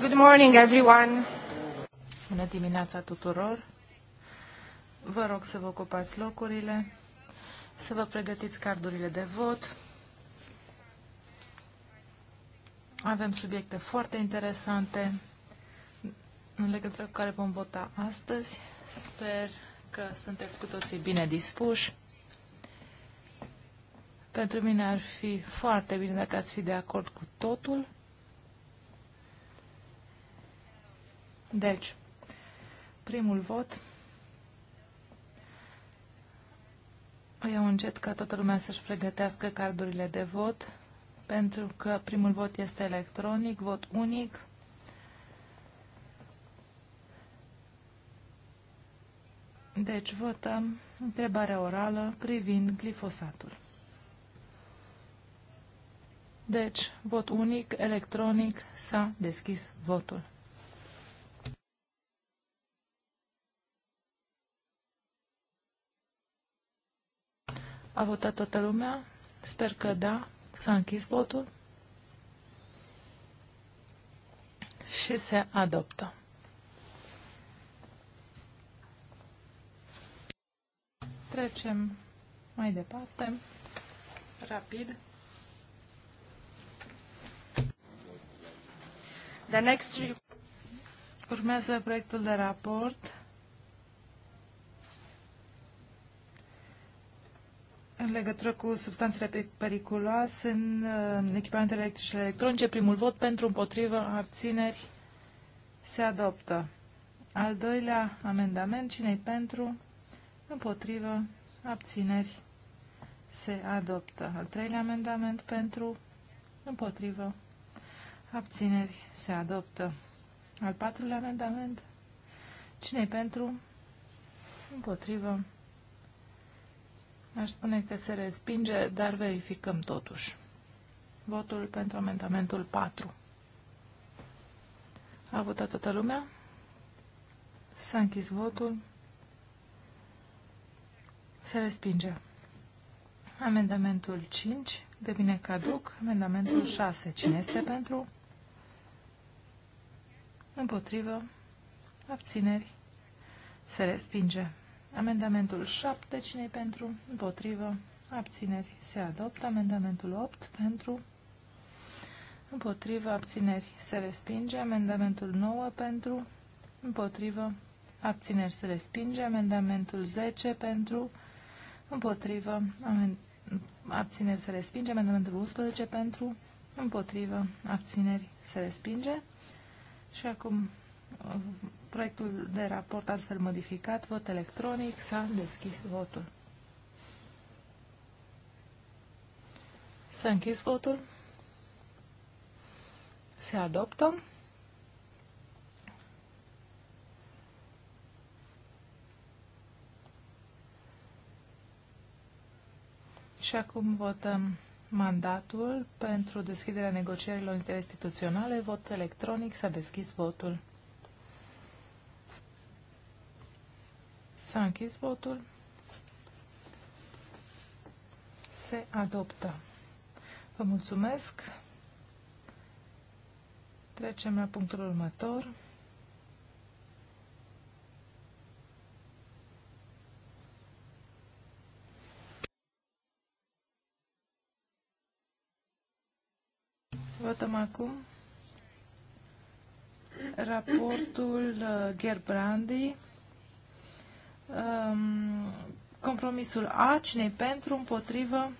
Good morning, everyone. Bună dimineața tuturor. Vă rog să vă ocupați locurile, să vă pregătiți cardurile de vot. Avem subiecte foarte interesante în legătură cu care vom vota astăzi. Sper că sunteți cu toții bine dispuși. Pentru mine ar fi foarte bine dacă ați fi de acord cu totul. Deci, primul vot. O iau încet ca toată lumea să-și pregătească cardurile de vot, pentru că primul vot este electronic, vot unic. Deci votăm întrebarea orală privind glifosatul. Deci, vot unic, electronic, s-a deschis votul. A votat toată lumea? Sper că da. S-a închis votul. Și se adoptă. Trecem mai departe, rapid. The next... Urmează proiectul de raport În legătură cu substanțele periculoase în uh, echipamentele electrice și electronice, primul vot pentru, împotrivă, abțineri, se adoptă. Al doilea amendament, cine pentru, împotrivă, abțineri, se adoptă. Al treilea amendament pentru, împotrivă, abțineri, se adoptă. Al patrulea amendament, cine pentru, împotrivă, abțineri, Aș spune că se respinge, dar verificăm totuși. Votul pentru amendamentul 4. A votat toată lumea? S-a închis votul. Se respinge. Amendamentul 5 devine caduc. Amendamentul 6. Cine este pentru? Împotrivă. Abțineri. Se respinge. Amendamentul 7, cine pentru? Împotrivă. Abțineri se adoptă. Amendamentul 8 pentru. Împotrivă. Abțineri se respinge. Amendamentul 9 pentru. Împotrivă. Abțineri se respinge. Amendamentul 10 pentru. Împotrivă. Abțineri se respinge. Amendamentul 11 pentru. Împotrivă. Abțineri se respinge. Și acum proiectul de raport astfel modificat, vot electronic, s-a deschis votul. S-a închis votul. Se adoptă. Și acum votăm mandatul pentru deschiderea negocierilor interinstituționale. Vot electronic. S-a deschis votul. S-a închis votul. Se adoptă. Vă mulțumesc. Trecem la punctul următor. Votăm acum raportul uh, Gerbrandi Um, compromisul A, cine pentru, împotrivă,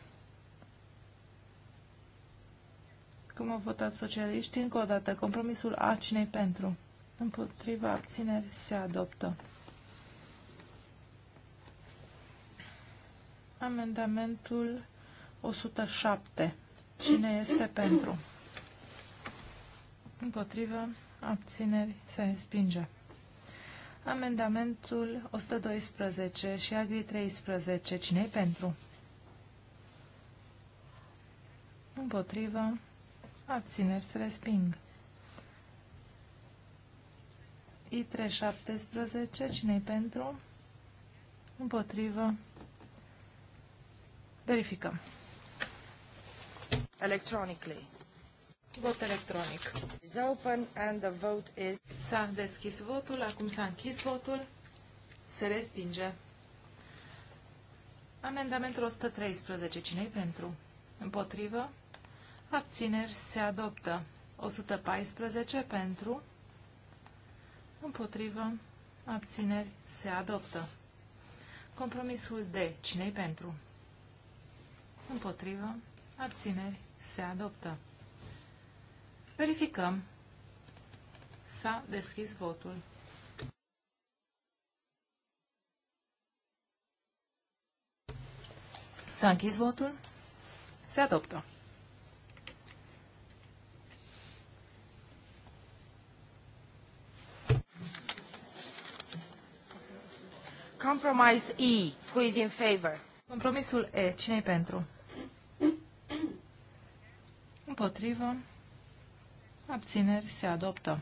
cum au votat socialiștii, încă o dată, compromisul A, cine pentru, împotriva, abțineri, se adoptă. Amendamentul 107. Cine este pentru? Împotrivă, abțineri, se respinge. Amendamentul 112 și Agri 13. cine pentru? Împotrivă. Abțineri se resping. I317. cine pentru? Împotrivă. Verificăm. Electronically. Vot electronic. Is open and the vote is... S-a deschis votul, acum s-a închis votul. Se respinge. Amendamentul 113. cine pentru? Împotrivă? Abțineri se adoptă. 114 pentru. Împotrivă? Abțineri se adoptă. Compromisul D. cine pentru? Împotrivă? Abțineri se adoptă. Verificăm. S-a deschis votul. S-a închis votul. Se adoptă. Compromise E. Who is in favor? Compromisul E. cine pentru? Împotrivă abțineri, se adoptă.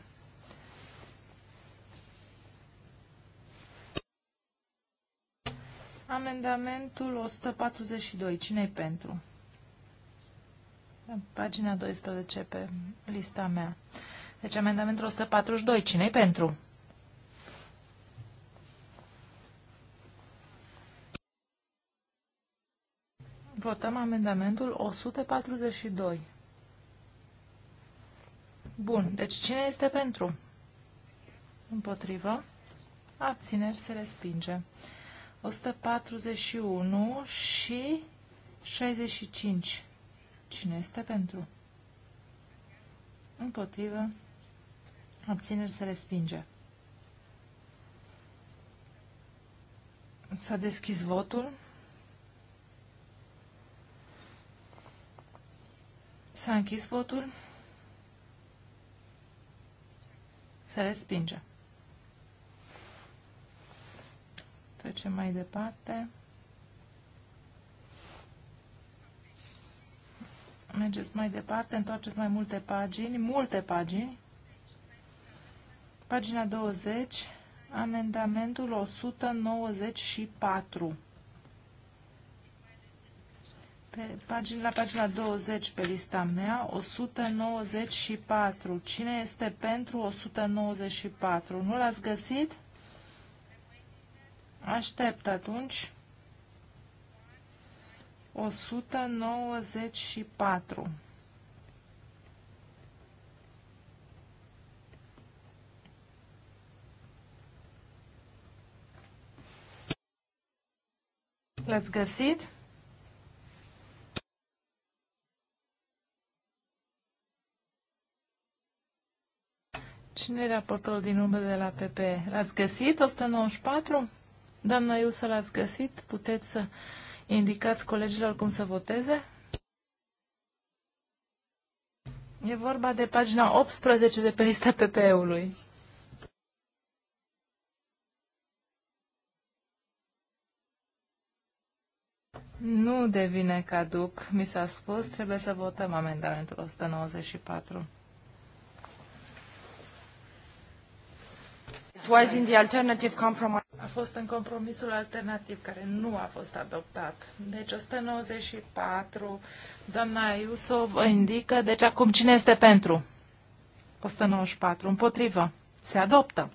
Amendamentul 142. cine pentru? Pagina 12 pe lista mea. Deci amendamentul 142. cine pentru? Votăm amendamentul 142. Bun, deci cine este pentru? Împotrivă. Abțineri se respinge. 141 și 65. Cine este pentru? Împotrivă. Abțineri se respinge. S-a deschis votul. S-a închis votul. Se respinge. Trecem mai departe. Mergeți mai departe, întoarceți mai multe pagini, multe pagini. Pagina 20, amendamentul 194. Pe pagina, la pagina 20 pe lista mea, 194. Cine este pentru 194? Nu l-ați găsit? Aștept atunci. 194. l see găsit? Cine e raportorul din numele de la PP? L-ați găsit? 194? Doamna să l-ați găsit? Puteți să indicați colegilor cum să voteze? E vorba de pagina 18 de pe lista PP-ului. Nu devine caduc, mi s-a spus, trebuie să votăm amendamentul 194. was in the alternative compromise. A fost în compromisul alternativ care nu a fost adoptat. Deci 194, doamna Iuso vă indică, deci acum cine este pentru? 194, împotrivă, se adoptă.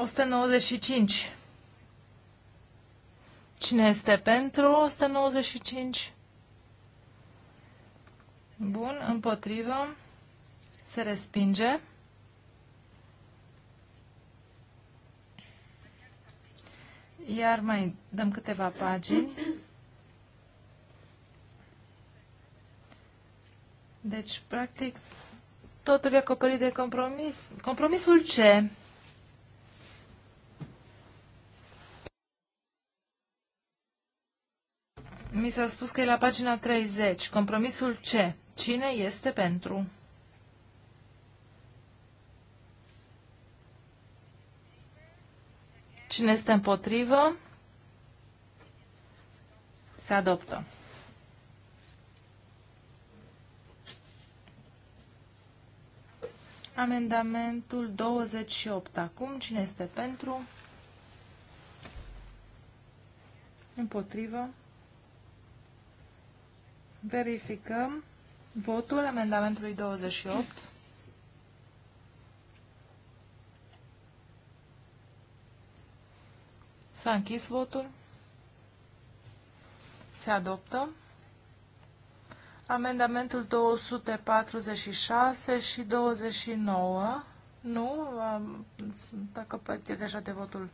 195. Cine este pentru 195? Bun, împotrivă, se respinge. Iar mai dăm câteva pagini. Deci, practic, totul e acoperit de compromis. Compromisul ce? Mi s-a spus că e la pagina 30. Compromisul ce? Cine este pentru? Cine este împotrivă? Se adoptă. Amendamentul 28. Acum, cine este pentru? Împotrivă. Verificăm votul amendamentului 28. S-a închis votul. Se adoptă. Amendamentul 246 și 29. Nu, dacă acopărite deja de votul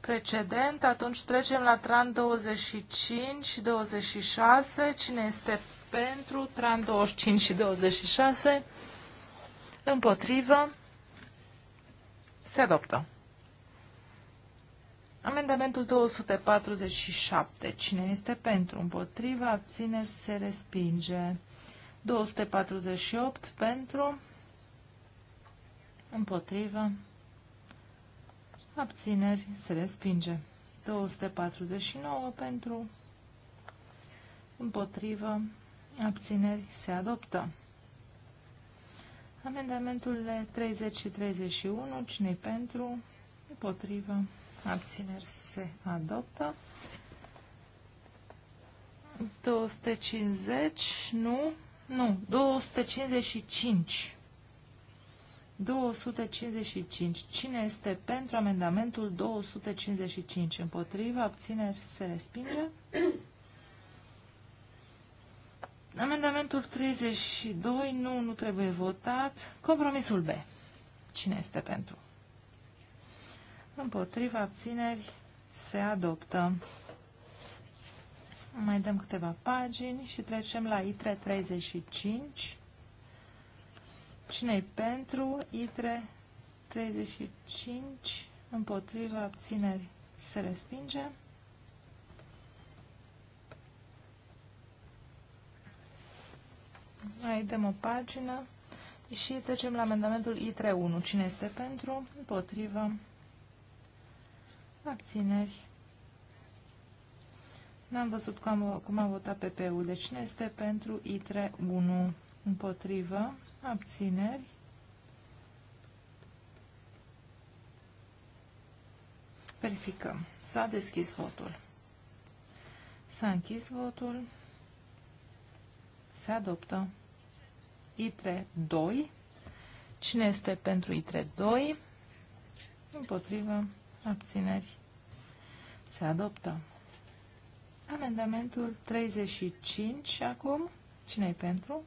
precedent. Atunci trecem la tran 25 și 26. Cine este pentru tran 25 și 26? Împotrivă. Se adoptă. Amendamentul 247. Cine este pentru? Împotriva? Abțineri? Se respinge. 248 pentru? Împotriva? Abțineri? Se respinge. 249 pentru? Împotrivă. Abțineri se adoptă. Amendamentul 30 și 31. Cine pentru? Împotrivă abțineri se adoptă. 250, nu, nu, 255. 255. Cine este pentru amendamentul 255? Împotriva, abțineri, se respinge. Amendamentul 32, nu, nu trebuie votat. Compromisul B. Cine este pentru? Împotriva abțineri se adoptă. Mai dăm câteva pagini și trecem la ITRE 35. Cine-i pentru? ITRE 35. Împotriva abțineri se respinge. Mai dăm o pagină și trecem la amendamentul i 1. Cine este pentru? Împotriva Abțineri. N-am văzut cum, cum a votat PP-ul. Deci cine este pentru ITRE 1? Împotrivă. Abțineri. Verificăm. S-a deschis votul. S-a închis votul. Se adoptă. ITRE 2. Cine este pentru ITRE 2? Împotrivă abțineri, se adoptă. Amendamentul 35 acum. cine e pentru?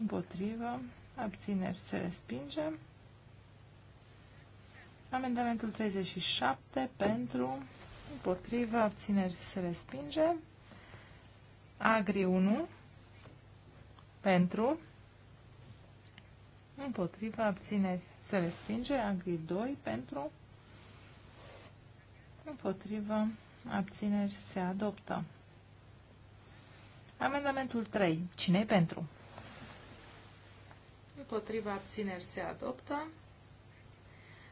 Împotrivă. Abțineri se respinge. Amendamentul 37 pentru. Împotrivă. Abțineri se respinge. Agri 1 pentru. Împotrivă. Abțineri se respinge, Agri 2 pentru, împotrivă, abțineri, se adoptă. Amendamentul 3. cine pentru? Împotriva abțineri se adoptă.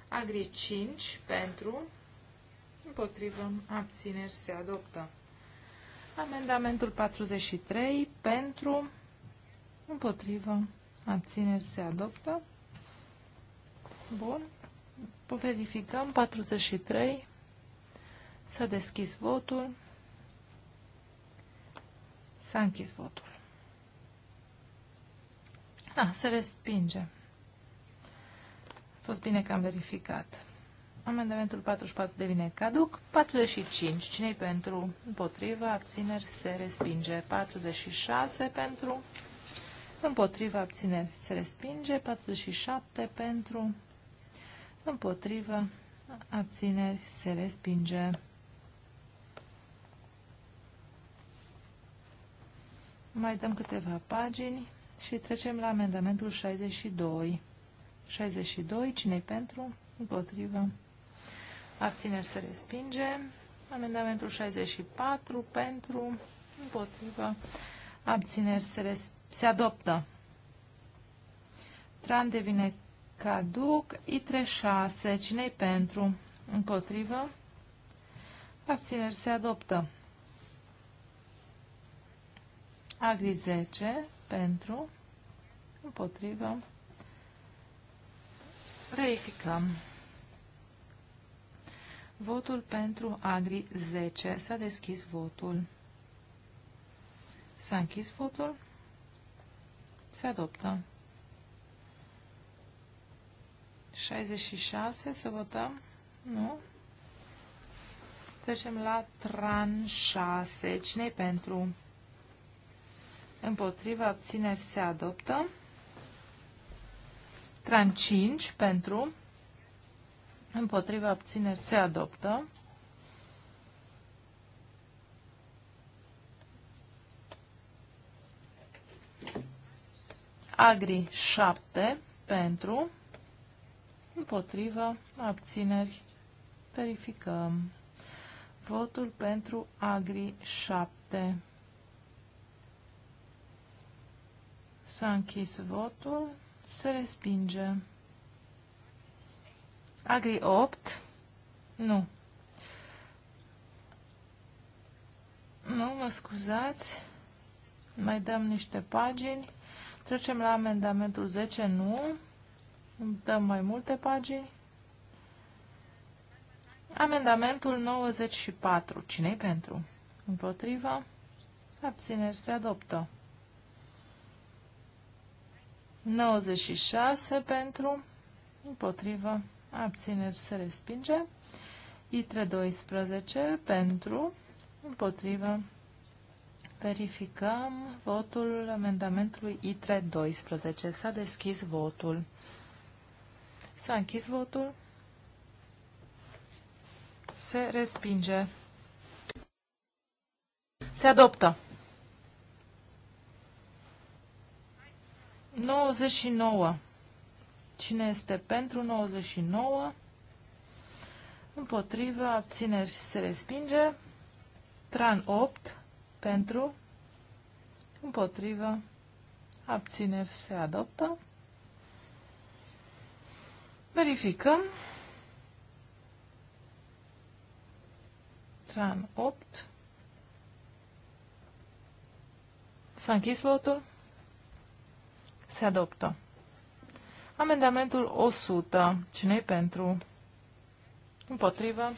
Agri 5 pentru. Împotrivă abțineri se adoptă. Amendamentul 43 pentru. Împotrivă abțineri se adoptă. Bun. Verificăm 43. S-a deschis votul. S-a închis votul. Da, se respinge. A fost bine că am verificat. Amendamentul 44 devine caduc. 45. Cine-i pentru? Împotriva. Abțineri. Se respinge. 46 pentru. Împotriva. Abțineri. Se respinge. 47 pentru împotrivă, abțineri, se respinge. Mai dăm câteva pagini și trecem la amendamentul 62. 62, cine pentru? Împotrivă. Abțineri se respinge. Amendamentul 64, pentru, împotrivă. Abțineri se, se adoptă. Tran devine caduc. I36, cine pentru? Împotrivă. Abțineri se adoptă. Agri 10 pentru, împotrivă. Verificăm. Votul pentru Agri 10. S-a deschis votul. S-a închis votul. Se adoptă. 66, să votăm? Nu? Trecem la tran 6. cine pentru? Împotriva, abțineri se adoptă. Tran 5 pentru. Împotriva, abțineri se adoptă. Agri 7 pentru împotrivă, abțineri, verificăm. Votul pentru Agri 7. S-a închis votul, se respinge. Agri 8? Nu. Nu, mă scuzați. Mai dăm niște pagini. Trecem la amendamentul 10, nu. Dăm mai multe pagini. Amendamentul 94. Cine-i pentru? Împotrivă. Abțineri se adoptă. 96 pentru, împotrivă, abțineri se respinge. ITRE 12 pentru, împotrivă, verificăm votul amendamentului ITRE 12. S-a deschis votul. S-a închis votul. Se respinge. Se adoptă. 99. Cine este pentru 99? Împotrivă, abțineri, se respinge. Tran 8, pentru, împotrivă, abțineri, se adoptă. Verificăm. Tran 8. S-a închis votul. Se adoptă. Amendamentul 100. cine pentru? Împotrivă.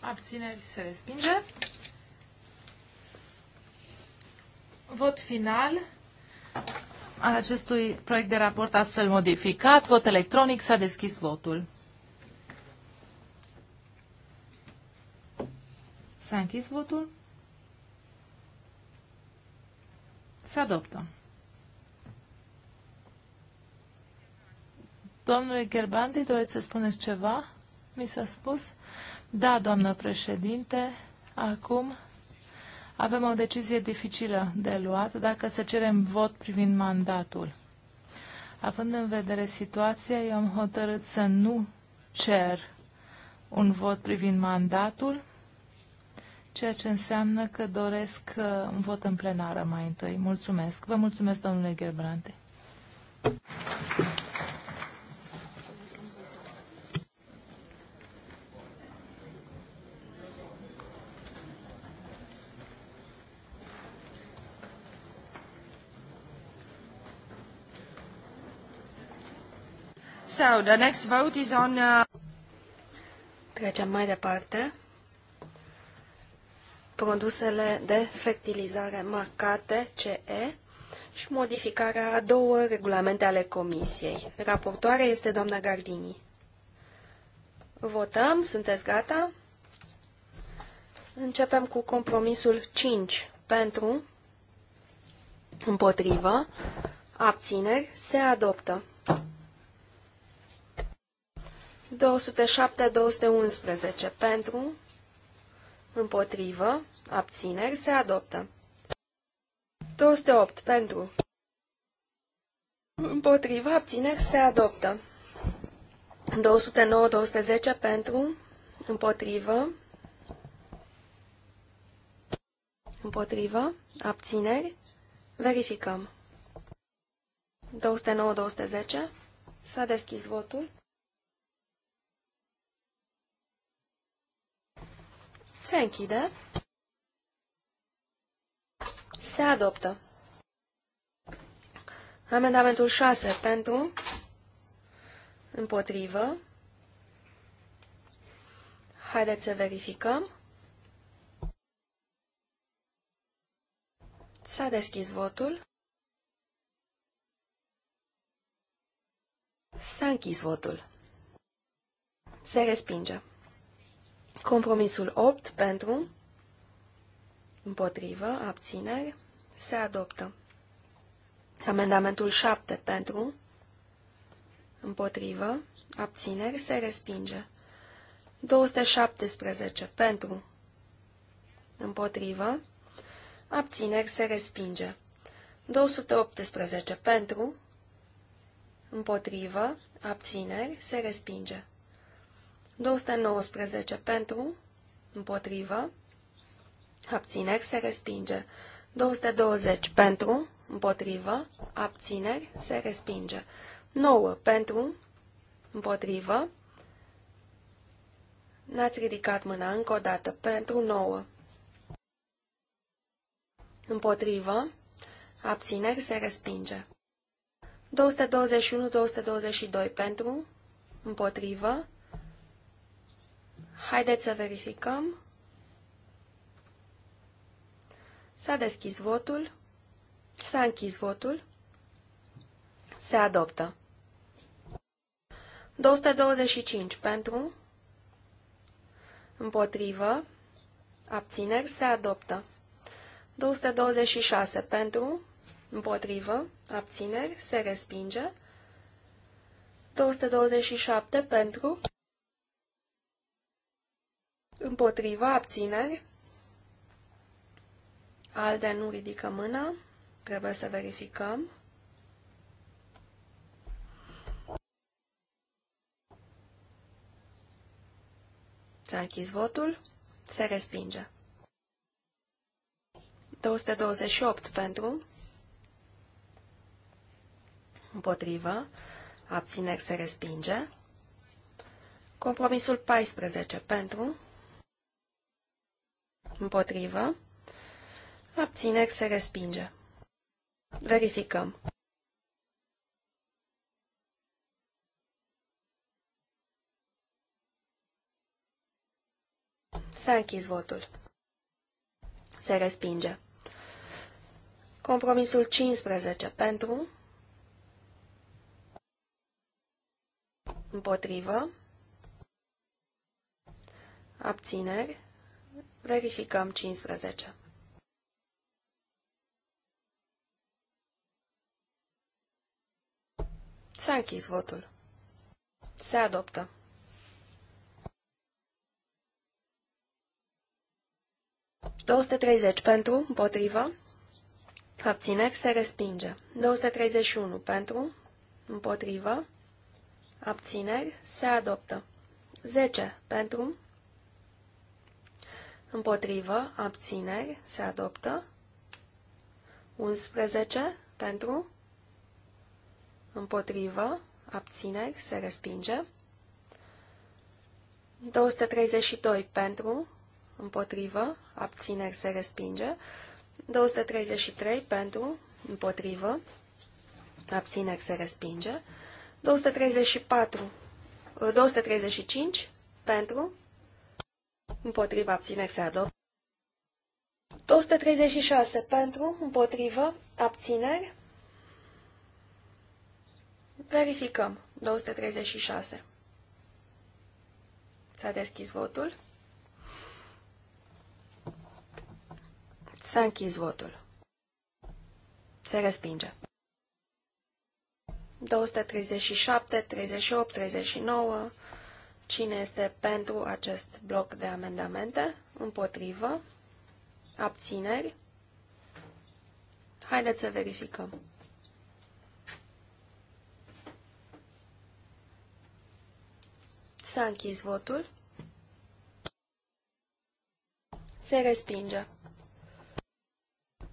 Abțineri se respinge. Vot final al acestui proiect de raport astfel modificat. Vot electronic. S-a deschis votul. S-a închis votul. Se adoptă. Domnule Gerbandi, doreți să spuneți ceva? Mi s-a spus. Da, doamnă președinte, acum avem o decizie dificilă de luat dacă să cerem vot privind mandatul. Având în vedere situația, eu am hotărât să nu cer un vot privind mandatul, ceea ce înseamnă că doresc uh, un vot în plenară mai întâi. Mulțumesc. Vă mulțumesc, domnule Gerbrante. So, the next vote is on... Uh, Trecem mai departe. Produsele de fertilizare marcate CE și modificarea a două regulamente ale Comisiei. Raportoare este doamna Gardini. Votăm, sunteți gata? Începem cu compromisul 5 pentru, împotrivă, abțineri, se adoptă. 207-211 pentru, împotrivă, abțineri, se adoptă. 208 pentru, împotrivă, abțineri, se adoptă. 209-210 pentru, împotrivă, împotrivă, abțineri, verificăm. 209-210, s-a deschis votul. Se închide. Se adoptă. Amendamentul 6 pentru, împotrivă. Haideți să verificăm. S-a deschis votul. S-a închis votul. Se respinge. Compromisul 8 pentru, împotrivă, abțineri, se adoptă. Amendamentul 7 pentru, împotrivă, abțineri, se respinge. 217 pentru, împotrivă, abțineri, se respinge. 218 pentru, împotrivă, abțineri, se respinge. 219 pentru, împotrivă, abțineri se respinge. 220 pentru, împotrivă, abțineri se respinge. 9 pentru, împotrivă, n-ați ridicat mâna încă o dată, pentru 9. Împotrivă, abțineri se respinge. 221-222 pentru, împotrivă, Haideți să verificăm. S-a deschis votul. S-a închis votul. Se adoptă. 225 pentru, împotrivă, abțineri, se adoptă. 226 pentru, împotrivă, abțineri, se respinge. 227 pentru, Împotriva abțineri. Alde nu ridică mâna. Trebuie să verificăm. S-a închis votul. Se respinge. 228 pentru. Împotrivă. Abțineri se respinge. Compromisul 14 pentru împotrivă, abțineri se respinge. Verificăm. S-a închis votul. Se respinge. Compromisul 15 pentru, împotrivă, abțineri, Verificăm 15. S-a închis votul. Se adoptă. treizeci pentru, împotrivă, abțineri, se respinge. 231 pentru, împotrivă, abțineri, se adoptă. 10 pentru, Împotrivă, abțineri, se adoptă. 11 pentru. Împotrivă, abțineri, se respinge. 232 pentru. Împotrivă, abțineri, se respinge. 233 pentru. Împotrivă, abțineri, se respinge. 234, 235 pentru Împotriva abțineri se adoptă. 236 pentru, împotrivă, abțineri. Verificăm. 236. S-a deschis votul. S-a închis votul. Se respinge. 237, 38, 39... Cine este pentru acest bloc de amendamente? Împotrivă? Abțineri? Haideți să verificăm. S-a închis votul. Se respinge.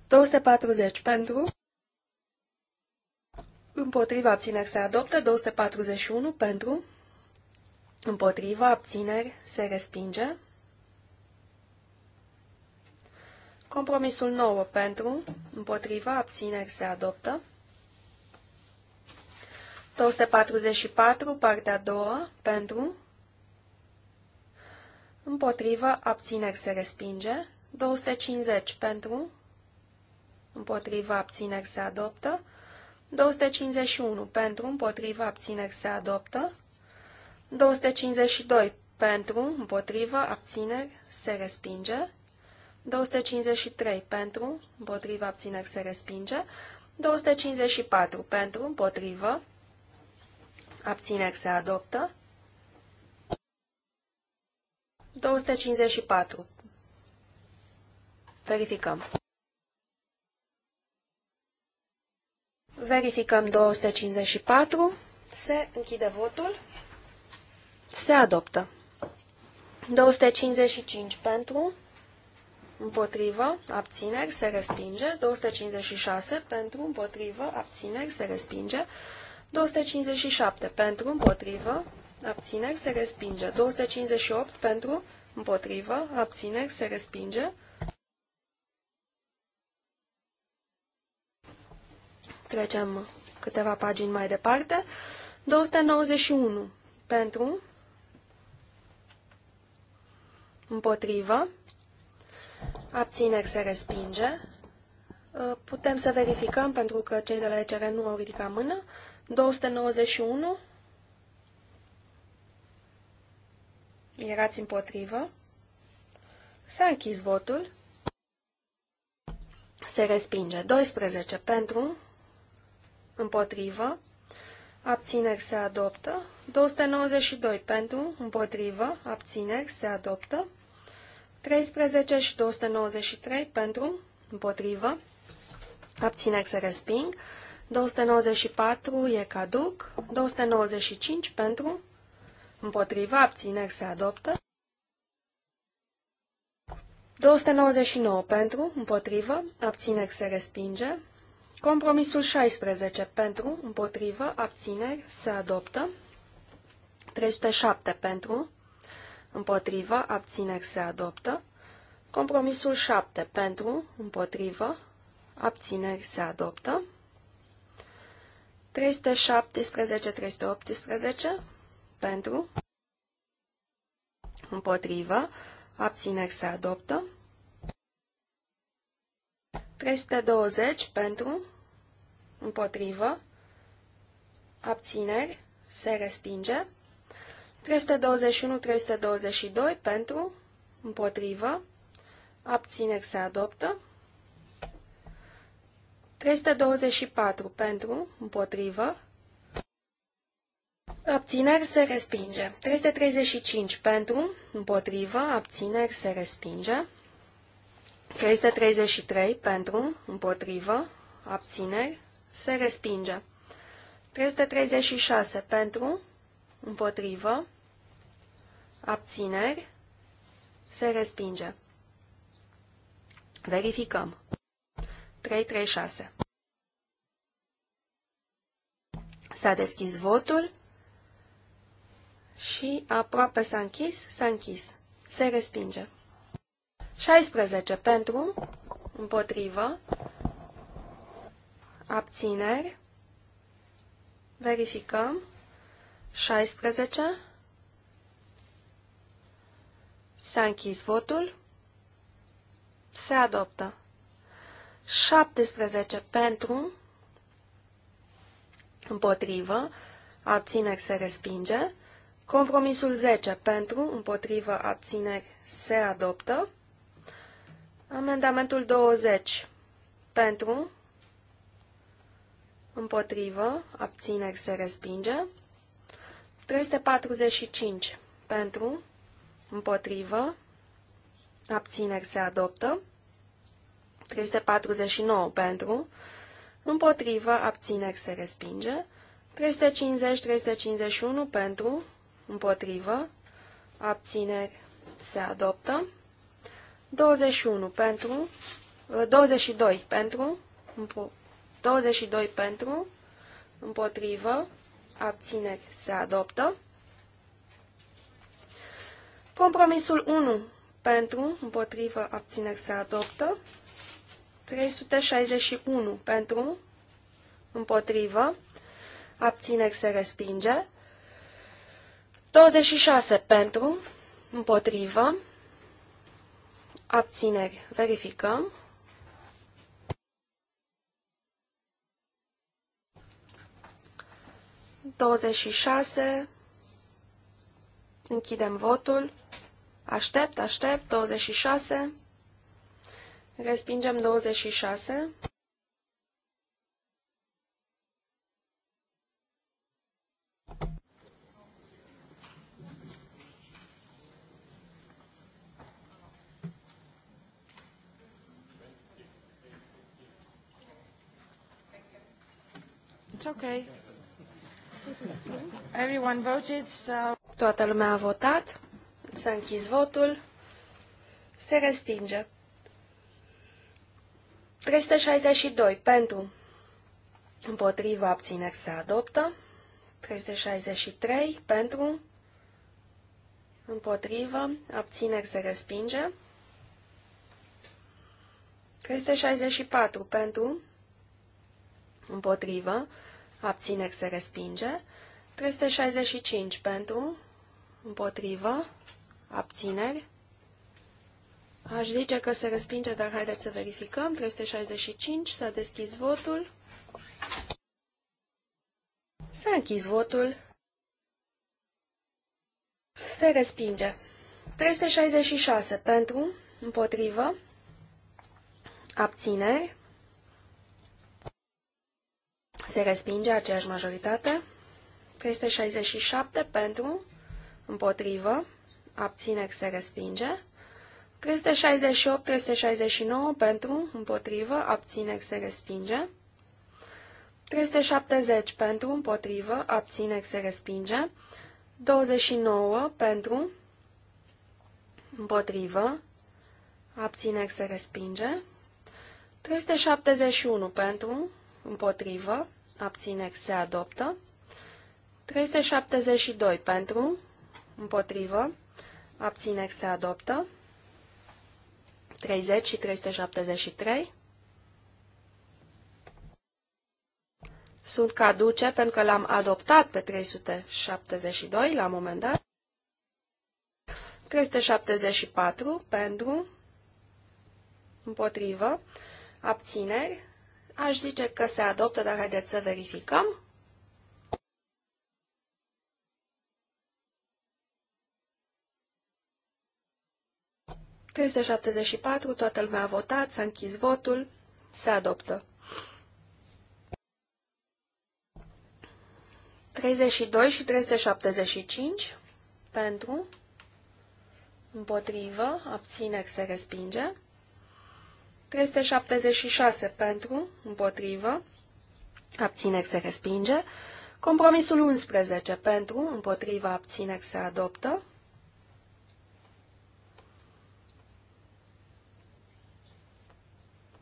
240 pentru. Împotriva abțineri se adoptă. 241 pentru. Împotriva, abțineri, se respinge. Compromisul 9 pentru, împotriva, abțineri, se adoptă. 244, partea a doua, pentru, împotrivă, abțineri, se respinge. 250, pentru, împotrivă, abțineri, se adoptă. 251, pentru, împotrivă, abțineri, se adoptă. 252 pentru, împotrivă, abțineri, se respinge. 253 pentru, împotrivă, abțineri, se respinge. 254 pentru, împotrivă, abțineri, se adoptă. 254. Verificăm. Verificăm 254. Se închide votul. Se adoptă. 255 pentru, împotrivă, abțineri, se respinge. 256 pentru, împotrivă, abțineri, se respinge. 257 pentru, împotrivă, abțineri, se respinge. 258 pentru, împotrivă, abțineri, se respinge. 259 Trecem câteva pagini mai departe. 291 pentru, Împotrivă. Abțineri se respinge. Uh, putem să verificăm, pentru că cei de la ECR nu au ridicat mână. 291. Erați împotrivă. S-a închis votul. Se respinge. 12 pentru, împotrivă. Abțineri se adoptă. 292 pentru, împotrivă, abțineri se adoptă. 13 și 293 pentru, împotrivă, abțineri să resping, 294 e caduc, 295 pentru, împotrivă, abțineri se adoptă, 299 pentru, împotrivă, abțineri se respinge, compromisul 16 pentru, împotrivă, abțineri se adoptă, 307 pentru, împotrivă, abțineri se adoptă. Compromisul 7 pentru, împotrivă, abțineri se adoptă. 317-318 pentru, împotrivă, abțineri se adoptă. 320 pentru, împotrivă, abțineri, se respinge. 321-322 pentru, împotrivă, abțineri se adoptă. 324 pentru, împotrivă, abțineri se respinge. 335 pentru, împotrivă, abțineri se respinge. 333 pentru, împotrivă, abțineri se respinge. 336 pentru, împotrivă, abțineri, se respinge. Verificăm. 336. S-a deschis votul și aproape s-a închis, s-a închis. Se respinge. 16 pentru, împotrivă, abțineri, verificăm, 16, S-a închis votul. Se adoptă. 17 pentru, împotrivă, abțineri se respinge. Compromisul 10 pentru, împotrivă, abțineri se adoptă. Amendamentul 20 pentru, împotrivă, abțineri se respinge. 345 pentru, împotrivă, abțineri se adoptă, 349 pentru, împotrivă, abțineri se respinge, 350-351 pentru, împotrivă, abțineri se adoptă, 21 pentru, 22 eh, pentru, 22 pentru, împotrivă, abțineri se adoptă, Compromisul 1 pentru, împotrivă, abțineri se adoptă. 361 pentru, împotrivă, abțineri se respinge. 26 pentru, împotrivă, abțineri verificăm. Douăzeci și șase. Închidem votul. Aștept, aștept. 26. Respingem 26. It's okay. Everyone voted, so... Toată lumea a votat. S-a închis votul. Se respinge. 362 pentru. Împotriva abțineri se adoptă. 363 pentru. Împotrivă abțineri se respinge. 364 pentru. Împotrivă abțineri se respinge. 365 pentru împotrivă, abțineri. Aș zice că se respinge, dar haideți să verificăm. 365, s-a deschis votul. S-a închis votul. Se respinge. 366 pentru, împotrivă, abțineri. Se respinge aceeași majoritate. 367 pentru, împotrivă, abțineri se respinge. 368, 369 pentru, împotrivă, abțineri se respinge. 370 pentru, împotrivă, abțineri se respinge. 29 pentru, împotrivă, abțineri se respinge. 371 pentru, împotrivă, abțineri se adoptă. 372 pentru, împotrivă, abțineri se adoptă, 30 și 373 sunt caduce pentru că l-am adoptat pe 372 la un moment dat, 374 pentru, împotrivă, abțineri, aș zice că se adoptă, dar haideți să verificăm. 374, toată lumea a votat, s-a închis votul, se adoptă. 32 și 375 pentru, împotrivă, abțineri se respinge. 376 pentru, împotrivă, abțineri se respinge. Compromisul 11 pentru, împotriva abțineri se adoptă.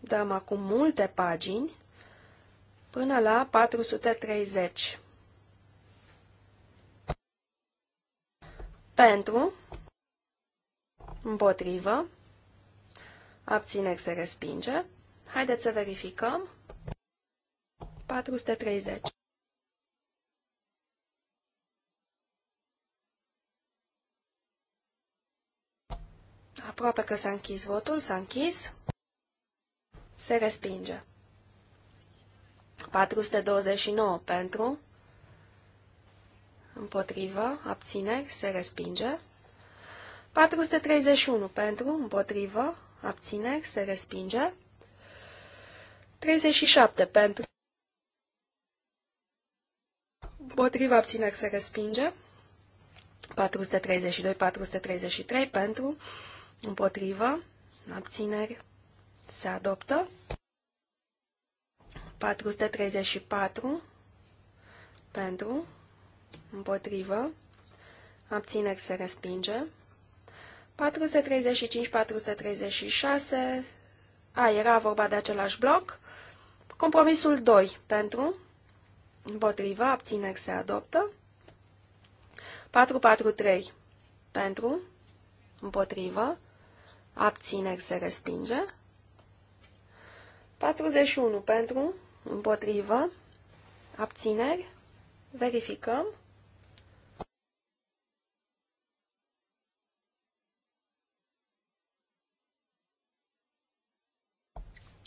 dăm acum multe pagini până la 430. Pentru, împotrivă, abțineri se respinge. Haideți să verificăm. 430. Aproape că s-a închis votul, s-a închis. Se respinge. 429 pentru, împotrivă, abțineri, se respinge. 431 pentru, împotrivă, abțineri, se respinge. 37 pentru, împotrivă, abțineri, se respinge. 432-433 pentru, împotrivă, abțineri, se adoptă. 434 pentru, împotrivă, abțineri se respinge. 435-436, a, era vorba de același bloc. Compromisul 2 pentru, împotrivă, abțineri se adoptă. 443 pentru, împotrivă, abțineri se respinge. 41 pentru, împotrivă, abțineri, verificăm.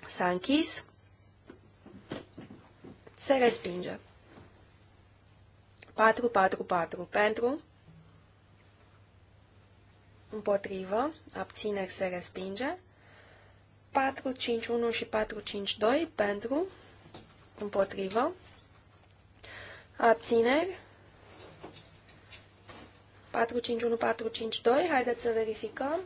S-a închis, se respinge. 444 pentru, împotrivă, abțineri se respinge, 451 și 452 pentru, împotrivă, abțineri, 451, 452, haideți să verificăm.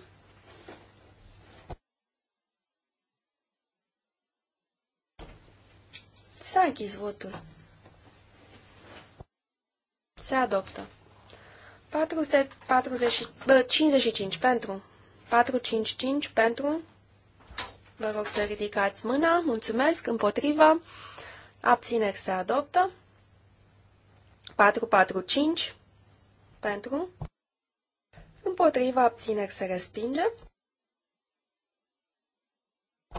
S-a închis votul. Se adoptă. 40, 55 pentru. 455 pentru. Vă rog să ridicați mâna. Mulțumesc. Împotrivă. Abțineri se adoptă. 445 pentru. Împotrivă. abțineri se respinge.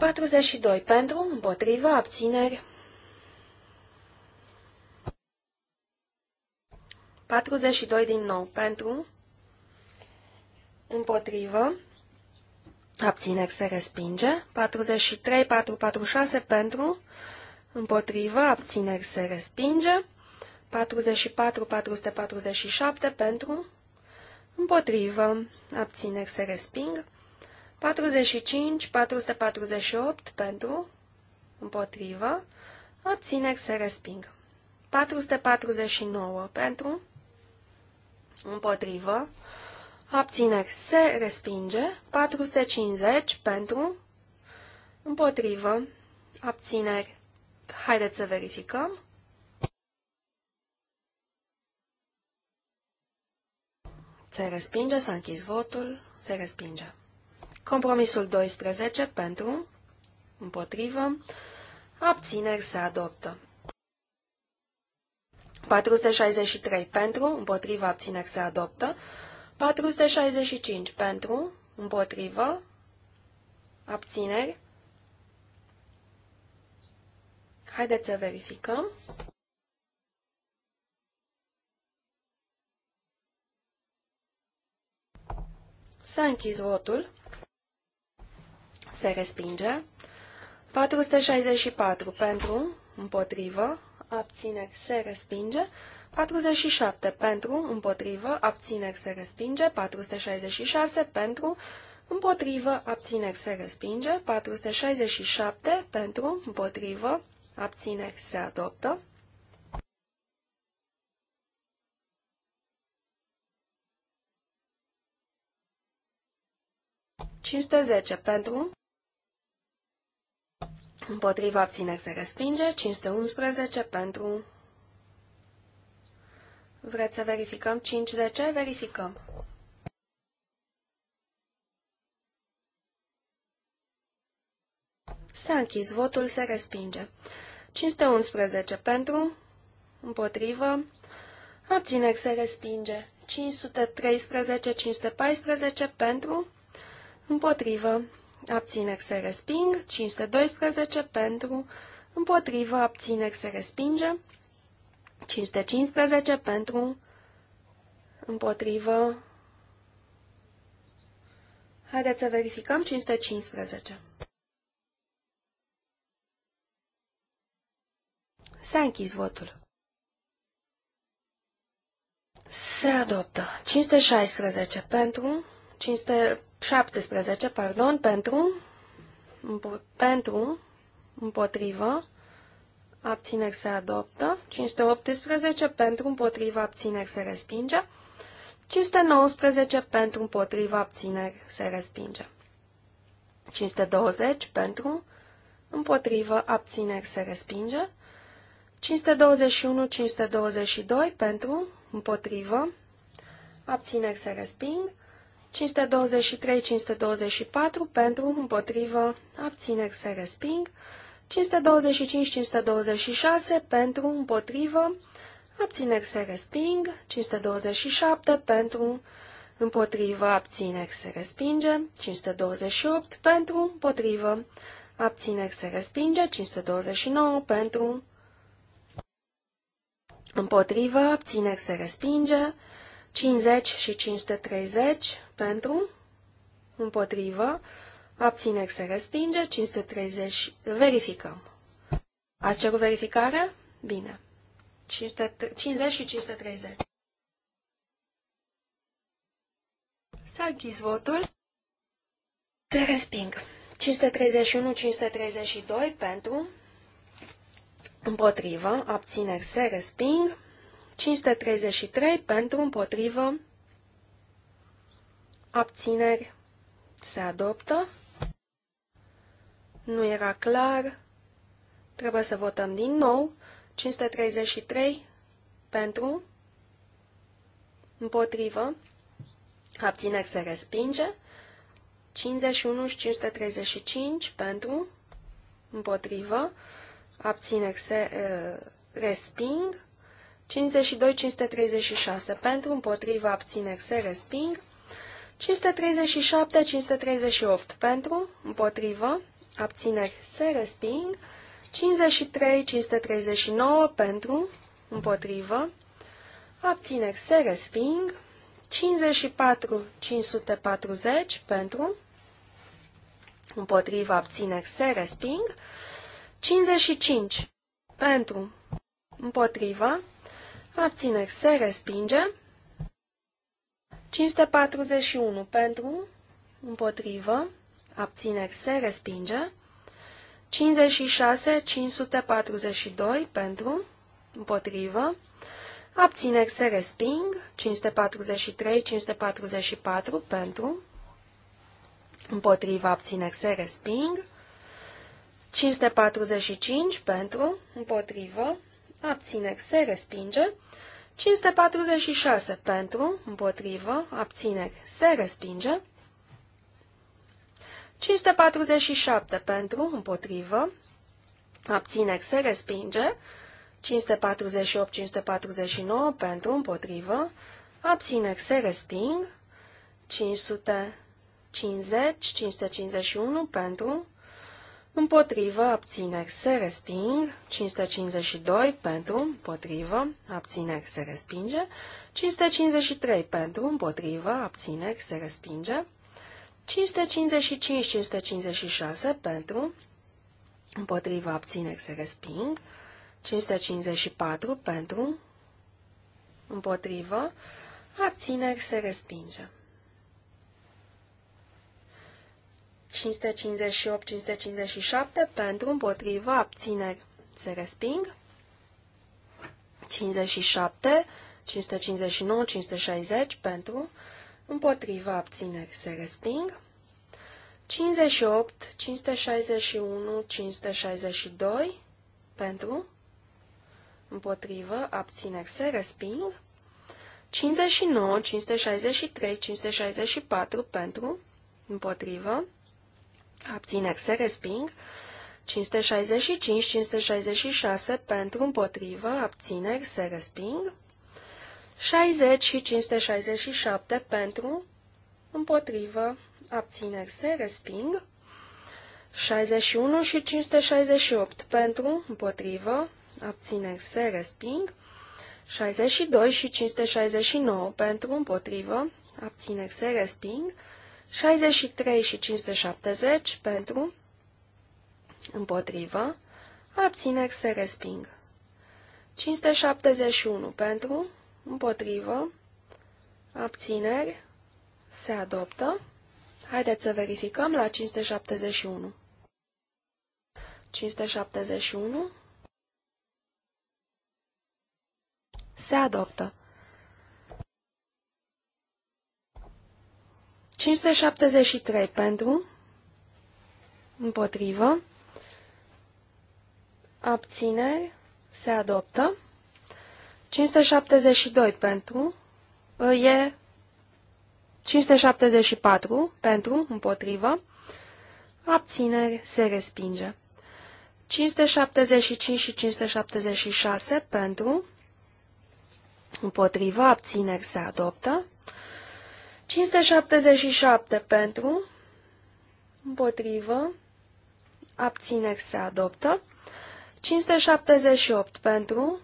42 pentru, Împotrivă. abțineri. 42 din nou pentru, împotrivă, Abțineri se respinge. 43, 4, 4, 6 pentru. Împotrivă. Abțineri se respinge. 44, 447 pentru. Împotrivă. Abțineri se resping. 45, 448 pentru. Împotrivă. Abțineri se resping. 449 pentru. Împotrivă. Abțineri se respinge. 450 pentru. Împotrivă. Abțineri. Haideți să verificăm. Se respinge, s-a închis votul, se respinge. Compromisul 12 pentru, împotrivă, abțineri se adoptă. 463 pentru, împotrivă, abțineri se adoptă. 465 pentru, împotrivă, abțineri. Haideți să verificăm. S-a închis votul. Se respinge. 464 pentru, împotrivă, abțineri, se respinge. 47 pentru, împotrivă, abțineri se respinge, 466 pentru, împotrivă, abțineri se respinge, 467 pentru, împotrivă, abțineri se adoptă. zece pentru, împotriva abțineri se respinge, 511 pentru, Vreți să verificăm 5-10? Verificăm. S-a închis votul, se respinge. 511 pentru, împotrivă, abțineri se respinge. 513-514 pentru, împotrivă, abțineri se resping. 512 pentru, împotrivă, abțineri se respinge. 515 pentru, împotrivă. Haideți să verificăm 515. S-a închis votul. Se adoptă 516 pentru, 517, pardon, pentru, pentru, împotrivă, abțineri se adoptă, 518 pentru împotriva abțineri se respinge, 519 pentru împotriva abțineri se respinge, 520 pentru împotriva abțineri se respinge, 521-522 pentru împotriva abțineri se resping, 523-524 pentru împotriva abțineri se resping, 525-526 pentru împotrivă, abțineri se resping, 527 pentru împotrivă, abțineri se respinge, 528 pentru împotrivă, abțineri se respinge, 529 pentru împotrivă, abțineri se respinge, 50 și 530 pentru împotrivă, Abțineri se respinge. 530. Verificăm. Ați cerut verificare? Bine. 50 și 530. S-a închis votul. Se resping. 531-532 pentru. Împotrivă. Abțineri se resping. 533 pentru împotrivă. Abțineri se adoptă. Nu era clar. Trebuie să votăm din nou. 533 pentru, împotrivă, abțineri se respinge. 51 și 535 pentru, împotrivă, abțineri se uh, resping. 52, 536 pentru, împotriva abțineri se resping. 537, 538 pentru, împotrivă, abțineri se resping. 53, 539 pentru, împotrivă, abțineri se resping. 54, 540 pentru, împotrivă, abțineri se resping. 55 pentru, împotrivă, abțineri se respinge. 541 pentru, împotrivă, abțineri se respinge. 56, 542 pentru, împotrivă, abțineri se resping, 543, 544 pentru, împotrivă, abțineri se resping, 545 pentru, împotrivă, abțineri se respinge, 546 pentru, împotrivă, abțineri se respinge, 547 pentru, împotrivă, abțineri se respinge, 548-549 pentru, împotrivă, abțineri se resping, 550-551 pentru, împotrivă, abțineri se resping, 552 pentru, împotrivă, abțineri se respinge, 553 pentru, împotrivă, abțineri se respinge, 555-556 pentru, împotriva abțineri se resping, 554 pentru, împotrivă, abțineri se respinge. 558-557 pentru, împotrivă, abțineri se resping. 57, 559, 560 pentru, împotriva abțineri, se resping. 58, 561, 562, pentru, împotrivă, abțineri, se resping. 59, 563, 564, pentru, împotrivă, abțineri, se resping. 565, 566, pentru, împotrivă, abțineri, se resping. 60 și 567 pentru, împotrivă, abțineri se resping. 61 și 568 pentru, împotrivă, abțineri se resping. 62 și 569 pentru, împotrivă, abțineri se resping. 63 și 570 pentru, împotrivă, abțineri se resping. 571 pentru, împotrivă, abțineri, se adoptă. Haideți să verificăm la 571. 571 se adoptă. 573 pentru, împotrivă, abțineri, se adoptă. 572 pentru, ă, e 574 pentru, împotrivă, abțineri, se respinge. 575 și 576 pentru, împotrivă, abțineri, se adoptă. 577 pentru, împotrivă, abțineri, se adoptă. 578 pentru,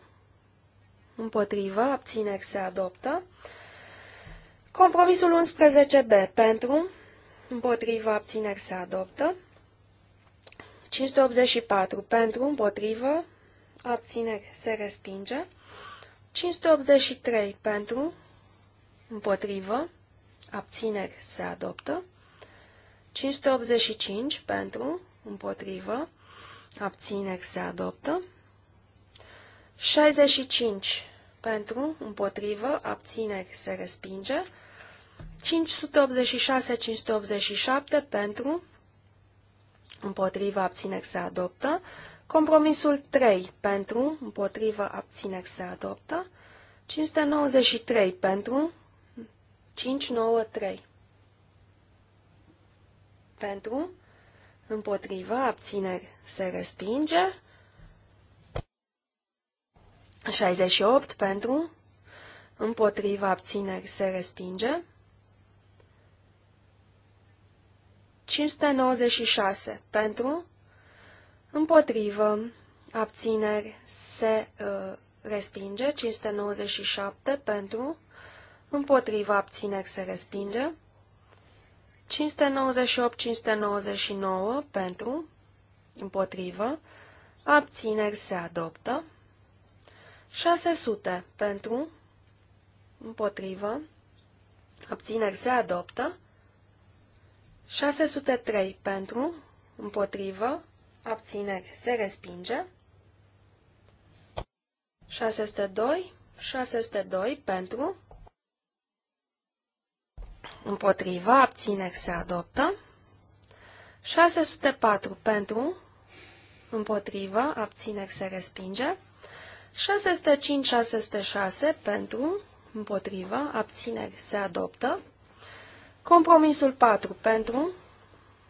Împotrivă, abțineri se adoptă. Compromisul 11B pentru, împotrivă, abțineri se adoptă. 584 pentru, împotrivă, abțineri se respinge. 583 pentru, împotrivă, abțineri se adoptă. 585 pentru, împotrivă, abțineri se adoptă. 65 pentru, împotrivă, abțineri se respinge. 586-587 pentru, împotrivă, abțineri se adoptă. Compromisul 3 pentru, împotrivă, abțineri se adoptă. 593 pentru, 593 pentru, împotrivă, abțineri se respinge. 68 pentru, împotriva abțineri se respinge. 596 pentru, împotrivă, abțineri se uh, respinge. 597 pentru, împotriva abțineri se respinge. 598-599 pentru, împotrivă, abțineri se adoptă. 600 pentru, împotrivă, abțineri se adoptă. 603 pentru, împotrivă, abțineri se respinge. 602, 602 pentru, împotrivă, abțineri se adoptă. 604 pentru, împotrivă, abțineri se respinge. 605-606 pentru, împotrivă, abțineri se adoptă. Compromisul 4 pentru,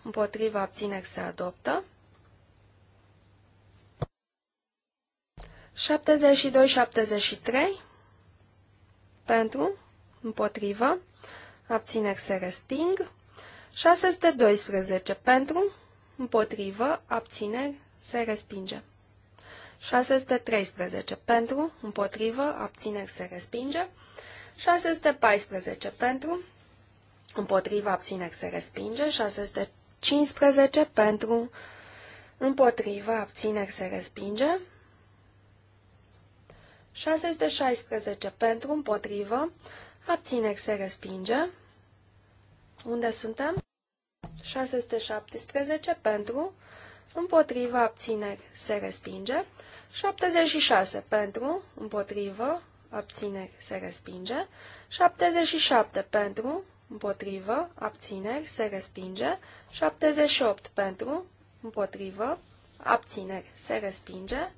împotrivă, abțineri se adoptă. 72-73 pentru, împotrivă, abțineri se resping. 612 pentru, împotrivă, abțineri se respinge. 613 pentru, împotrivă, abțineri se respinge. 614 pentru, împotrivă, abțineri se respinge. 615 pentru, împotrivă, abțineri se respinge. 616 pentru, împotrivă, abțineri se respinge. Unde suntem? 617 pentru, împotrivă, abțineri se respinge, 76 pentru, împotrivă, abțineri se respinge. 77 pentru, împotrivă, abțineri se respinge. 78 pentru, împotrivă, abțineri se respinge.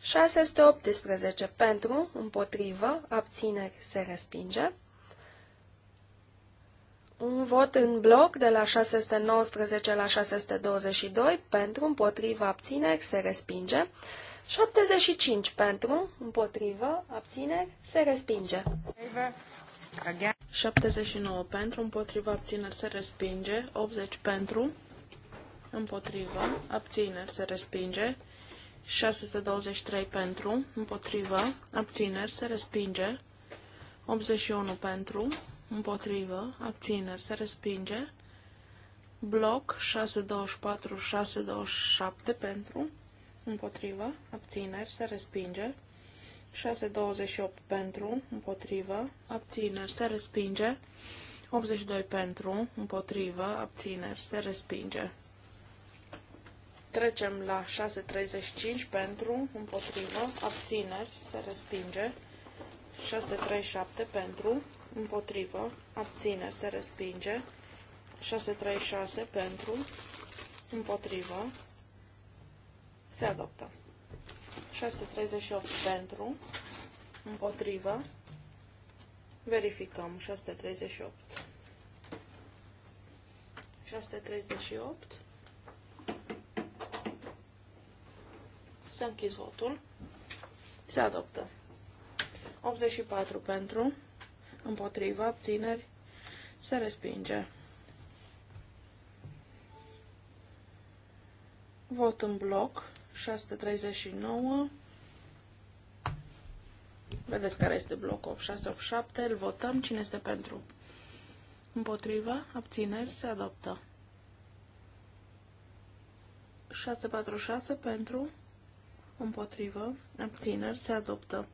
618 pentru, împotrivă, abțineri se respinge. Un vot în bloc de la 619 la 622 pentru, împotrivă, abțineri se respinge. 75 pentru, împotrivă, abțineri, se respinge. 79 pentru, împotrivă, abțineri, se respinge. 80 pentru, împotrivă, abțineri, se respinge. 623 pentru, împotrivă, abțineri, se respinge. 81 pentru, împotrivă, abțineri, se respinge. Bloc 624-627 pentru, împotrivă, abțineri, se respinge. 628 pentru, împotrivă, abțineri, se respinge. 82 pentru, împotrivă, abțineri, se respinge. Trecem la 635 pentru, împotrivă, abțineri, se respinge. 637 pentru, împotrivă, abțineri, se respinge. 636 pentru, împotrivă, se adoptă. 638 pentru, împotrivă, verificăm 638. 638. S-a închis votul. Se adoptă. 84 pentru, împotrivă, abțineri, se respinge. Vot în bloc 639. Vedeți care este blocul 7. Îl votăm. Cine este pentru? Împotriva. Abțineri. Se adoptă. 646 pentru. Împotrivă. Abțineri. Se adoptă.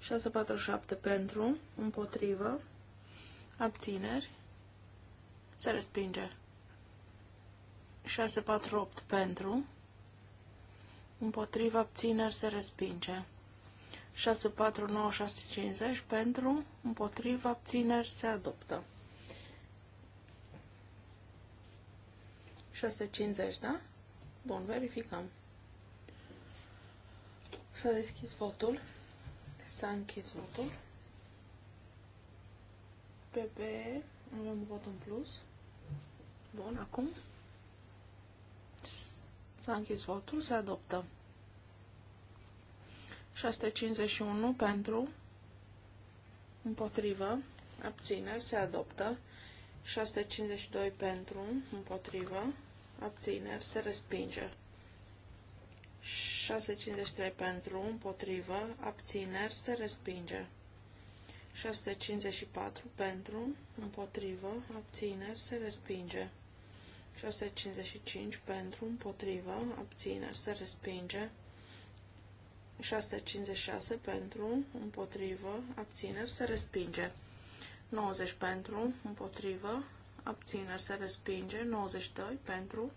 647 pentru. Împotrivă. Abțineri. Se respinge. 648 pentru, împotriva abțineri se respinge. 649, 650 pentru, împotriva abțineri se adoptă. 650, da? Bun, verificăm. S-a deschis votul. S-a închis votul. PP, avem vot în plus. Bun, acum S-a închis votul, se adoptă. 651 pentru, împotrivă, abțineri, se adoptă. 652 pentru, împotrivă, abțineri, se respinge. 653 pentru, împotrivă, abțineri, se respinge. 654 pentru, împotrivă, abțineri, se respinge. 655 pentru, împotrivă, abțineri, se respinge. 656 pentru, împotrivă, abțineri, se respinge. 90 pentru, împotrivă, abțineri, se respinge. 92 pentru,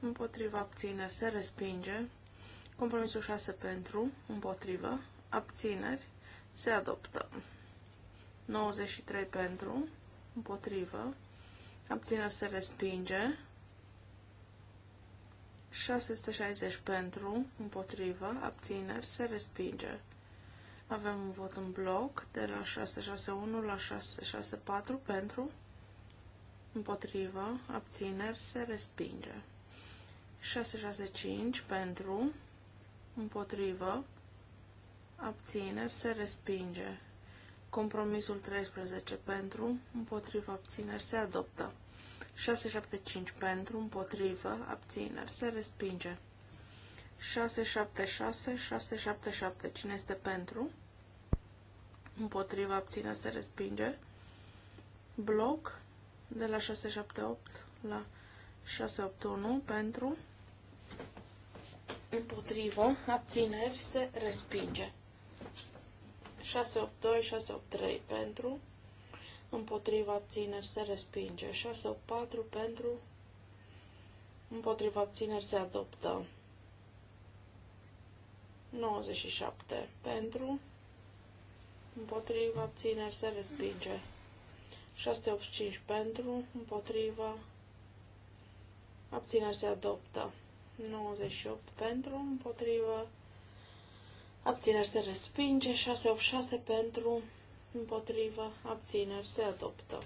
împotrivă, abțineri, se respinge. Compromisul 6 pentru, împotrivă, abțineri, se adoptă. 93 pentru, împotrivă, am ținut să respinge. 660 pentru, împotrivă, abțineri, se respinge. Avem un vot în bloc de la 661 la 664 pentru, împotrivă, abțineri, se respinge. 665 pentru, împotrivă, abțineri, se respinge. Compromisul 13 pentru, împotriva abțineri se adoptă. 675 pentru, împotrivă, abțineri se respinge. 676, 677, cine este pentru? Împotriva abțineri se respinge. Bloc de la 678 la 681 pentru, împotrivă, abțineri se respinge. 682, 683 pentru, împotriva abțineri se respinge, 684 pentru, împotriva abțineri se adoptă, 97 pentru, împotriva abțineri se respinge, 685 pentru, împotriva abțineri se adoptă, 98 pentru, împotriva Abțineri se respinge. 686 pentru. Împotrivă. Abțineri se adoptă.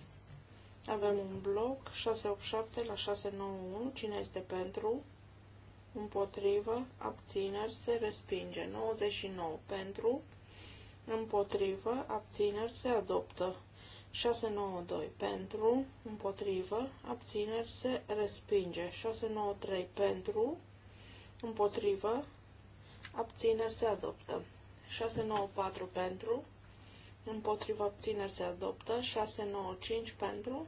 Avem un bloc 687 la 691. Cine este pentru? Împotrivă. Abțineri se respinge. 99 pentru. Împotrivă. Abțineri se adoptă. 692 pentru, împotrivă, abțineri se respinge. 693 pentru, împotrivă, abțineri se adoptă. 694 pentru, împotriva abțineri se adoptă. 695 pentru,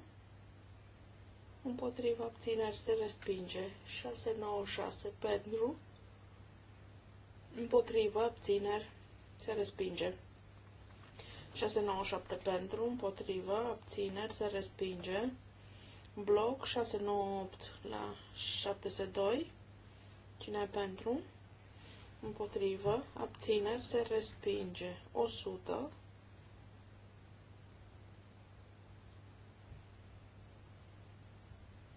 împotriva abțineri se respinge. 696 pentru, împotriva abțineri se respinge. 697 pentru, Împotriva abțineri, se respinge. Bloc 698 la 702. Cine e pentru? împotrivă, abțineri, se respinge. 100.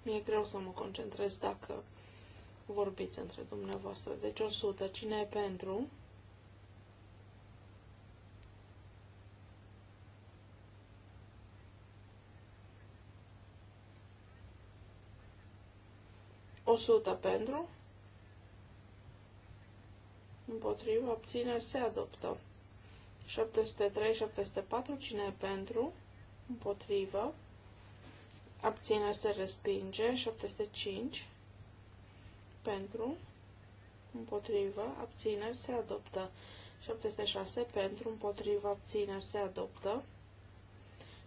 Mi-e greu să mă concentrez dacă vorbiți între dumneavoastră. Deci 100. Cine e pentru? O sută pentru împotriva, abțineri, se adoptă. 703, 704, cine e pentru, împotrivă, abțineri, se respinge. 705, pentru, împotrivă, abțineri, se adoptă. 706, pentru, împotrivă, abțineri, se adoptă.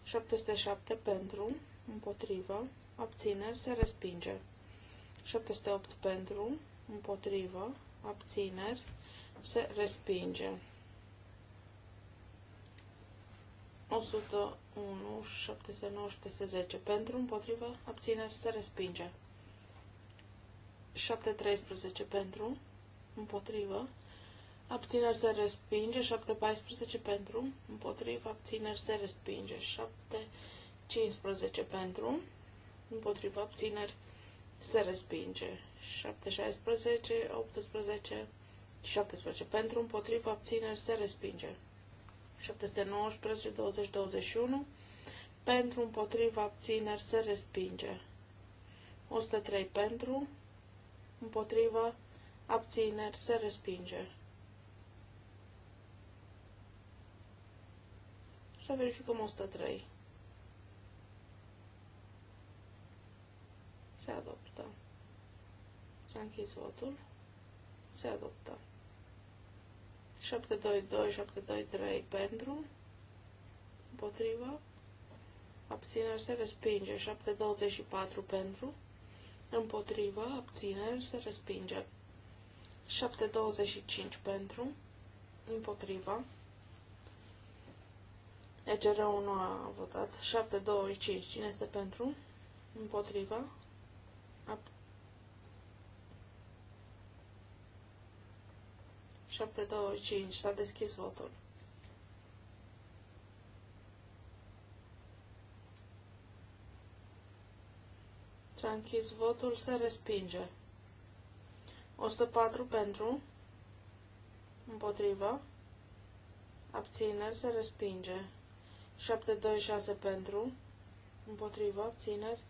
707, pentru, împotrivă, abțineri, se respinge. 708 pentru, împotrivă, abțineri, se respinge. 101, 709, 710 pentru, împotrivă, abțineri, se respinge. 713 pentru, împotrivă, abțineri, se respinge. 714 pentru, împotrivă, abțineri, se respinge. 715 pentru, împotrivă, abțineri, se respinge. 716, 18, 17. Pentru, împotriva, abțineri, se respinge. 719, 20, 21. Pentru, împotriva, abțineri, se respinge. 103. Pentru, împotriva, abțineri, se respinge. Să verificăm 103. Se adoptă. S-a închis votul. Se adoptă. 722, 723 pentru, împotrivă, abțineri se respinge, 724 pentru, împotrivă, abțineri se respinge, 725 pentru, împotrivă, egr 1 a votat, 725, cine este pentru, împotrivă, 725. S-a deschis votul. S-a închis votul, se respinge. 104 pentru, împotriva, abțineri, se respinge. 726 pentru, împotriva, abțineri,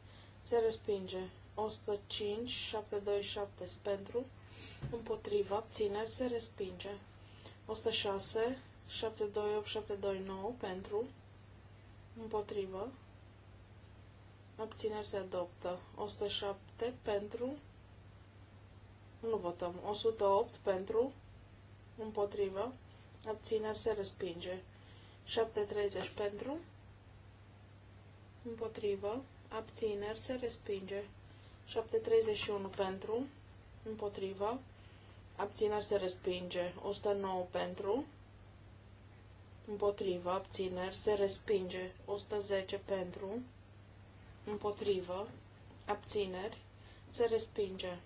se respinge. 105, 727 pentru, împotriva, țineri se respinge. 106, 728, 729 pentru, împotrivă, abțineri se adoptă. 107 pentru, nu votăm, 108 pentru, împotrivă, abțineri se respinge. 730 pentru, împotrivă, abțineri se respinge. 731 pentru, împotrivă, abțineri se respinge, 109 pentru, împotrivă, abțineri se respinge, 110 pentru, împotrivă, abțineri se respinge.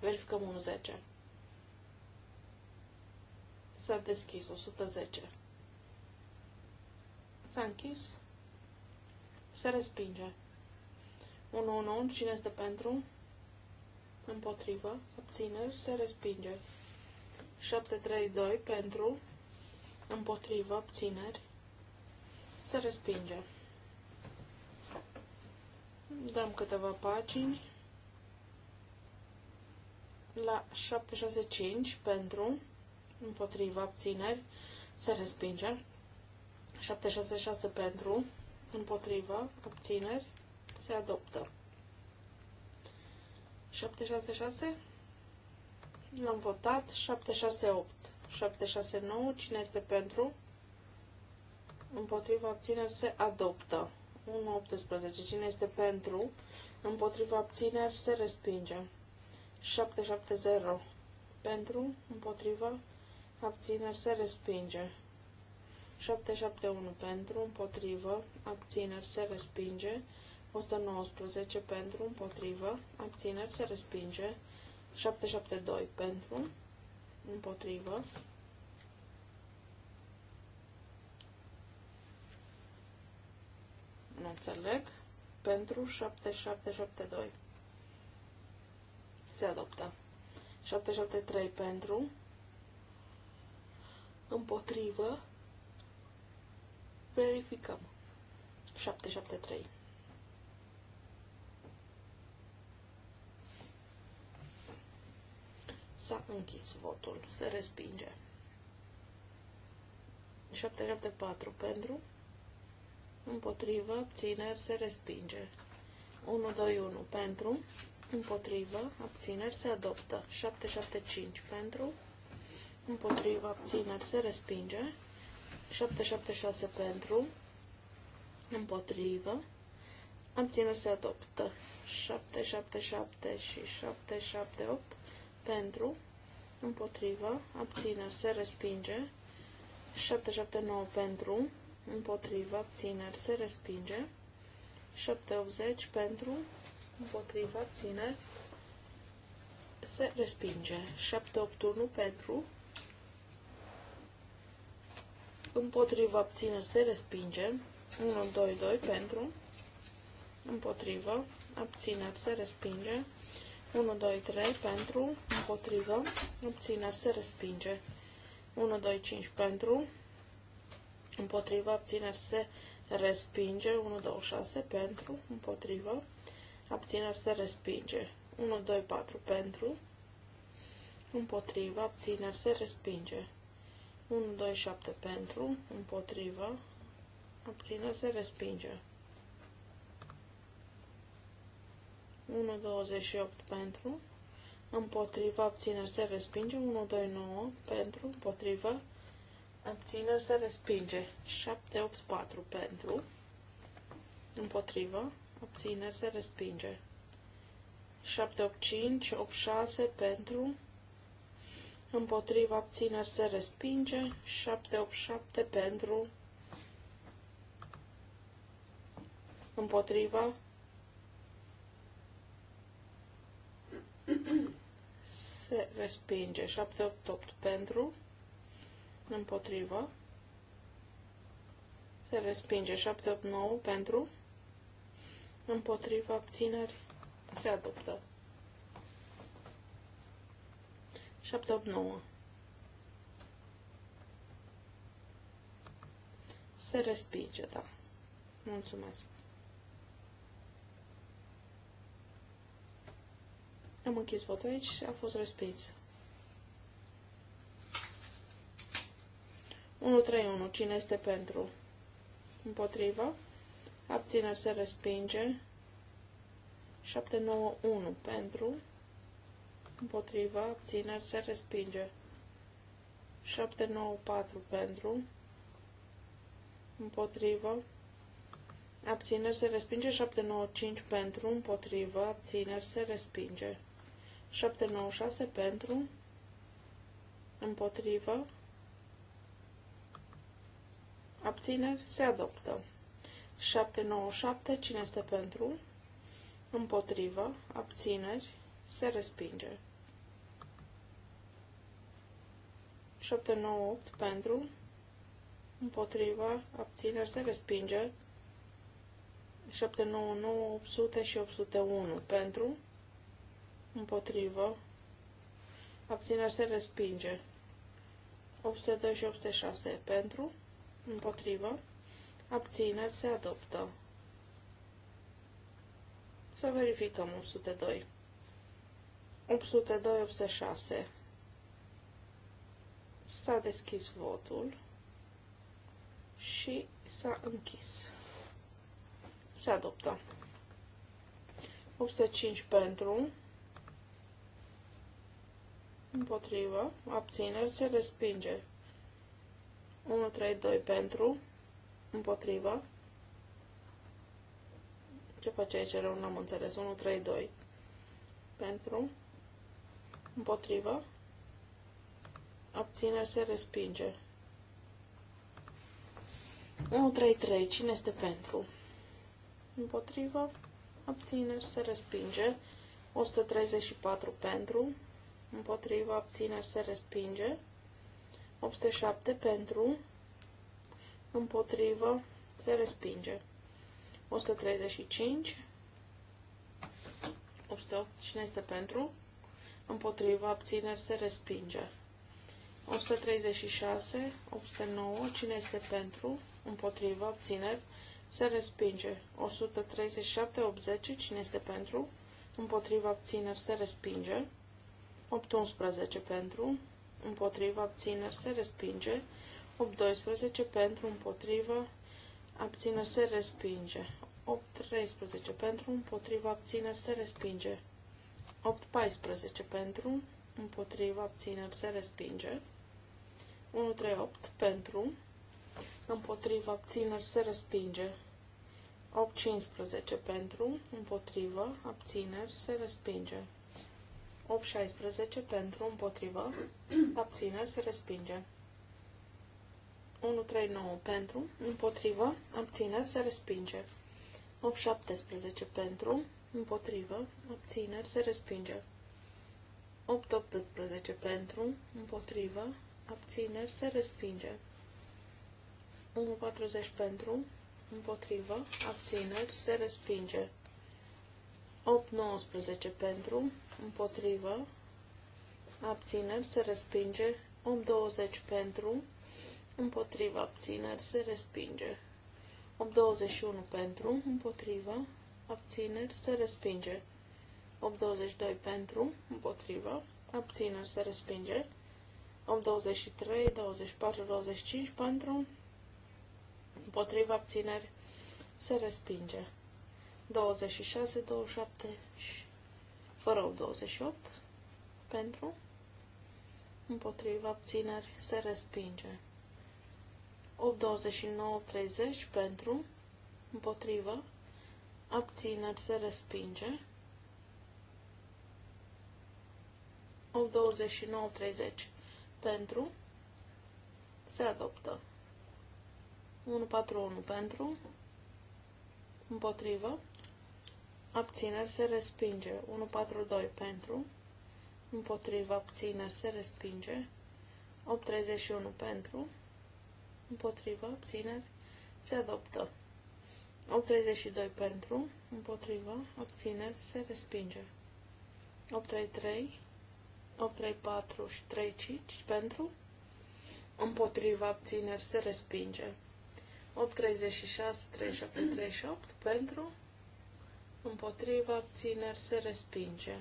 Verificăm 110. S-a deschis 110. S-a închis. Se respinge. 111. Cine este pentru? împotrivă, abțineri, se respinge. 732 pentru, împotrivă, abțineri, se respinge. Dăm câteva pagini. La 765 pentru, împotrivă, abțineri, se respinge. 766 pentru, împotrivă, abțineri, se adoptă. 766. L-am votat. 768. 769. Cine este pentru? Împotriva abțineri se adoptă. 118. Cine este pentru? Împotriva abțineri se respinge. 770. Pentru? Împotriva abțineri se respinge. 771 pentru, împotrivă, abțineri se respinge, 119 pentru, împotrivă, abțineri se respinge, 772 pentru, împotrivă. Nu înțeleg. Pentru 7772. Se adoptă. 773 pentru. Împotrivă. Verificăm. 773. S-a închis votul. Se respinge. 774 pentru. Împotrivă. Abțineri. Se respinge. 121 pentru. Împotrivă. Abțineri. Se adoptă. 775 pentru. Împotrivă. Abțineri. Se respinge. 776 pentru. Împotrivă. Abțineri. Se adoptă. 777 și 778 pentru, împotrivă, abțineri, se respinge. 779 pentru, împotrivă, abțineri, se respinge. 780 pentru, împotrivă, abțineri, se respinge. 781 pentru, împotrivă, abțineri, se respinge. 122 pentru, împotrivă, abțineri, se respinge. 1, 2, 3 pentru, împotrivă, abțineri se respinge. 1, 2, 5 pentru, împotrivă, abțineri se respinge. 1, 2, 6 pentru, împotrivă, abțineri se respinge. 1, 2, 4 pentru, împotrivă, abțineri se respinge. 1, 2, 7 pentru, împotrivă, abțineri se respinge. 1.28 pentru, împotriva abțineri se respinge, 1.29 pentru, împotriva abțineri se respinge, 7.84 pentru, împotriva abțineri se respinge, 7.85, 8.6 pentru, împotriva abțineri se respinge, 7.87 pentru, împotriva se respinge. 788 pentru, împotrivă, se respinge. 789 pentru, împotrivă, abțineri, se adoptă. 789 se respinge, da. Mulțumesc. Am închis votul aici și a fost respins. 1-3-1. Cine este pentru? Împotrivă. Abțineri se respinge. 791 pentru, împotriva, abțineri, se respinge. 794 pentru, împotriva, abțineri, se respinge. 795 pentru, împotriva, abțineri, se respinge. 796 pentru, împotrivă, abțineri, se adoptă. 797, cine este pentru, împotrivă, abțineri, se respinge. 798 pentru, împotrivă, abțineri, se respinge. 799, 800 și 801 pentru, împotrivă, abțineri se respinge. 802 și 806 pentru, împotrivă, abțineri se adoptă. Să verificăm 802. 802, 806. S-a deschis votul și s-a închis. Se adoptă. 805 pentru, împotrivă, abțineri, se respinge. 1, 3, 2 pentru, împotrivă. Ce face aici rău? N-am înțeles. 1, 3, 2 pentru, împotrivă, abțineri, se respinge. 1, 3, 3. Cine este pentru? Împotrivă, abțineri, se respinge. 134 pentru, împotriva abțineri se respinge. 807 pentru, împotrivă, se respinge. 135, 808. cine este pentru, Împotriva abțineri, se respinge. 136, 809, cine este pentru, Împotriva abțineri, se respinge. 137, 80, cine este pentru, Împotriva abțineri, se respinge abțineri se respinge, 8-14 pentru, împotriva abțineri se respinge, 1-3-8 pentru, împotriva abțineri se respinge, 8-15 pentru, împotriva abțineri se respinge. 8.12 pentru, împotriva abțineri se respinge. 8.13 pentru, împotriva abțineri se respinge. 8.14 pentru, împotriva abțineri se respinge. 138 pentru, împotriva abțineri se respinge. 815 pentru, împotriva abțineri se respinge. 8.16 pentru, împotrivă, abține, se respinge. 1.39 pentru, împotrivă, abține, se respinge. 8.17 pentru, împotrivă, abține, se respinge. 8.18 pentru, împotrivă, abține, se respinge. 1.40 pentru, împotrivă, abține, se respinge. 8.19 pentru, împotrivă, abțineri se respinge, 20 pentru, împotrivă, abțineri se respinge, 21 pentru, împotrivă, abțineri se respinge, 22 pentru, împotrivă, abțineri se respinge, 23, 24, 25 pentru, împotrivă, abțineri se respinge. 26, 27 și fără 28 pentru, împotriva abțineri se respinge. 829-30 pentru, împotriva, abțineri se respinge. 829-30 pentru, se adoptă. 141 pentru, împotrivă, abțineri se respinge. 142 pentru, împotriva abțineri se respinge. 831 pentru, împotriva abțineri se adoptă. 832 pentru, împotriva abțineri se respinge. 833, 834 și 35 pentru, împotriva abțineri se respinge. 836, 37, 38 pentru, împotriva, abțineri, se respinge.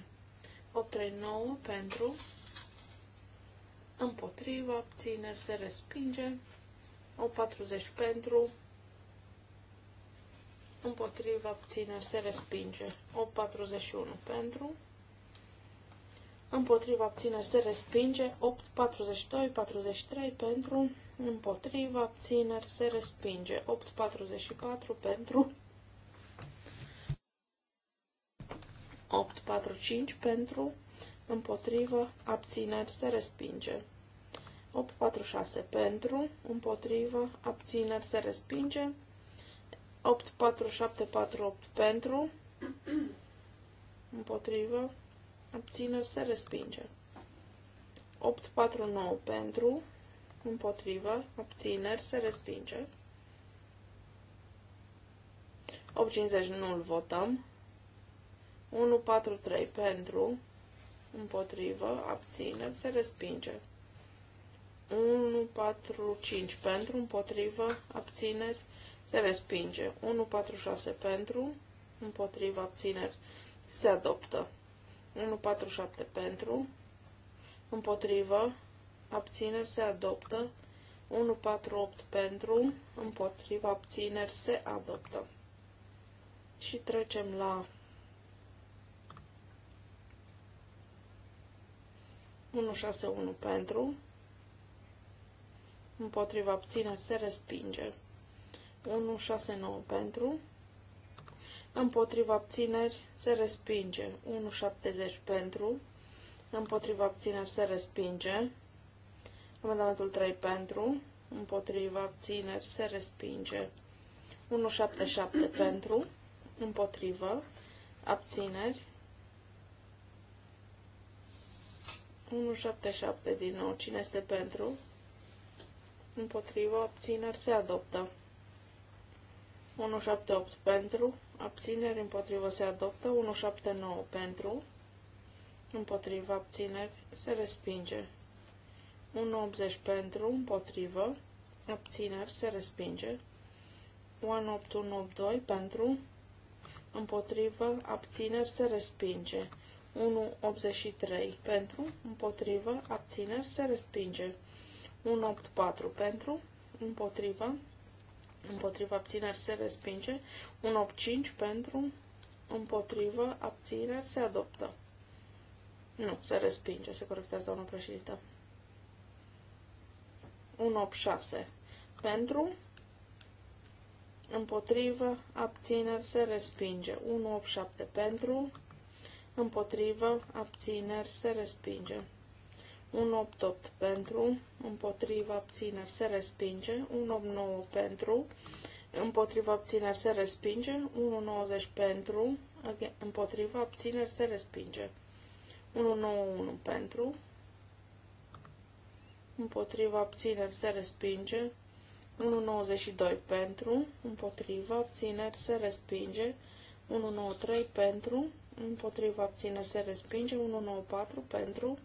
839 pentru, împotriva, abțineri, se respinge. 840 pentru, împotriva, abțineri, se respinge. 841 pentru, împotriva, abțineri, se respinge. 8 42 43 pentru, împotriva, abțineri, se respinge. 8-44 pentru, 845 pentru, împotrivă, abțineri, se respinge. 846 pentru, împotrivă, abțineri, se respinge. 84748 pentru, împotrivă, abțineri, se respinge. 849 pentru, împotrivă, abțineri, se respinge. 850 nu-l votăm, 3 pentru, împotrivă, abține, se respinge. 5 pentru, împotrivă, abțineri, se respinge. 6 pentru, împotrivă, abțineri, se adoptă. 7 pentru, împotrivă, abțineri, se adoptă. 8 pentru, împotrivă, abțineri se adoptă. Și trecem la 161 pentru, împotriva abțineri se respinge. 169 pentru, împotriva abțineri se respinge. 170 pentru, împotriva abțineri se respinge. Amendamentul 3 pentru, împotriva abțineri se respinge. 177 pentru, împotrivă, abțineri 177 din nou. Cine este pentru? Împotriva abțineri se adoptă. 178 pentru. Abțineri împotrivă se adoptă. 179 pentru. Împotriva abțineri se respinge. 180 pentru. Împotrivă. Abțineri se respinge. 18182 pentru. Împotrivă. Abțineri se respinge. 1.83 pentru, împotrivă, abțineri, se respinge. 1.84 pentru, împotrivă, împotrivă, abțineri, se respinge. 1.85 pentru, împotrivă, abțineri, se adoptă. Nu, se respinge, se corectează doamna președinte. 1.86 pentru, împotrivă, abțineri, se respinge. 1.87 pentru, împotrivă, abțineri, se respinge. 188 pentru, împotrivă, abțineri se respinge, 189 pentru, împotrivă, abțineri se respinge, 190 pentru, împotrivă, abțineri se respinge, 191 pentru, împotrivă, abțineri se respinge, 192 pentru, împotrivă, abțineri se respinge, 193 pentru, împotriva abțineri se respinge, 194 pentru,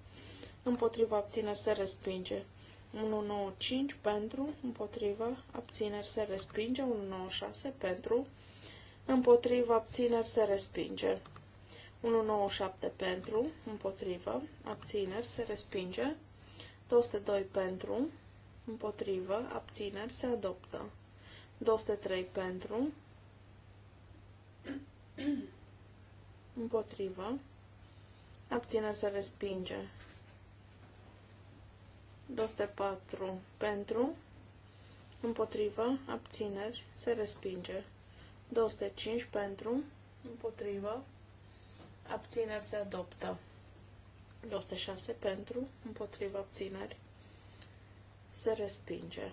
împotriva abțineri se respinge, 195 pentru, împotriva abțineri se respinge, 196 pentru, împotriva abțineri se respinge, 197 pentru, împotriva abțineri se respinge, 202 pentru, Împotriva abțineri se adoptă, 203 pentru, împotrivă, abține se respinge. 204 pentru, împotrivă, abțineri, se respinge. 205 pentru, împotrivă, abțineri se adoptă. 206 pentru, împotrivă, abțineri, se respinge.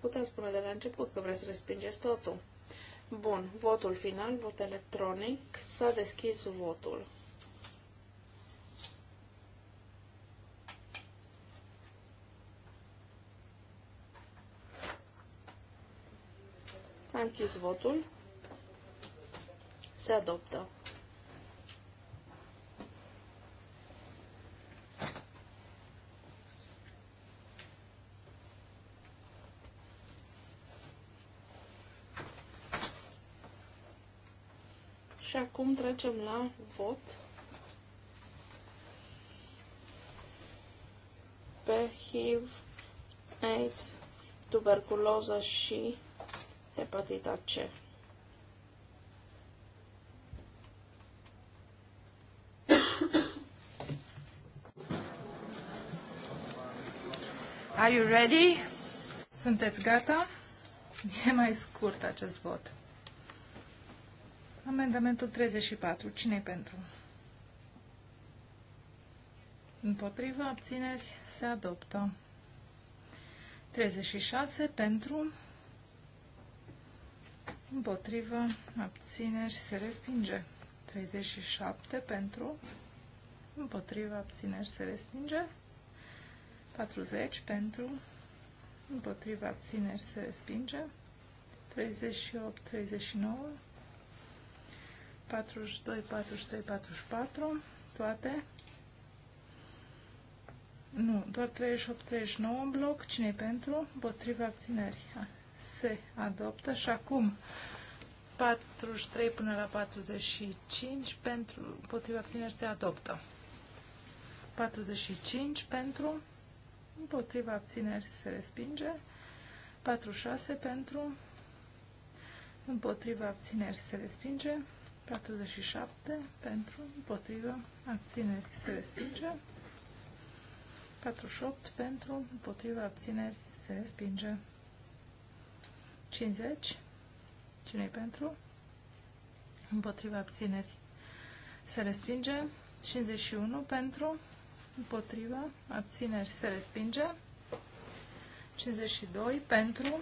Puteți spune de la început că vreți să respingeți totul. Bun, votul final, vot electronic. S-a deschis votul. S-a închis votul. Se adoptă. trecem la vot pe HIV, AIDS, tuberculoză și hepatita C. Are you ready? Sunteți gata? E mai scurt acest vot. Amendamentul 34. cine pentru? Împotrivă, abțineri, se adoptă. 36 pentru, împotrivă, abțineri, se respinge. 37 pentru, împotrivă, abțineri, se respinge. 40 pentru, împotrivă, abțineri, se respinge. 38, 39 42, 43, 44, toate. Nu, doar 38, 39 în bloc. cine e pentru? Potriva abțineri. Se adoptă și acum 43 până la 45 pentru, potriva abțineri se adoptă. 45 pentru, împotriva abțineri se respinge. 46 pentru, împotriva abțineri se respinge. 47 pentru, împotrivă, abțineri se respinge. 48 pentru, împotrivă, abțineri se respinge. 50. cine pentru? Împotriva abțineri. Se respinge. 51 pentru. Împotriva abțineri. Se respinge. 52 pentru.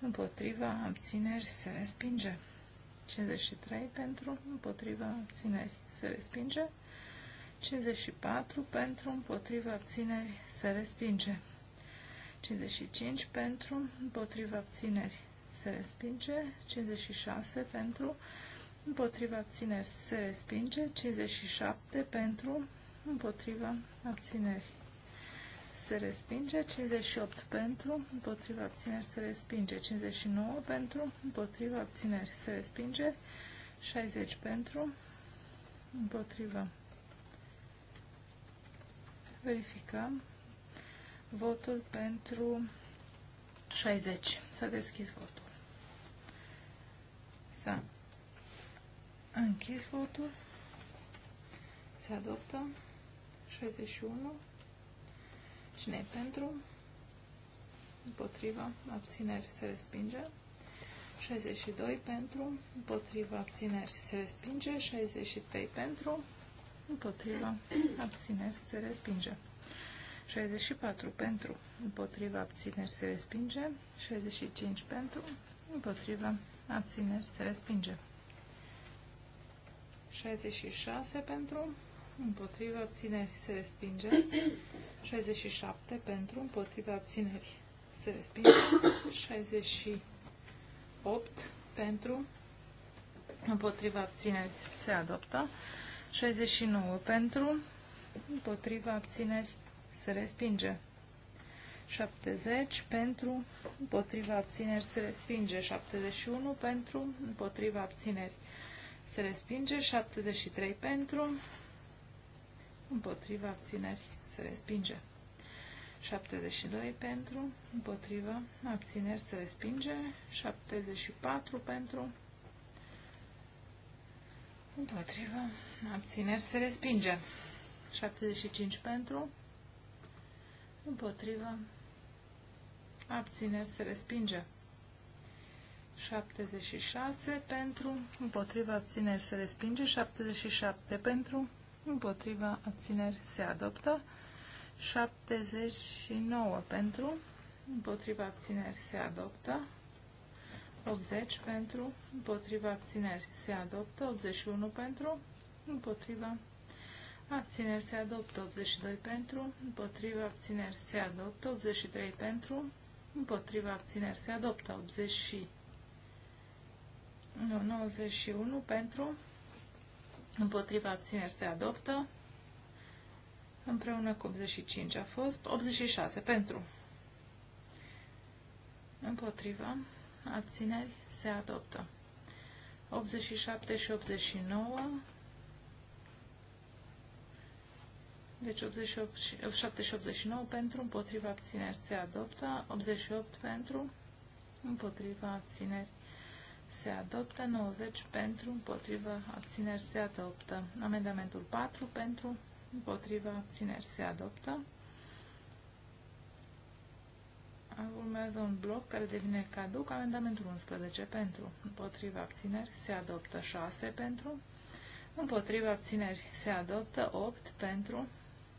Împotriva abțineri. Se respinge. 53 pentru, împotriva abțineri se respinge. 54 pentru, împotriva abțineri se respinge. 55 pentru, împotriva abțineri se respinge. 56 pentru, împotriva abțineri se respinge. 57 pentru, împotriva abțineri se respinge, 58 pentru, împotriva abțineri se respinge, 59 pentru, împotriva abțineri se respinge, 60 pentru, împotriva. Verificăm votul pentru 60. S-a deschis votul. S-a închis votul. Se adoptă 61 Cine e pentru? Împotriva. Abțineri se respinge. 62 pentru. Împotriva. Abțineri se respinge. 63 pentru. Împotriva. Abțineri se respinge. 64 pentru. Împotriva. Abțineri se respinge. 65 pentru. Împotriva. Abțineri se respinge. 66 pentru împotriva abțineri se respinge. 67 pentru, împotriva abțineri se respinge. 68 pentru, împotriva abțineri se adoptă. 69 pentru, împotriva abțineri se respinge. 70 pentru, împotriva abțineri se respinge. 71 pentru, împotriva abțineri se respinge. 73 pentru, împotriva abțineri se respinge. 72 pentru, împotriva abțineri se respinge. 74 pentru, împotriva abțineri se respinge. 75 pentru, împotriva abțineri se respinge. 76 pentru, împotriva abțineri se respinge, 77 pentru, împotriva abțineri se adoptă. 79 pentru, împotriva abțineri se adoptă. 80 pentru, împotriva abțineri se adoptă. 81 pentru, împotriva abțineri se adoptă. 82 pentru, împotriva abțineri se adoptă. 83 pentru, împotriva abțineri se adoptă. 80 și 91 pentru, împotriva abțineri se adoptă, împreună cu 85 a fost, 86 pentru, împotriva abțineri se adoptă, 87 și 89 Deci 88, 87 și 89 pentru, împotriva abțineri se adoptă, 88 pentru, împotriva abțineri se adoptă, 90 pentru, împotrivă, abțineri se adoptă. Amendamentul 4 pentru, împotrivă, abțineri se adoptă. Urmează un bloc care devine caduc, amendamentul 11 pentru, împotrivă, abțineri se adoptă, 6 pentru, împotrivă, abțineri se adoptă, 8 pentru,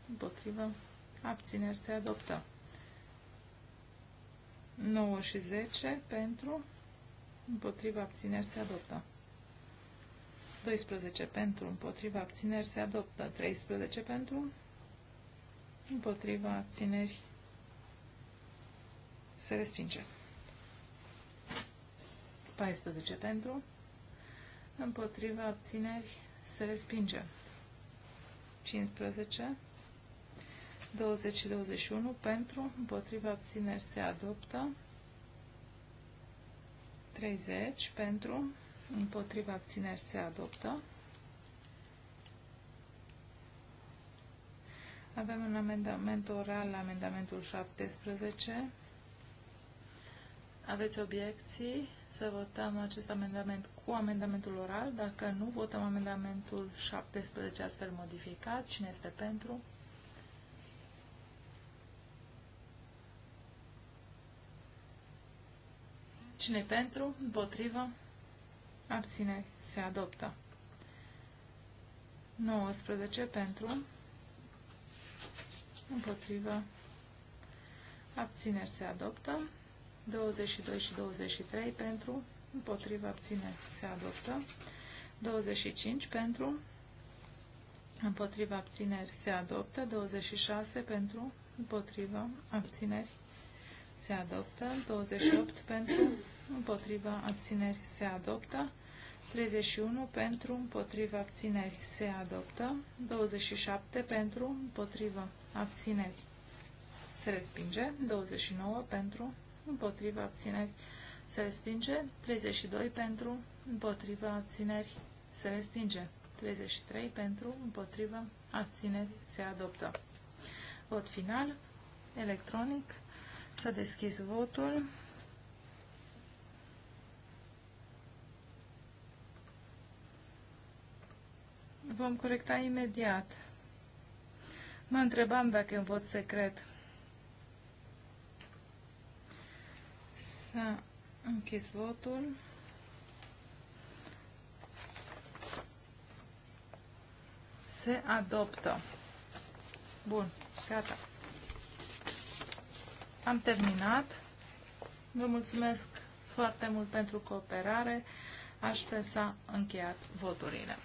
împotrivă, abțineri se adoptă. 9 și 10 pentru, împotriva abțineri se adoptă. 12 pentru, împotriva abțineri se adoptă. 13 pentru, împotriva abțineri se respinge. 14 pentru, împotriva abțineri se respinge. 15 20 și 21 pentru, împotriva abțineri se adoptă. 30 pentru, împotriva abțineri se adoptă. Avem un amendament oral la amendamentul 17. Aveți obiecții să votăm acest amendament cu amendamentul oral? Dacă nu, votăm amendamentul 17 astfel modificat. Cine este pentru? Cine pentru? Împotrivă? abține, Se adoptă. 19 pentru. Împotrivă. Abțineri. Se adoptă. 22 și 23 pentru. Împotrivă. Abțineri. Se adoptă. 25 pentru. Împotriva abțineri se adoptă. 26 pentru. Împotriva abțineri se adoptă, 28 pentru, împotriva abțineri se adoptă, 31 pentru, împotriva abțineri se adoptă, 27 pentru, împotriva abțineri se respinge, 29 pentru, împotriva abțineri se respinge, 32 pentru, împotriva abțineri se respinge, 33 pentru, împotriva abțineri se adoptă. Vot final, electronic, S-a deschis votul. Vom corecta imediat. Mă întrebam dacă e un vot secret. S-a închis votul. Se adoptă. Bun, gata. Am terminat. Vă mulțumesc foarte mult pentru cooperare. Astfel să încheiat voturile.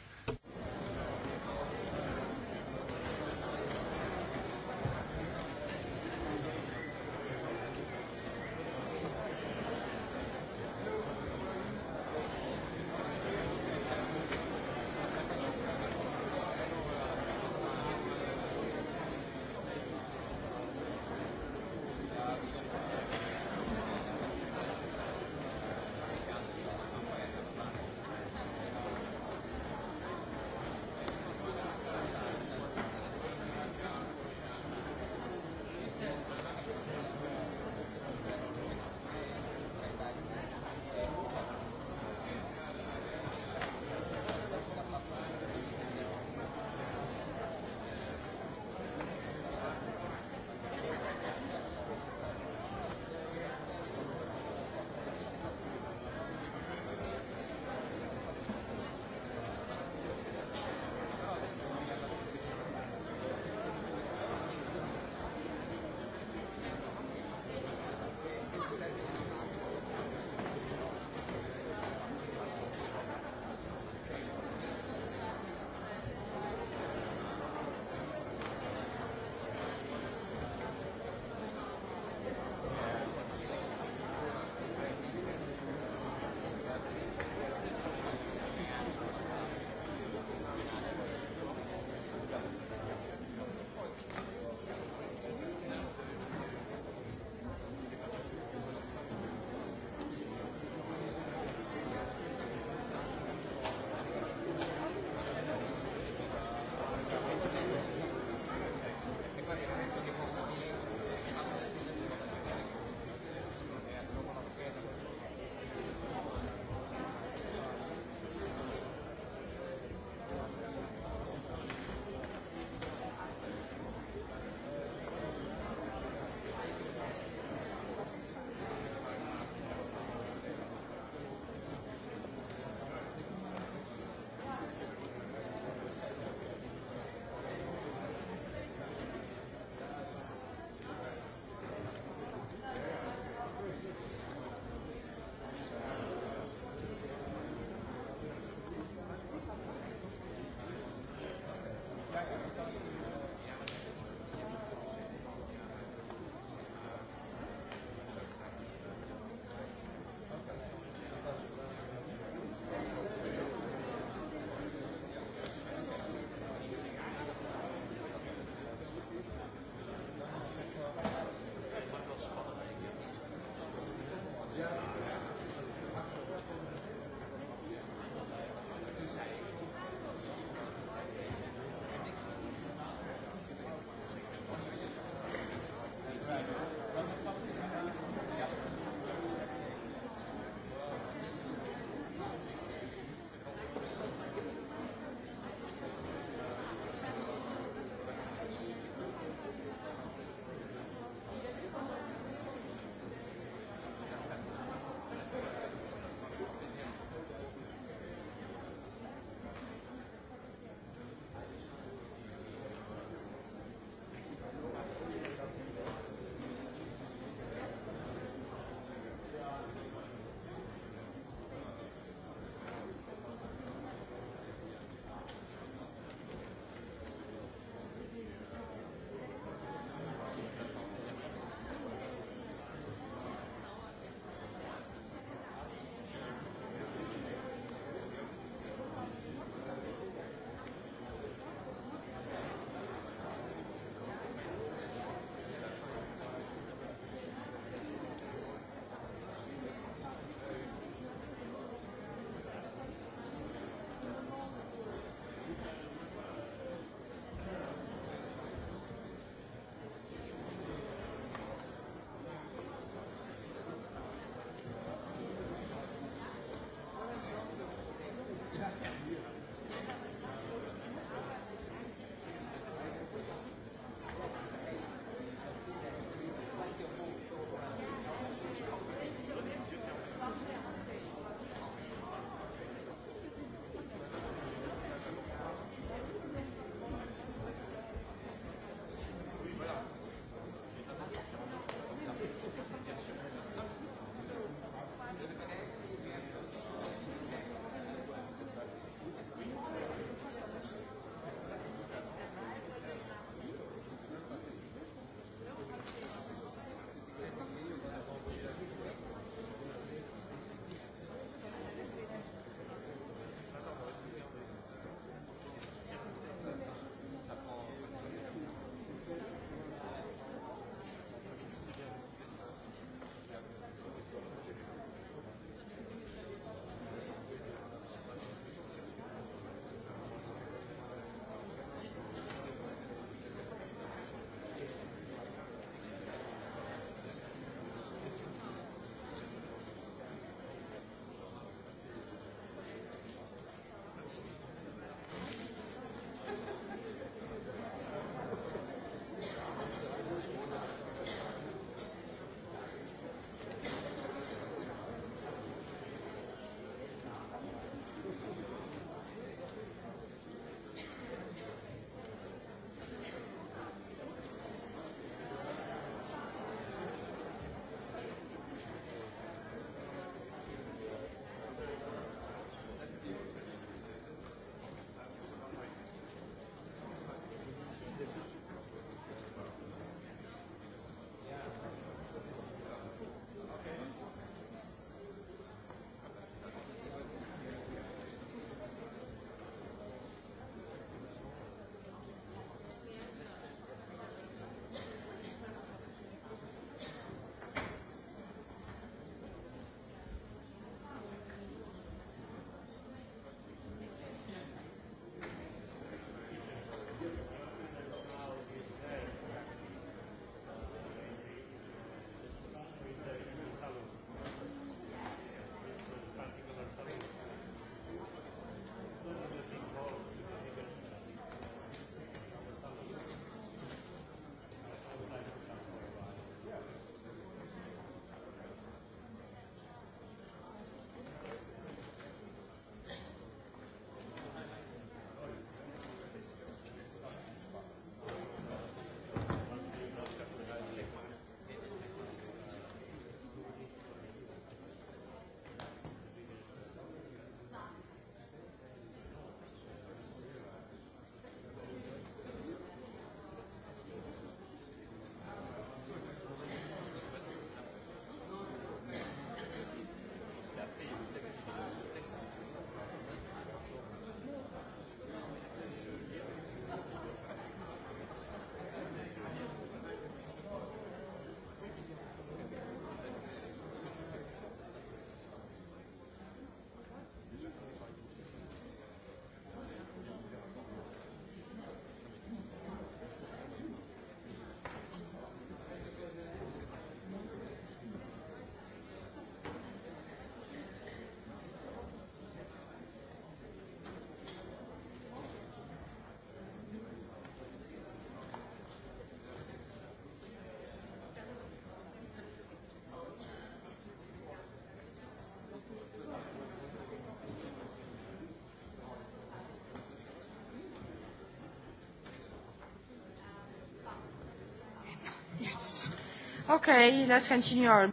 Ok, let's continue.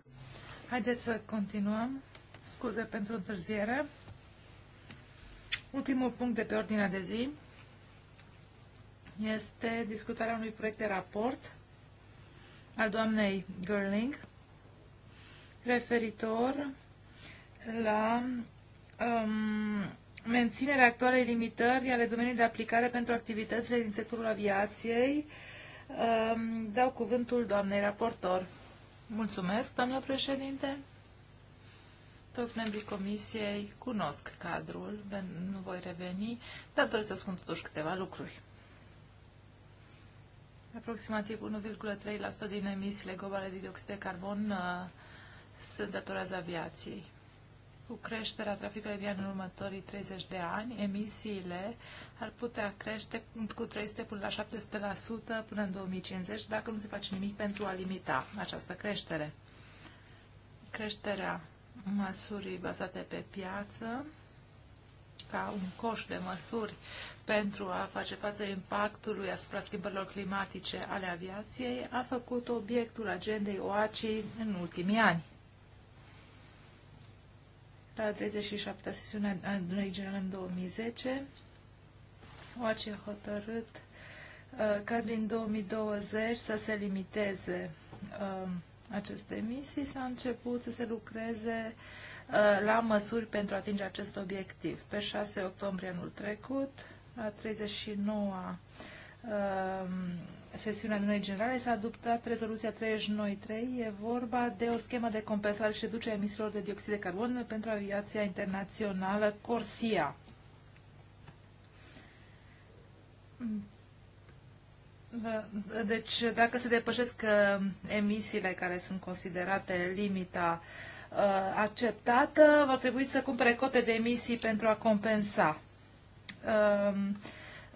Haideți să continuăm. Scuze pentru întârziere. Ultimul punct de pe ordinea de zi este discutarea unui proiect de raport al doamnei Gerling referitor la um, menținerea actualei limitări ale domeniului de aplicare pentru activitățile din sectorul aviației uh, dau cuvântul doamnei raportor. Mulțumesc, doamnă președinte. Toți membrii comisiei cunosc cadrul, nu voi reveni, dar doresc să spun totuși câteva lucruri. Aproximativ 1,3% din emisiile globale de dioxid de carbon uh, se datorează aviației cu creșterea traficului de în următorii 30 de ani, emisiile ar putea crește cu 300 până la 700% până în 2050 dacă nu se face nimic pentru a limita această creștere. Creșterea măsurii bazate pe piață ca un coș de măsuri pentru a face față impactului asupra schimbărilor climatice ale aviației a făcut obiectul agendei OACI în ultimii ani la 37-a sesiune a adunării generale în 2010. OACI a hotărât uh, ca din 2020 să se limiteze uh, aceste emisii, s-a început să se lucreze uh, la măsuri pentru a atinge acest obiectiv. Pe 6 octombrie anul trecut, la 39-a sesiunea adunării generale s-a adoptat rezoluția 393. E vorba de o schemă de compensare și reducere emisiilor de dioxid de carbon pentru aviația internațională Corsia. Deci, dacă se depășesc uh, emisiile care sunt considerate limita uh, acceptată, va trebui să cumpere cote de emisii pentru a compensa. Um,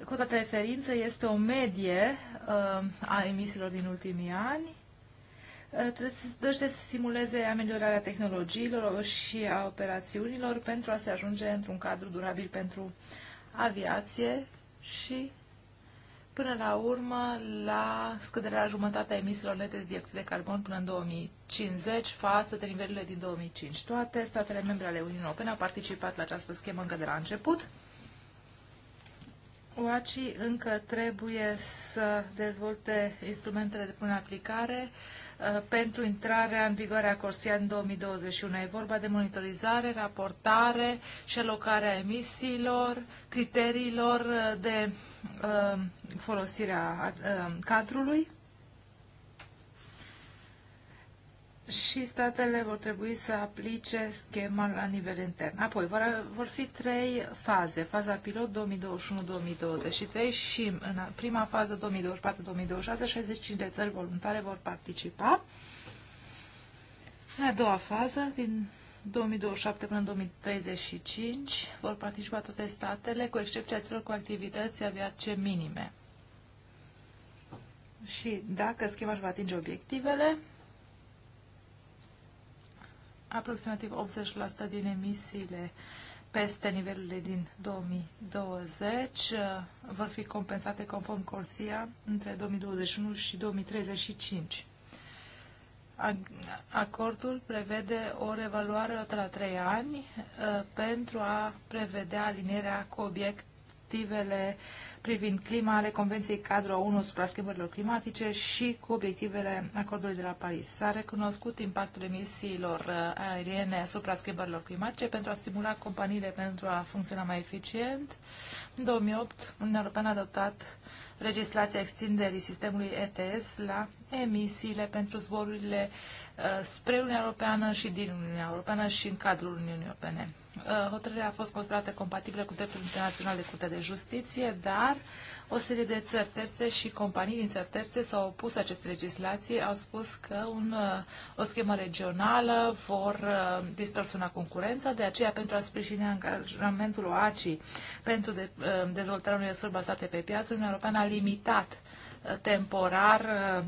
Cota de referință este o medie uh, a emisiilor din ultimii ani. Uh, trebuie să, trebuie să simuleze ameliorarea tehnologiilor și a operațiunilor pentru a se ajunge într-un cadru durabil pentru aviație și până la urmă la scăderea jumătate a emisiilor nete de dioxid de carbon până în 2050 față de nivelurile din 2005. Toate statele membre ale Uniunii Europene au participat la această schemă încă de la început UACI încă trebuie să dezvolte instrumentele de până aplicare uh, pentru intrarea în vigoare a Corsia în 2021. E vorba de monitorizare, raportare și alocarea emisiilor, criteriilor uh, de uh, folosire a cadrului și statele vor trebui să aplice schema la nivel intern. Apoi vor, vor fi trei faze. Faza pilot 2021-2023 și în prima fază 2024-2026 65 de țări voluntare vor participa. În a doua fază, din 2027 până în 2035, vor participa toate statele, cu excepția țărilor cu activități aviace minime. Și dacă schema își va atinge obiectivele, aproximativ 80% din emisiile peste nivelurile din 2020 uh, vor fi compensate conform Corsia între 2021 și 2035. Acordul prevede o revaluare la 3 ani uh, pentru a prevedea alinierea cu obiect obiectivele privind clima ale Convenției Cadru 1 supra schimbărilor climatice și cu obiectivele acordului de la Paris. S-a recunoscut impactul emisiilor uh, aeriene asupra schimbărilor climatice pentru a stimula companiile pentru a funcționa mai eficient. În 2008, Uniunea Europeană a adoptat legislația extinderii sistemului ETS la emisiile pentru zborurile uh, Uh, spre Uniunea Europeană și din Uniunea Europeană și în cadrul Uniunii Europene. Uh, hotărârea a fost considerată compatibilă cu dreptul internațional de curte de Justiție, dar o serie de țări terțe și companii din țări terțe s-au opus acestei legislații, au spus că un, uh, o schemă regională vor distorsiona concurența, de aceea pentru a sprijini angajamentul OACI pentru de, dezvoltarea unei resurs bazate pe piață, Uniunea Europeană a limitat temporar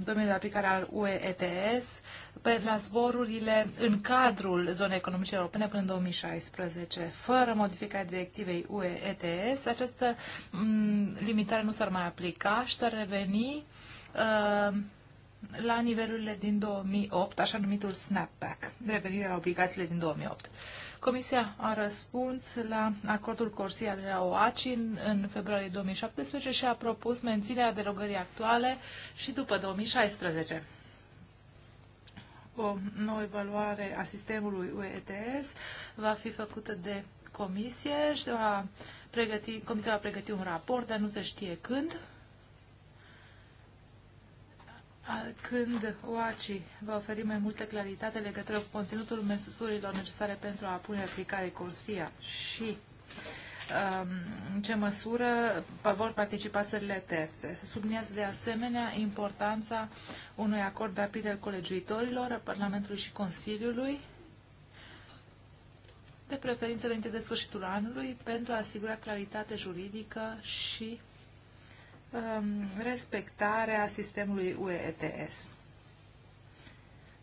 domeniul de aplicare al UE ETS pe, la zborurile în cadrul zonei economice europene până în 2016. Fără modificarea directivei UE ETS, această limitare nu s-ar mai aplica și s-ar reveni uh, la nivelurile din 2008, așa numitul snapback, revenirea la obligațiile din 2008. Comisia a răspuns la acordul Corsia de la OACI în, în februarie 2017 și a propus menținerea derogării actuale și după 2016 o nouă evaluare a sistemului UETS va fi făcută de comisie și se va pregăti, comisia va pregăti un raport, dar nu se știe când. Când OACI va oferi mai multă claritate legătură cu conținutul măsurilor necesare pentru a pune aplicare Corsia și uh, Um, în ce măsură vor participa țările terțe. Se de asemenea importanța unui acord rapid al colegiuitorilor, a Parlamentului și Consiliului, de preferință înainte de sfârșitul anului, pentru a asigura claritate juridică și um, respectarea sistemului UETS.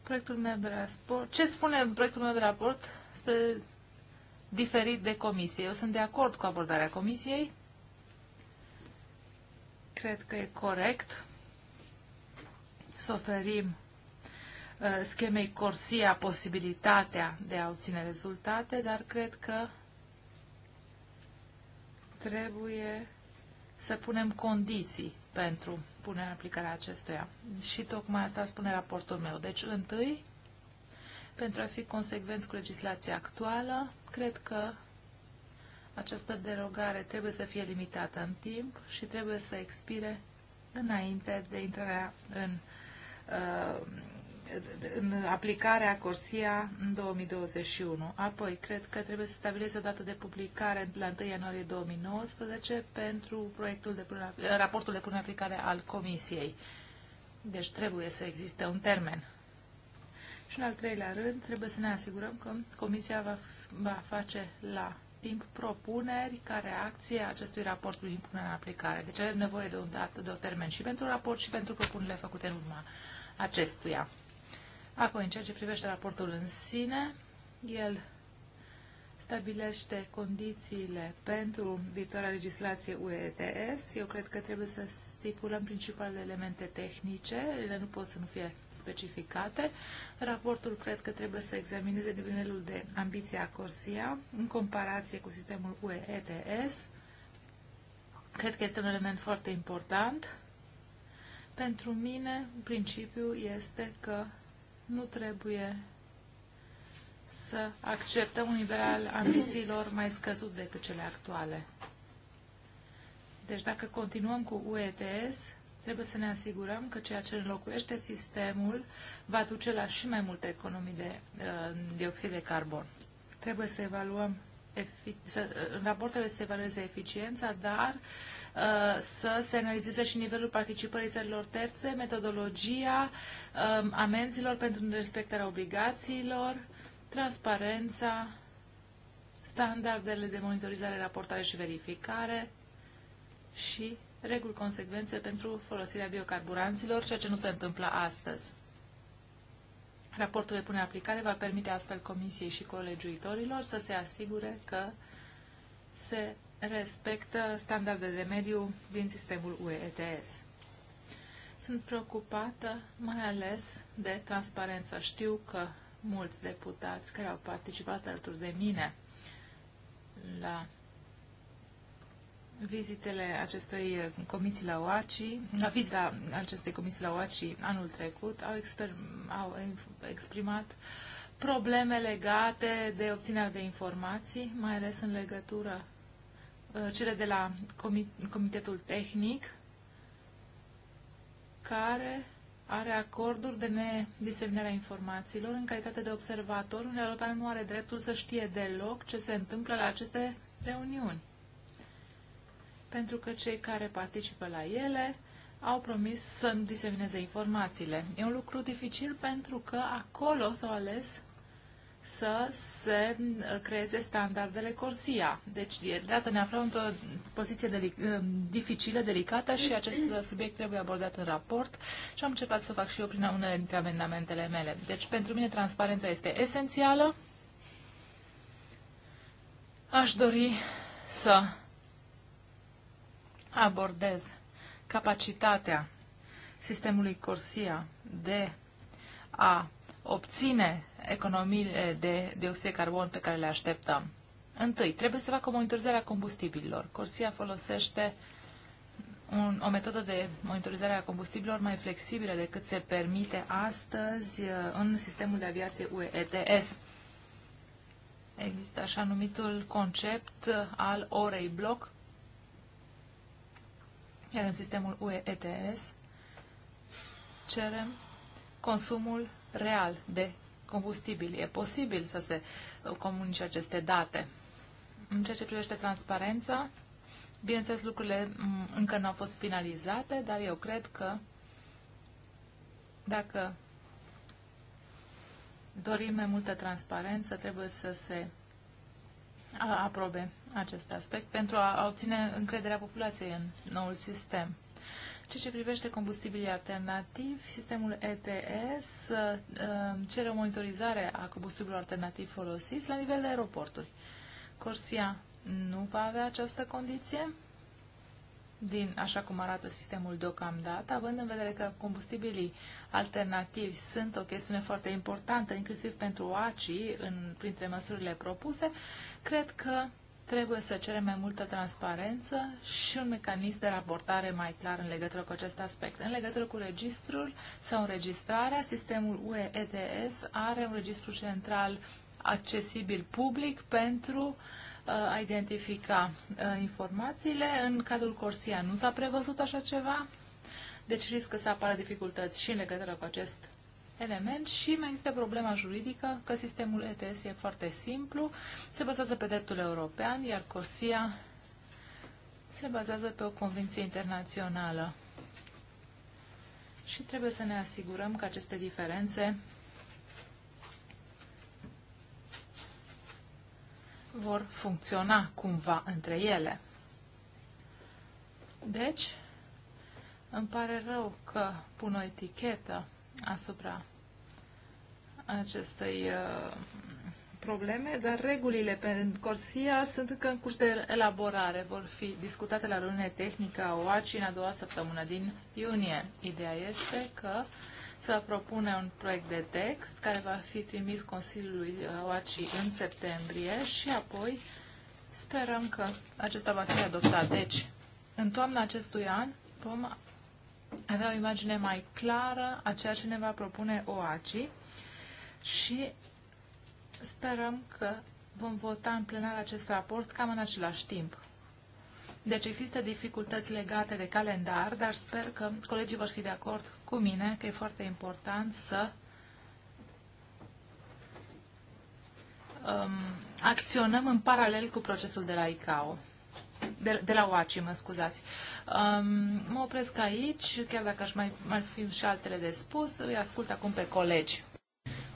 Proiectul meu de raport. Ce spune proiectul meu de raport? Spre diferit de comisie. Eu sunt de acord cu abordarea comisiei. Cred că e corect să oferim uh, schemei Corsia posibilitatea de a obține rezultate, dar cred că trebuie să punem condiții pentru punerea în aplicare a acestuia. Și tocmai asta spune raportul meu. Deci, întâi, pentru a fi consecvenți cu legislația actuală. Cred că această derogare trebuie să fie limitată în timp și trebuie să expire înainte de intrarea în, uh, în aplicarea Corsia în 2021. Apoi, cred că trebuie să stabileze o dată de publicare la 1 ianuarie 2019 pentru proiectul de raportul de până aplicare al Comisiei. Deci trebuie să existe un termen. Și în al treilea rând, trebuie să ne asigurăm că Comisia va, va face la timp propuneri ca reacție a acestui raport prin punerea în aplicare. Deci avem nevoie de un, dat, de un termen și pentru raport și pentru propunerile făcute în urma acestuia. Acum, în ceea ce privește raportul în sine, el stabilește condițiile pentru viitoarea legislație UETS. Eu cred că trebuie să stipulăm principalele elemente tehnice, ele nu pot să nu fie specificate. Raportul cred că trebuie să examineze nivelul de ambiție a Corsia în comparație cu sistemul UETS. Cred că este un element foarte important. Pentru mine, principiul este că nu trebuie să accepte un nivel al ambițiilor mai scăzut decât cele actuale. Deci dacă continuăm cu UETS, trebuie să ne asigurăm că ceea ce înlocuiește sistemul va duce la și mai multe economii de uh, dioxid de carbon. Trebuie să evaluăm, să, în raportele să evalueze eficiența, dar uh, să se analizeze și nivelul participării țărilor terțe, metodologia, uh, um, amenzilor pentru nerespectarea obligațiilor, transparența, standardele de monitorizare, raportare și verificare și reguli consecvențe pentru folosirea biocarburanților, ceea ce nu se întâmplă astăzi. Raportul de pune aplicare va permite astfel Comisiei și colegiuitorilor să se asigure că se respectă standardele de mediu din sistemul UE ETS. Sunt preocupată mai ales de transparență. Știu că mulți deputați care au participat alături de mine la vizitele acestei comisii la OACI, la vizita acestei comisii la OACI anul trecut, au, exper, au exprimat probleme legate de obținerea de informații, mai ales în legătură uh, cele de la comitetul tehnic, care are acorduri de nediseminare a informațiilor. În calitate de observator, Uniunea Europeană nu are dreptul să știe deloc ce se întâmplă la aceste reuniuni. Pentru că cei care participă la ele au promis să nu disemineze informațiile. E un lucru dificil pentru că acolo s-au ales să se uh, creeze standardele Corsia. Deci, iată, ne aflăm într-o poziție delic- uh, dificilă, delicată și acest uh, subiect trebuie abordat în raport și am încercat să fac și eu prin unele dintre amendamentele mele. Deci, pentru mine, transparența este esențială. Aș dori să abordez capacitatea sistemului Corsia de a obține economiile de dioxid de carbon pe care le așteptăm. Întâi, trebuie să facă monitorizarea combustibililor. Corsia folosește un, o metodă de monitorizare a combustibilor mai flexibilă decât se permite astăzi uh, în sistemul de aviație UETs. Există așa numitul concept uh, al orei bloc, iar în sistemul UETs cerem consumul real de Combustibil, E posibil să se comunice aceste date. În ceea ce privește transparența, bineînțeles, lucrurile mm, încă nu au fost finalizate, dar eu cred că dacă dorim mai multă transparență, trebuie să se aprobe acest aspect pentru a obține încrederea populației în noul sistem ceea ce privește combustibilii alternativi, sistemul ETS um, cere o monitorizare a combustibilului alternativ folosiți la nivel de aeroporturi. Corsia nu va avea această condiție, din așa cum arată sistemul deocamdată, având în vedere că combustibilii alternativi sunt o chestiune foarte importantă, inclusiv pentru ACI, în, printre măsurile propuse, cred că Trebuie să cerem mai multă transparență și un mecanism de raportare mai clar în legătură cu acest aspect. În legătură cu registrul sau înregistrarea, sistemul UE ETS are un registru central accesibil public pentru uh, a identifica uh, informațiile. În cadrul Corsia nu s-a prevăzut așa ceva, deci riscă să apară dificultăți și în legătură cu acest element și mai există problema juridică că sistemul ETS e foarte simplu, se bazează pe dreptul european, iar Corsia se bazează pe o convenție internațională. Și trebuie să ne asigurăm că aceste diferențe vor funcționa cumva între ele. Deci, îmi pare rău că pun o etichetă asupra acestei uh, probleme, dar regulile pentru Corsia sunt încă în curs de elaborare. Vor fi discutate la reuniune tehnică a OACI în a doua săptămână din iunie. Ideea este că se va propune un proiect de text care va fi trimis Consiliului OACI în septembrie și apoi sperăm că acesta va fi adoptat. Deci, în toamna acestui an vom avea o imagine mai clară a ceea ce ne va propune OACI și sperăm că vom vota în plenar acest raport cam în același timp. Deci există dificultăți legate de calendar, dar sper că colegii vor fi de acord cu mine că e foarte important să um, acționăm în paralel cu procesul de la ICAO de, de la OACI, mă scuzați. Um, mă opresc aici, chiar dacă aș mai, mai fi și altele de spus, îi ascult acum pe colegi.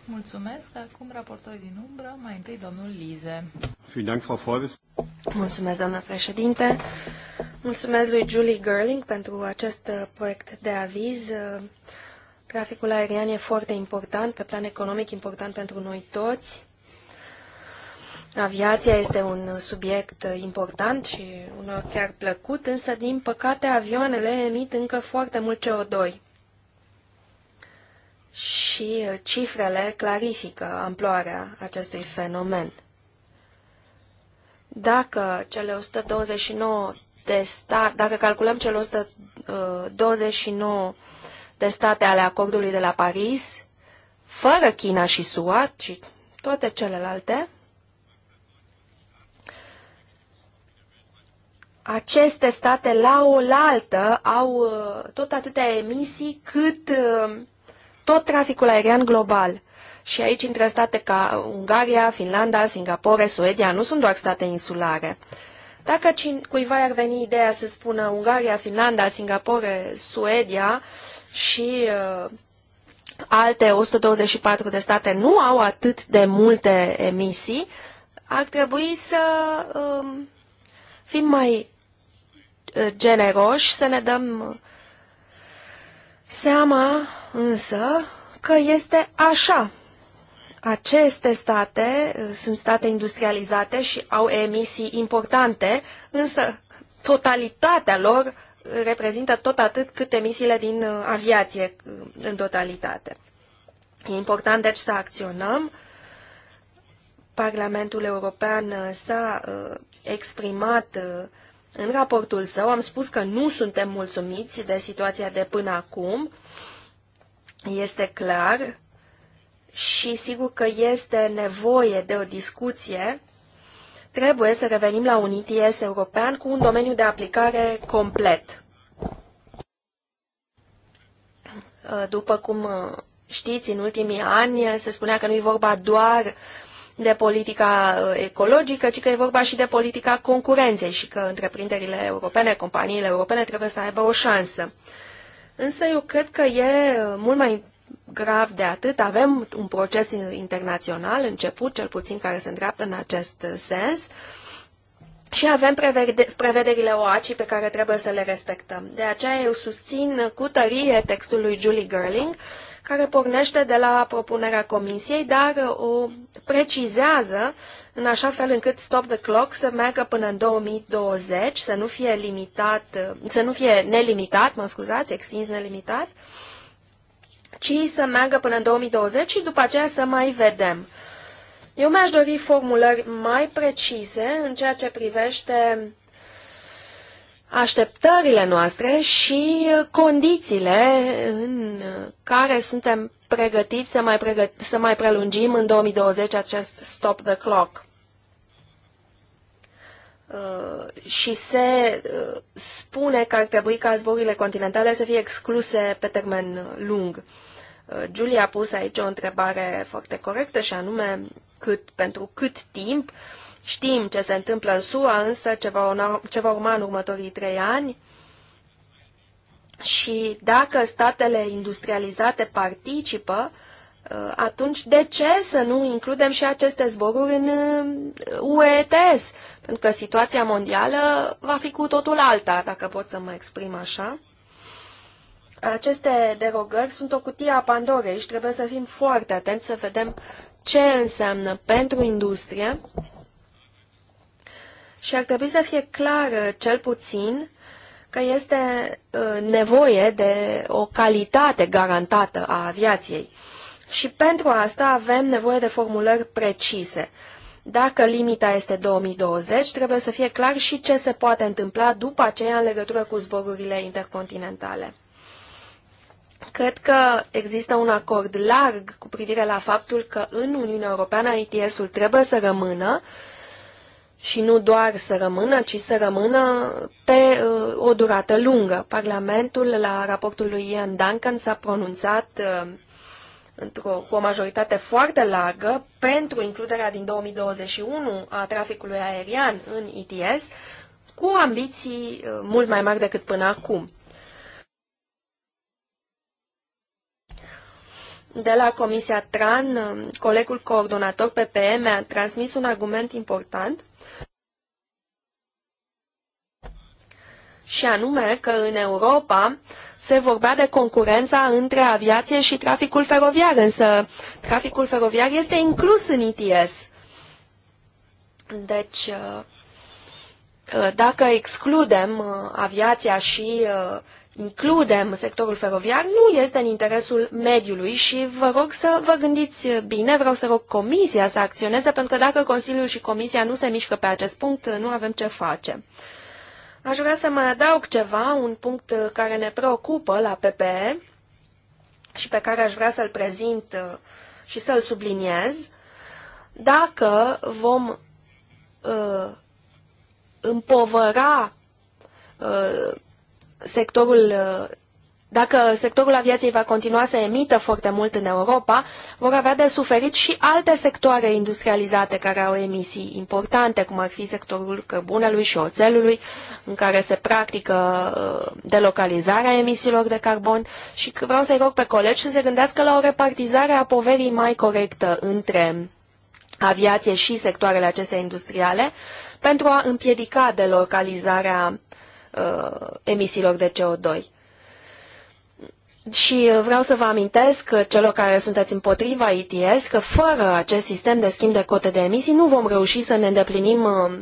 Mulțumesc. Acum raportorii din umbră, mai întâi domnul Lize. Mulțumesc, doamna președinte. Mulțumesc lui Julie Gerling pentru acest uh, proiect de aviz. Uh, traficul aerian e foarte important, pe plan economic important pentru noi toți. Aviația este un subiect important și unor chiar plăcut, însă, din păcate, avioanele emit încă foarte mult CO2. Și cifrele clarifică amploarea acestui fenomen. Dacă cele 129 de state, dacă calculăm cele 129 de state ale acordului de la Paris, fără China și SUA, ci toate celelalte, aceste state la oaltă au uh, tot atâtea emisii cât uh, tot traficul aerian global. Și aici intră state ca Ungaria, Finlanda, Singapore, Suedia, nu sunt doar state insulare. Dacă cuiva ar veni ideea să spună Ungaria, Finlanda, Singapore, Suedia și uh, alte 124 de state nu au atât de multe emisii, ar trebui să uh, fim mai uh, generoși, să ne dăm seama însă că este așa. Aceste state uh, sunt state industrializate și au emisii importante, însă totalitatea lor uh, reprezintă tot atât cât emisiile din aviație în totalitate. E important deci să acționăm. Parlamentul European s-a exprimat uh, în raportul său. Am spus că nu suntem mulțumiți de situația de până acum. Este clar și sigur că este nevoie de o discuție. Trebuie să revenim la un ITS european cu un domeniu de aplicare complet. Uh, după cum uh, știți, în ultimii ani se spunea că nu e vorba doar uh, de politica uh, ecologică, ci că e vorba și de politica concurenței și că întreprinderile europene, companiile europene trebuie să aibă o șansă. Însă eu cred că e uh, mult mai grav de atât. Avem un proces internațional început, cel puțin care se îndreaptă în acest sens, și avem prevederile OACI pe care trebuie să le respectăm. De aceea eu susțin cu tărie textul lui Julie Gerling care pornește de la propunerea comisiei, dar uh, o precizează în așa fel încât Stop the Clock să meargă până în 2020, să nu fie limitat, uh, să nu fie nelimitat, mă scuzați, extins nelimitat, ci să meargă până în 2020 și după aceea să mai vedem. Eu mi-aș dori formulări mai precise în ceea ce privește așteptările noastre și condițiile în care suntem pregătiți să mai, pregăt- să mai prelungim în 2020 acest stop the clock. Uh, și se uh, spune că ar trebui ca zborurile continentale să fie excluse pe termen lung. Uh, Julia a pus aici o întrebare foarte corectă și anume cât, pentru cât timp uh, Știm ce se întâmplă în SUA, însă ce va, urma, ce va urma în următorii trei ani. Și dacă statele industrializate participă, uh, atunci de ce să nu includem și aceste zboruri în UETS? Uh, pentru că situația mondială va fi cu totul alta, dacă pot să mă exprim așa. Aceste derogări sunt o cutie a Pandorei și trebuie să fim foarte atenți să vedem ce înseamnă pentru industrie și ar trebui să fie clar, uh, cel puțin, că este uh, nevoie de o calitate garantată a aviației. Și pentru asta avem nevoie de formulări precise. Dacă limita este 2020, trebuie să fie clar și ce se poate întâmpla după aceea în legătură cu zborurile intercontinentale. Cred că există un acord larg cu privire la faptul că în Uniunea Europeană ITS-ul trebuie să rămână, uh, și nu doar să rămână, ci să rămână pe uh, o durată lungă. Parlamentul, la raportul lui Ian Duncan, s-a pronunțat uh, într-o, cu o majoritate foarte largă pentru includerea din 2021 a traficului aerian în ETS, cu ambiții uh, mult mai mari decât până acum. De la Comisia TRAN, colegul coordonator PPM a transmis un argument important și anume că în Europa se vorbea de concurența între aviație și traficul feroviar, însă traficul feroviar este inclus în ITS. Deci, uh, uh, dacă excludem uh, aviația și includem sectorul feroviar, nu este în interesul mediului și vă rog să vă gândiți bine, vreau să rog Comisia să acționeze, pentru că dacă Consiliul și Comisia nu se mișcă pe acest punct, nu avem ce face. Aș vrea să mai adaug ceva, un punct uh, care ne preocupă la PPE și pe care aș vrea să-l prezint uh, și să-l subliniez. Dacă vom uh, împovăra uh, sectorul uh, dacă sectorul aviației va continua să emită foarte mult în Europa, vor avea de suferit și alte sectoare industrializate care au emisii importante, cum ar fi sectorul cărbunelui și oțelului, în care se practică uh, delocalizarea emisiilor de carbon și vreau să-i rog pe colegi să se gândească la o repartizare a poverii mai corectă între aviație și sectoarele acestea industriale pentru a împiedica delocalizarea uh, emisiilor de CO2. Și uh, vreau să vă amintesc uh, celor care sunteți împotriva ETS că fără acest sistem de schimb de cote de emisii nu vom reuși să ne îndeplinim uh,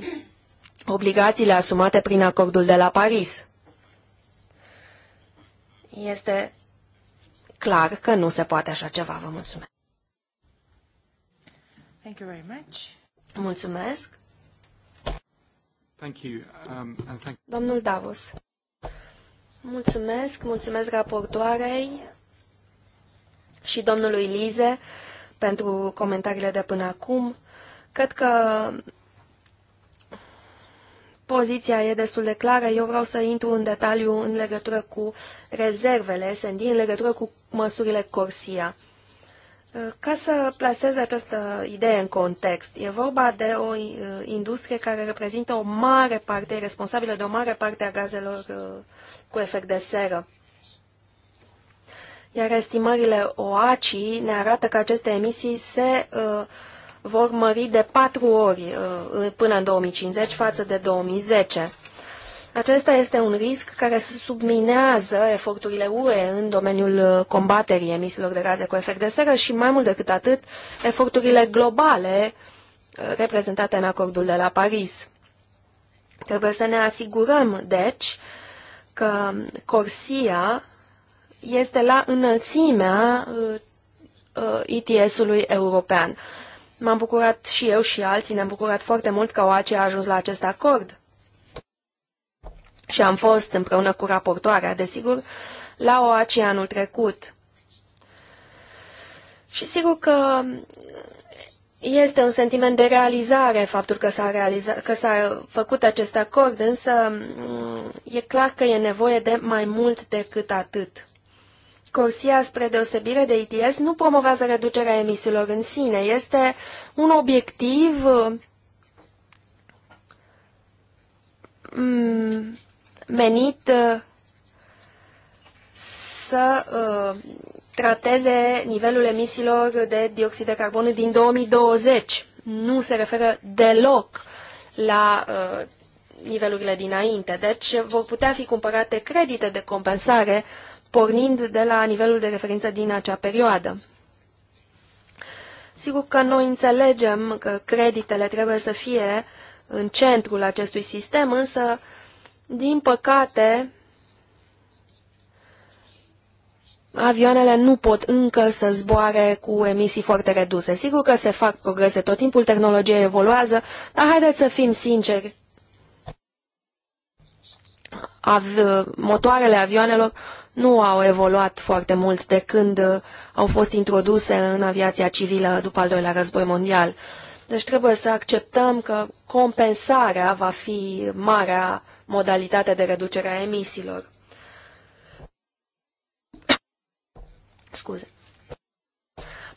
obligațiile asumate prin acordul de la Paris. Este clar că nu se poate așa ceva. Vă mulțumesc. Thank you very much. Mulțumesc. Thank you. Um, and thank Domnul Davos. Mulțumesc, mulțumesc raportoarei și domnului Lize pentru comentariile de până acum. Cred că poziția e destul de clară. Eu vreau să intru în detaliu în legătură cu rezervele S&D, în legătură cu măsurile Corsia. Ca să plasez această idee în context, e vorba de o uh, industrie care reprezintă o mare parte, e responsabilă de o mare parte a gazelor uh, cu efect de seră. Iar estimările OACI ne arată că aceste emisii se uh, vor mări de patru ori până în 2050 față de 2010. Acesta este un risc care subminează eforturile UE în domeniul uh, combaterii emisiilor de gaze cu efect de seră și, mai mult decât atât, eforturile globale uh, reprezentate în acordul de la Paris. Trebuie să ne asigurăm, deci, că Corsia este la înălțimea ETS-ului uh, european. M-am bucurat și eu și alții, ne-am bucurat foarte mult că OACE a ajuns la acest acord și am fost împreună cu raportoarea, desigur, la OACI anul trecut. Și sigur că este un sentiment de realizare faptul că s-a, realizat, că s-a făcut acest acord, însă mm, e clar că e nevoie de mai mult decât atât. Corsia, spre deosebire de ITS, nu promovează reducerea emisiilor în sine. Este un obiectiv mm, menit uh, să uh, trateze nivelul emisiilor de dioxid de carbon din 2020. Nu se referă deloc la uh, nivelurile dinainte. Deci vor putea fi cumpărate credite de compensare pornind de la nivelul de referință din acea perioadă. Sigur că noi înțelegem că creditele trebuie să fie în centrul acestui sistem, însă din păcate, avioanele nu pot încă să zboare cu emisii foarte reduse. Sigur că se fac progrese tot timpul, tehnologia evoluează, dar haideți să fim sinceri. Av motoarele avioanelor nu au evoluat foarte mult de când au fost introduse în aviația civilă după al doilea război mondial. Deci trebuie să acceptăm că compensarea va fi marea modalitate de reducere a emisiilor. Scuze.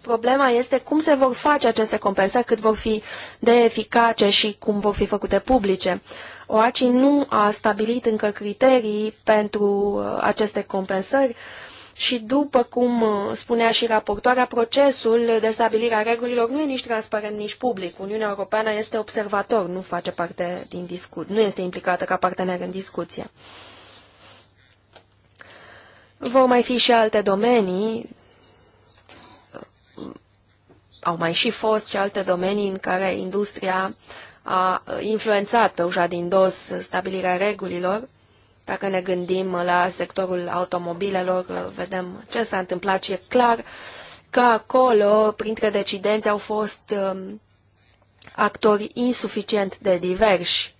Problema este cum se vor face aceste compensări, cât vor fi de eficace și cum vor fi făcute publice. OACI nu a stabilit încă criterii pentru uh, aceste compensări, și după cum uh, spunea și raportoarea, procesul de stabilire a regulilor nu e nici transparent, nici public. Uniunea Europeană este observator, nu face parte din discut, nu este implicată ca partener în discuție. Vor mai fi și alte domenii, uh, au mai și fost și alte domenii în care industria a uh, influențat pe ușa din dos stabilirea regulilor dacă ne gândim la sectorul automobilelor, vedem ce s-a întâmplat și e clar că acolo, printre decidenți, au fost um, actori insuficient de diversi.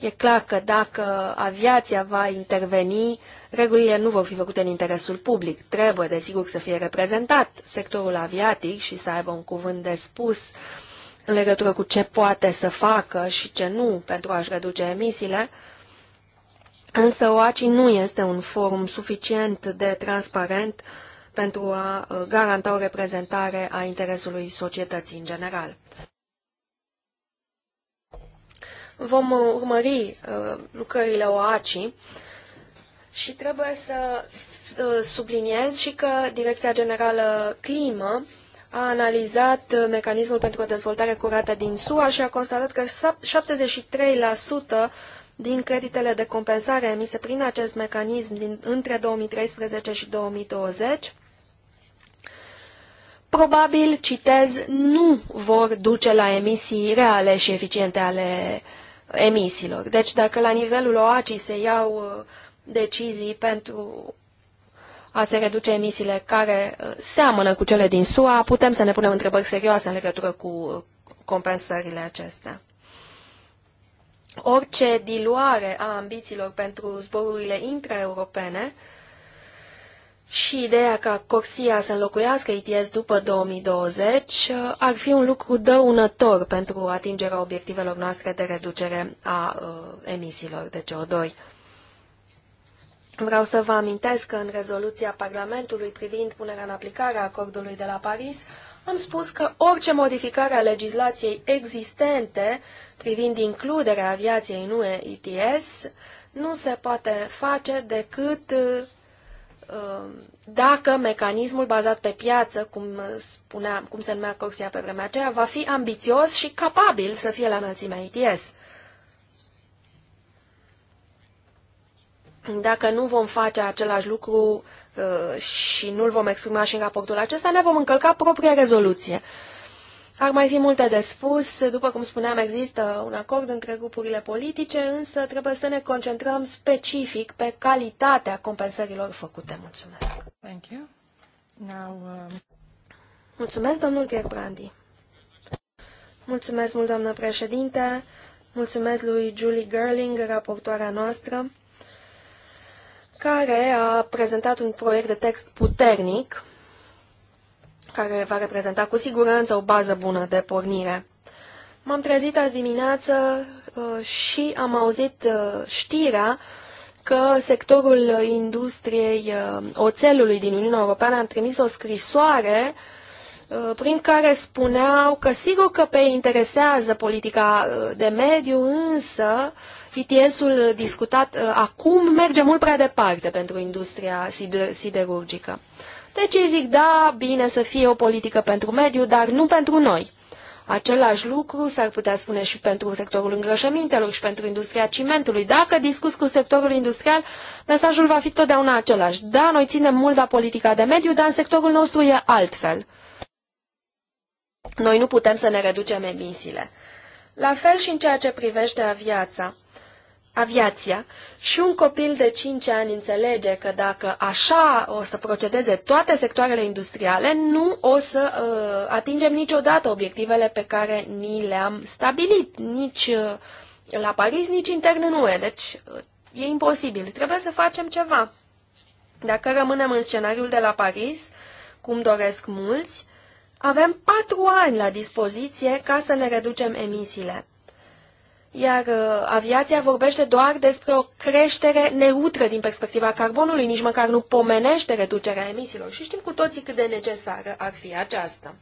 E clar că dacă aviația va interveni, regulile nu vor fi făcute în interesul public. Trebuie, desigur, să fie reprezentat sectorul aviatic și să aibă un cuvânt de spus în legătură cu ce poate să facă și ce nu pentru a-și reduce emisiile, Însă OACI nu este un forum suficient de transparent pentru a uh, garanta o reprezentare a interesului societății în general. Vom uh, urmări uh, lucrările OACI și trebuie să subliniez și că Direcția Generală Climă a analizat mecanismul pentru o dezvoltare curată din SUA și a constatat că 73% din creditele de compensare emise prin acest mecanism din, între 2013 și 2020, probabil, citez, nu vor duce la emisii reale și eficiente ale emisiilor. Deci dacă la nivelul OACI se iau uh, decizii pentru a se reduce emisiile care uh, seamănă cu cele din SUA, putem să ne punem întrebări serioase în legătură cu uh, compensările acestea orice diluare a ambițiilor pentru zborurile intraeuropene și ideea ca Corsia să înlocuiască ITS după 2020 uh, ar fi un lucru dăunător pentru atingerea obiectivelor noastre de reducere a uh, emisiilor de CO2. Vreau să vă amintesc că în rezoluția Parlamentului privind punerea în aplicare a acordului de la Paris, am spus că orice modificare a legislației existente privind includerea aviației în UE ETS nu se poate face decât uh, dacă mecanismul bazat pe piață, cum, spunea, cum se numea Corsia pe vremea aceea, va fi ambițios și capabil să fie la înălțimea ETS. Dacă nu vom face același lucru uh, și nu-l vom exprima și în raportul acesta, ne vom încălca propria rezoluție. Ar mai fi multe de spus. După cum spuneam, există un acord între grupurile politice, însă trebuie să ne concentrăm specific pe calitatea compensărilor făcute. Mulțumesc. Thank you. Now, um... Mulțumesc, domnul Gerbrandi. Mulțumesc mult, doamnă președinte. Mulțumesc lui Julie Gerling, raportoarea noastră care a prezentat un proiect de text puternic care va reprezenta cu siguranță o bază bună de pornire. M-am trezit azi dimineață uh, și am auzit uh, știrea că sectorul industriei uh, oțelului din Uniunea Europeană a trimis o scrisoare prin care spuneau că sigur că pe interesează politica de mediu, însă uh, ITS-ul discutat uh, acum merge mult prea departe pentru industria siderurgică. Deci ei zic, da, bine să fie o politică pentru mediu, dar nu pentru noi. Același lucru s-ar putea spune și pentru sectorul îngrășămintelor și pentru industria cimentului. Dacă discuți cu sectorul industrial, mesajul va fi totdeauna același. Da, noi ținem mult la politica de mediu, dar în sectorul nostru e altfel. Noi nu putem să ne reducem emisiile. La fel și în ceea ce privește aviața aviația și un copil de 5 ani înțelege că dacă așa o să procedeze toate sectoarele industriale, nu o să uh, atingem niciodată obiectivele pe care ni le-am stabilit, nici uh, la Paris, nici intern în UE. Deci uh, e imposibil. Trebuie să facem ceva. Dacă rămânem în scenariul de la Paris, cum doresc mulți, avem patru ani la dispoziție ca să ne reducem emisiile iar uh, aviația vorbește doar despre o creștere neutră din perspectiva carbonului, nici măcar nu pomenește reducerea emisiilor și știm cu toții cât de necesară ar fi aceasta.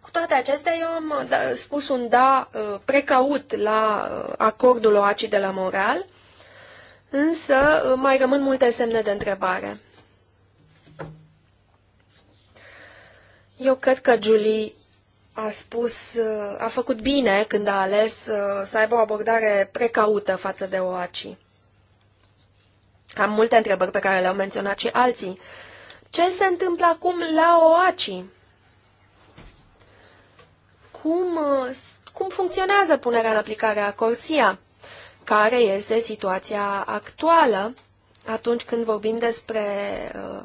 Cu toate acestea, eu am da, spus un da uh, precaut la uh, acordul OACI de la moral, însă mai rămân multe semne de întrebare. Eu cred că Julie a spus, a făcut bine când a ales uh, să aibă o abordare precaută față de OACI. Am multe întrebări pe care le-au menționat și alții. Ce se întâmplă acum la OACI? Cum, uh, cum funcționează punerea în aplicare a Corsia? Care este situația actuală atunci când vorbim despre uh,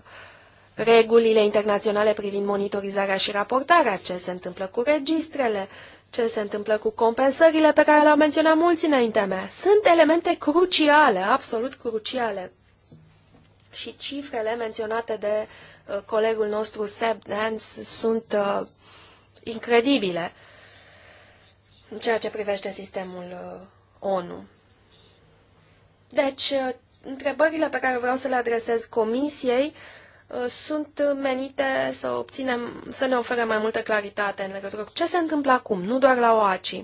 regulile internaționale privind monitorizarea și raportarea, ce se întâmplă cu registrele, ce se întâmplă cu compensările pe care le-au menționat mulți înaintea mea. Sunt elemente cruciale, absolut cruciale. Și cifrele menționate de uh, colegul nostru Seb Dance sunt uh, incredibile în ceea ce privește sistemul uh, ONU. Deci, uh, întrebările pe care vreau să le adresez comisiei uh, Uh, sunt menite să, obținem, să ne ofere mai multă claritate în legătură cu ce se întâmplă acum, nu doar la OACI,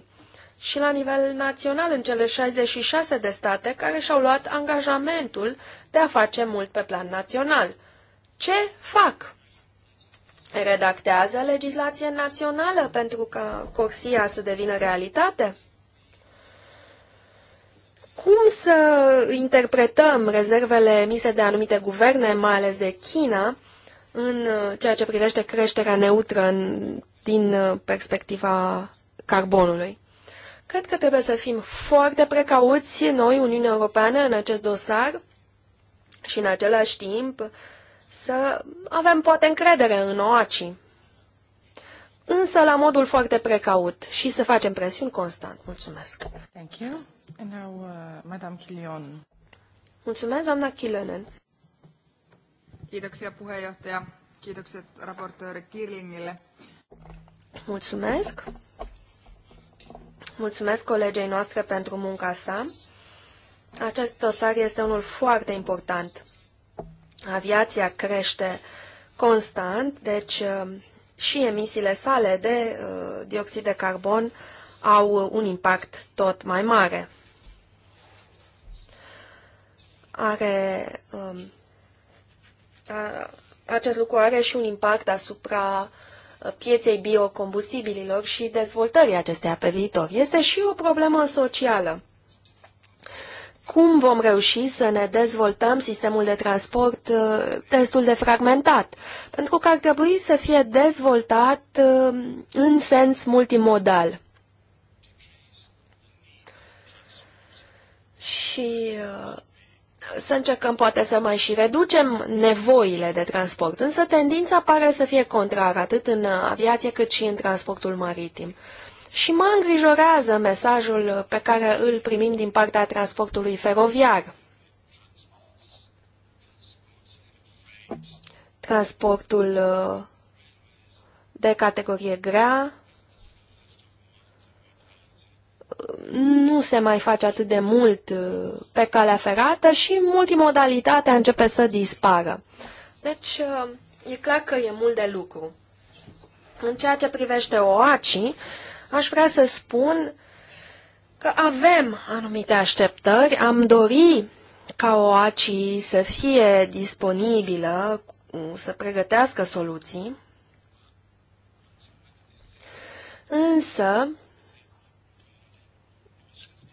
și la nivel național în cele 66 de state care și-au luat angajamentul de a face mult pe plan național. Ce fac? Redactează legislație națională pentru ca Corsia să devină realitate? Cum să interpretăm rezervele emise de anumite guverne, mai ales de China, în uh, ceea ce privește creșterea neutră în, din uh, perspectiva carbonului? Cred că trebuie să fim foarte precauți noi, Uniunea Europeană, în acest dosar și în același timp să avem poate încredere în OACI, însă la modul foarte precaut și să facem presiuni constant. Mulțumesc! Thank you now, uh, Madame Kilion. Mulțumesc, doamna Kilönen. Kiitoksia puheenjohtaja. Kiitokset raportööri Kirlingille. Mulțumesc. Mulțumesc colegei noastre pentru munca sa. Acest dosar este unul foarte important. Aviația crește constant, deci uh, și emisiile sale de uh, dioxid de carbon au un impact tot mai mare. Are, um, a, acest lucru are și un impact asupra uh, pieței biocombustibililor și dezvoltării acesteia pe viitor. Este și o problemă socială. Cum vom reuși să ne dezvoltăm sistemul de transport uh, destul de fragmentat? Pentru că ar trebui să fie dezvoltat uh, în sens multimodal. și uh, să încercăm poate să mai și reducem nevoile de transport, însă tendința pare să fie contrară atât în uh, aviație cât și în transportul maritim. Și mă îngrijorează mesajul pe care îl primim din partea transportului feroviar. Transportul uh, de categorie grea, nu se mai face atât de mult uh, pe calea ferată și multimodalitatea începe să dispară. Deci, uh, e clar că e mult de lucru. În ceea ce privește OACI, aș vrea să spun că avem anumite așteptări, am dori ca OACI să fie disponibilă, uh, să pregătească soluții, însă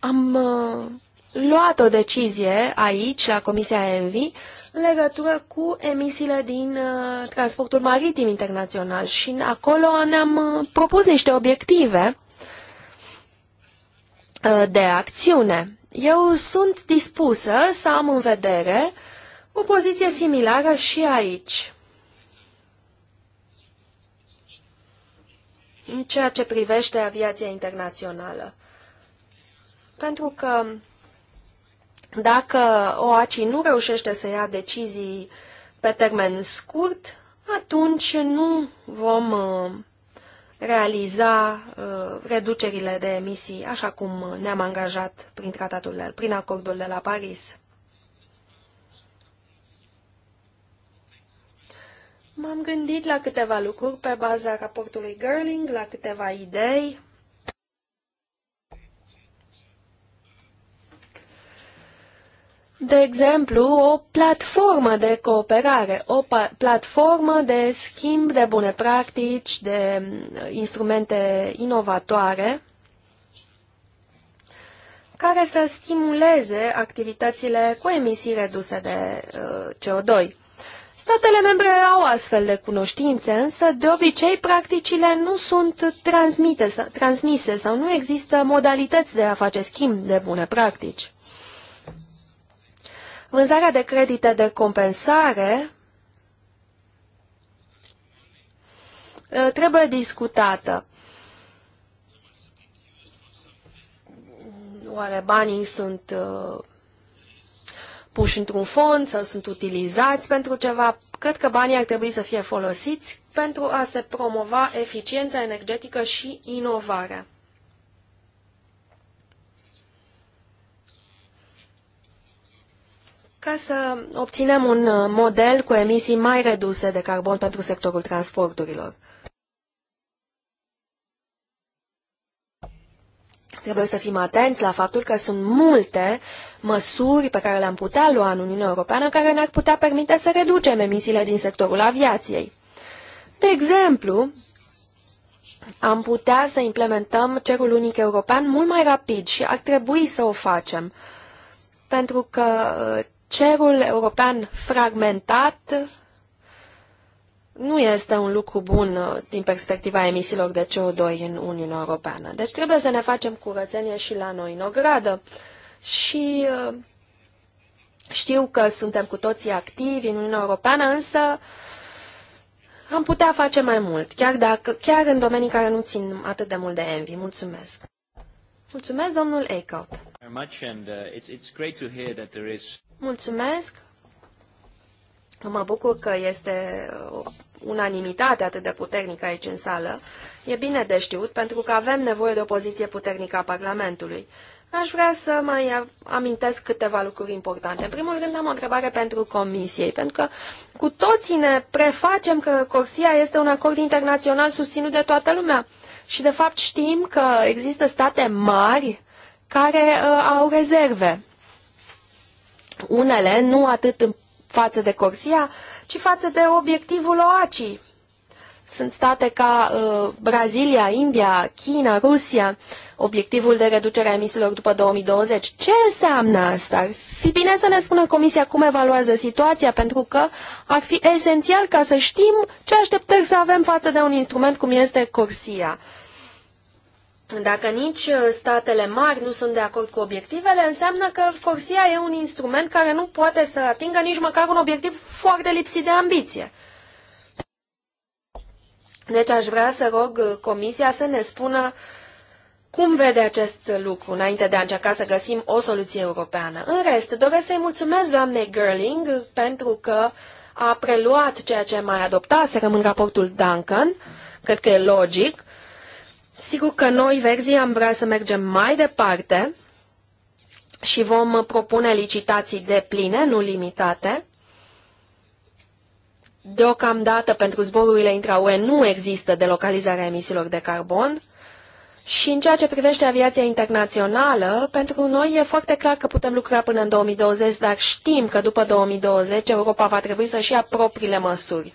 am uh, luat o decizie aici, la Comisia ENVI, în legătură cu emisiile din uh, transportul maritim internațional și acolo ne-am uh, propus niște obiective de acțiune. Eu sunt dispusă să am în vedere o poziție similară și aici. În ceea ce privește aviația internațională. Pentru că dacă OACI nu reușește să ia decizii pe termen scurt, atunci nu vom uh, realiza uh, reducerile de emisii așa cum ne-am angajat prin tratatul, prin acordul de la Paris. M-am gândit la câteva lucruri pe baza raportului Girling, la câteva idei. de exemplu, o platformă de cooperare, o platformă de schimb de bune practici, de uh, instrumente inovatoare, care să stimuleze activitățile cu emisii reduse de uh, CO2. Statele membre au astfel de cunoștințe, însă de obicei practicile nu sunt transmise sau nu există modalități de a face schimb de bune practici. Vânzarea de credite de compensare uh, trebuie discutată. Oare banii sunt uh, puși într-un fond sau sunt utilizați pentru ceva? Cred că banii ar trebui să fie folosiți pentru a se promova eficiența energetică și inovarea. ca să obținem un uh, model cu emisii mai reduse de carbon pentru sectorul transporturilor. Trebuie să fim atenți la faptul că sunt multe măsuri pe care le-am putea lua în Uniunea Europeană care ne-ar putea permite să reducem emisiile din sectorul aviației. De exemplu, am putea să implementăm cerul unic european mult mai rapid și ar trebui să o facem, pentru că uh, cerul european fragmentat nu este un lucru bun uh, din perspectiva emisiilor de CO2 în Uniunea Europeană. Deci trebuie să ne facem curățenie și la noi în ogradă. Și uh, știu că suntem cu toții activi în Uniunea Europeană, însă am putea face mai mult, chiar, dacă, chiar în domenii care nu țin atât de mult de envi. Mulțumesc! Mulțumesc, domnul Eichhout! Mulțumesc! Mă bucur că este unanimitate atât de puternică aici în sală. E bine de știut, pentru că avem nevoie de o poziție puternică a Parlamentului. Aș vrea să mai amintesc câteva lucruri importante. În primul rând am o întrebare pentru Comisiei, pentru că cu toții ne prefacem că Corsia este un acord internațional susținut de toată lumea. Și de fapt știm că există state mari care uh, au rezerve. Unele, nu atât în față de Corsia, ci față de obiectivul OACI. Sunt state ca uh, Brazilia, India, China, Rusia, obiectivul de reducere a emisiilor după 2020. Ce înseamnă asta? Ar fi bine să ne spună Comisia cum evaluează situația, pentru că ar fi esențial ca să știm ce așteptări să avem față de un instrument cum este Corsia. Dacă nici uh, statele mari nu sunt de acord cu obiectivele, înseamnă că Corsia e un instrument care nu poate să atingă nici măcar un obiectiv foarte lipsit de ambiție. Deci aș vrea să rog uh, Comisia să ne spună cum vede acest lucru înainte de a încerca să găsim o soluție europeană. În rest, doresc să-i mulțumesc doamnei Gerling pentru că a preluat ceea ce mai adoptase în raportul Duncan, cred că e logic, Sigur că noi, verzii, am vrea să mergem mai departe și vom propune licitații de pline, nu limitate. Deocamdată, pentru zborurile intra-UE nu există de a emisiilor de carbon și în ceea ce privește aviația internațională, pentru noi e foarte clar că putem lucra până în 2020, dar știm că după 2020 Europa va trebui să-și ia propriile măsuri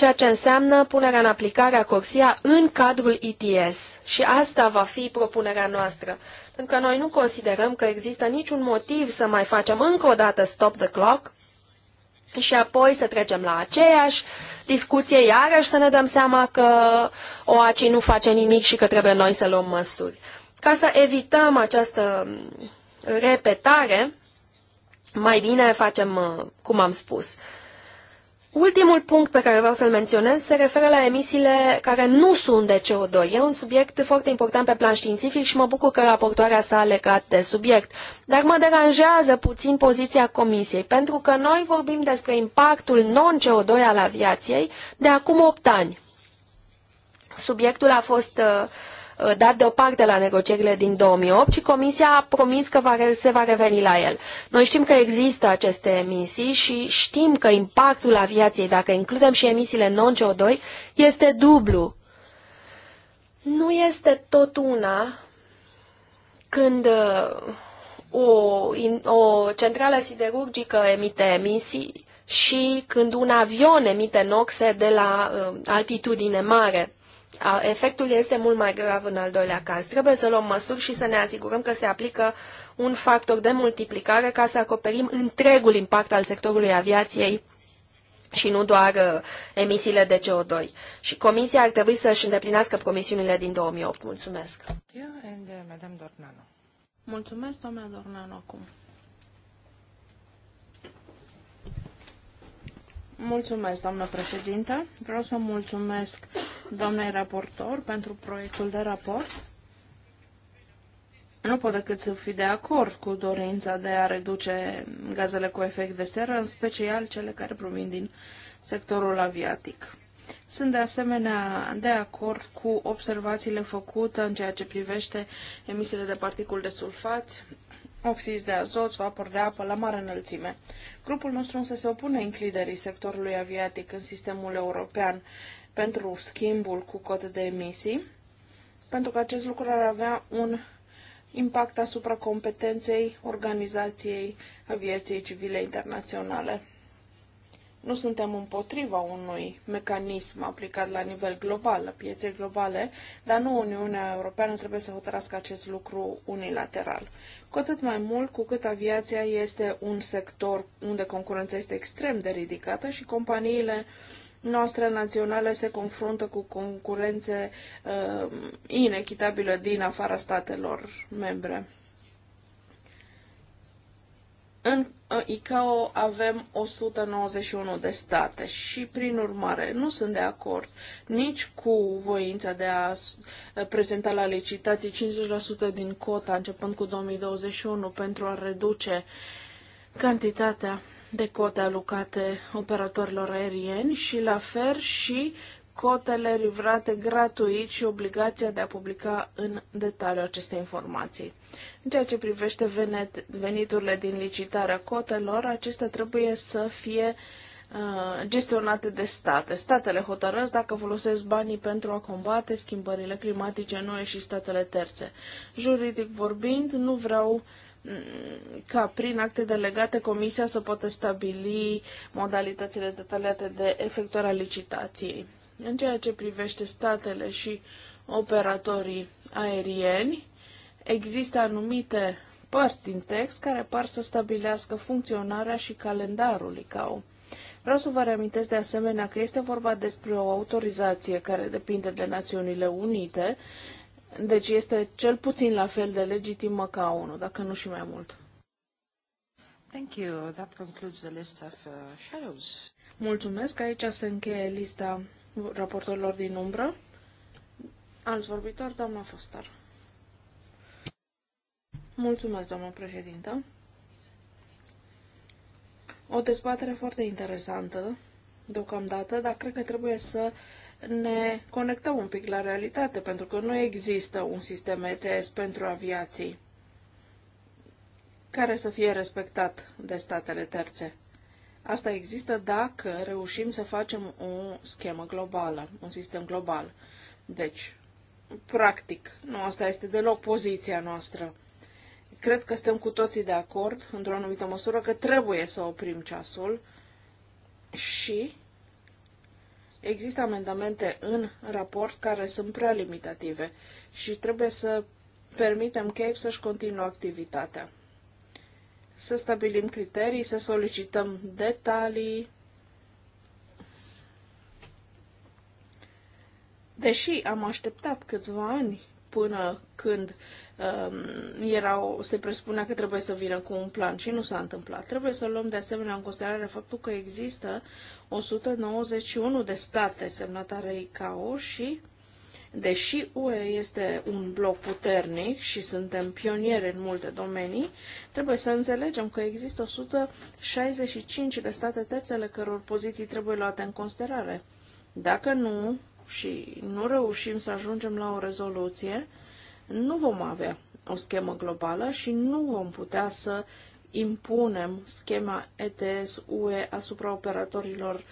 ceea ce înseamnă punerea în aplicare a Corsia în cadrul ETS. Și asta va fi propunerea noastră, pentru că noi nu considerăm că există niciun motiv să mai facem încă o dată stop the clock și apoi să trecem la aceeași discuție, iarăși să ne dăm seama că OACI nu face nimic și că trebuie noi să luăm măsuri. Ca să evităm această repetare, mai bine facem uh, cum am spus. Ultimul punct pe care vreau să-l menționez se referă la emisiile care nu sunt de CO2. E un subiect foarte important pe plan științific și mă bucur că raportoarea s-a legat de subiect. Dar mă deranjează puțin poziția Comisiei, pentru că noi vorbim despre impactul non-CO2 al aviației de acum 8 ani. Subiectul a fost uh, Uh, dat deoparte la negocierile din 2008 și Comisia a promis că va, se va reveni la el. Noi știm că există aceste emisii și știm că impactul aviației, dacă includem și emisiile non-CO2, este dublu. Nu este tot una când uh, o, o centrală siderurgică emite emisii și când un avion emite noxe de la uh, altitudine mare efectul este mult mai grav în al doilea caz. Trebuie să luăm măsuri și să ne asigurăm că se aplică un factor de multiplicare ca să acoperim întregul impact al sectorului aviației și nu doar uh, emisiile de CO2. Și comisia ar trebui să-și îndeplinească promisiunile din 2008. Mulțumesc. Uh, mulțumesc, doamna Dornano, acum. Mulțumesc, doamnă președintă. Vreau să mulțumesc doamnei raportor pentru proiectul de raport. Nu pot decât să fi de acord cu dorința de a reduce gazele cu efect de seră, în special cele care provin din sectorul aviatic. Sunt de asemenea de acord cu observațiile făcute în ceea ce privește emisiile de particule de sulfați, oxizi de azot, vapor de apă la mare înălțime. Grupul nostru însă se opune încliderii sectorului aviatic în sistemul european pentru schimbul cu cod de emisii, pentru că acest lucru ar avea un impact asupra competenței Organizației Aviației Civile Internaționale. Nu suntem împotriva unui mecanism aplicat la nivel global, la piețe globale, dar nu Uniunea Europeană trebuie să hotărască acest lucru unilateral. Cu atât mai mult cu cât aviația este un sector unde concurența este extrem de ridicată și companiile uh, noastră națională se confruntă cu concurențe uh, inechitabile din afara statelor membre. În uh, ICAO avem 191 de state și, prin urmare, nu sunt de acord nici cu voința de a uh, prezenta la licitații 50% din cota începând cu 2021 pentru a reduce cantitatea de cote alocate operatorilor aerieni și la fel și cotele livrate gratuit și obligația de a publica în detaliu aceste informații. În ceea ce privește veniturile din licitarea cotelor, acestea trebuie să fie uh, gestionate de state. Statele hotărăsc dacă folosesc banii pentru a combate schimbările climatice noi și statele terțe. Juridic vorbind, nu vreau uh, ca prin acte delegate Comisia să poată stabili modalitățile detaliate de efectuare a licitației. În ceea ce privește statele și operatorii aerieni, există anumite părți din text care par să stabilească funcționarea și calendarul ICAO. Vreau să vă reamintesc de asemenea că este vorba despre o autorizație care depinde de Națiunile Unite, deci este cel puțin la fel de legitimă ca unul, dacă nu și mai mult. Thank you. That concludes the list of uh, shadows. Mulțumesc. Aici se încheie lista raportorilor din umbră. Alți vorbitori, doamna Foster. Mulțumesc, doamna președintă. O dezbatere foarte interesantă deocamdată, dar cred că trebuie să uh, ne conectăm un pic la realitate, pentru că nu există un sistem ETS pentru aviații care să fie respectat de statele terțe. Asta există dacă reușim să facem o schemă globală, un sistem global. Deci, practic, nu asta este deloc poziția noastră. Cred că suntem cu toții de acord, într-o anumită măsură, că trebuie să oprim ceasul și Există amendamente în raport care sunt prea limitative și trebuie să permitem CAPE să-și continue activitatea. Să stabilim criterii, să solicităm detalii, Deși am așteptat câțiva ani până când um, erau, se presupunea că trebuie să vină cu un plan și nu s-a întâmplat. Trebuie să luăm de asemenea în considerare faptul că există 191 de state semnatare ICAO și, deși UE este un bloc puternic și suntem pionieri în multe domenii, trebuie să înțelegem că există 165 de state terțele căror poziții trebuie luate în considerare. Dacă nu și nu reușim să ajungem la o rezoluție, nu vom avea o schemă globală și nu vom putea să impunem schema ETS UE asupra operatorilor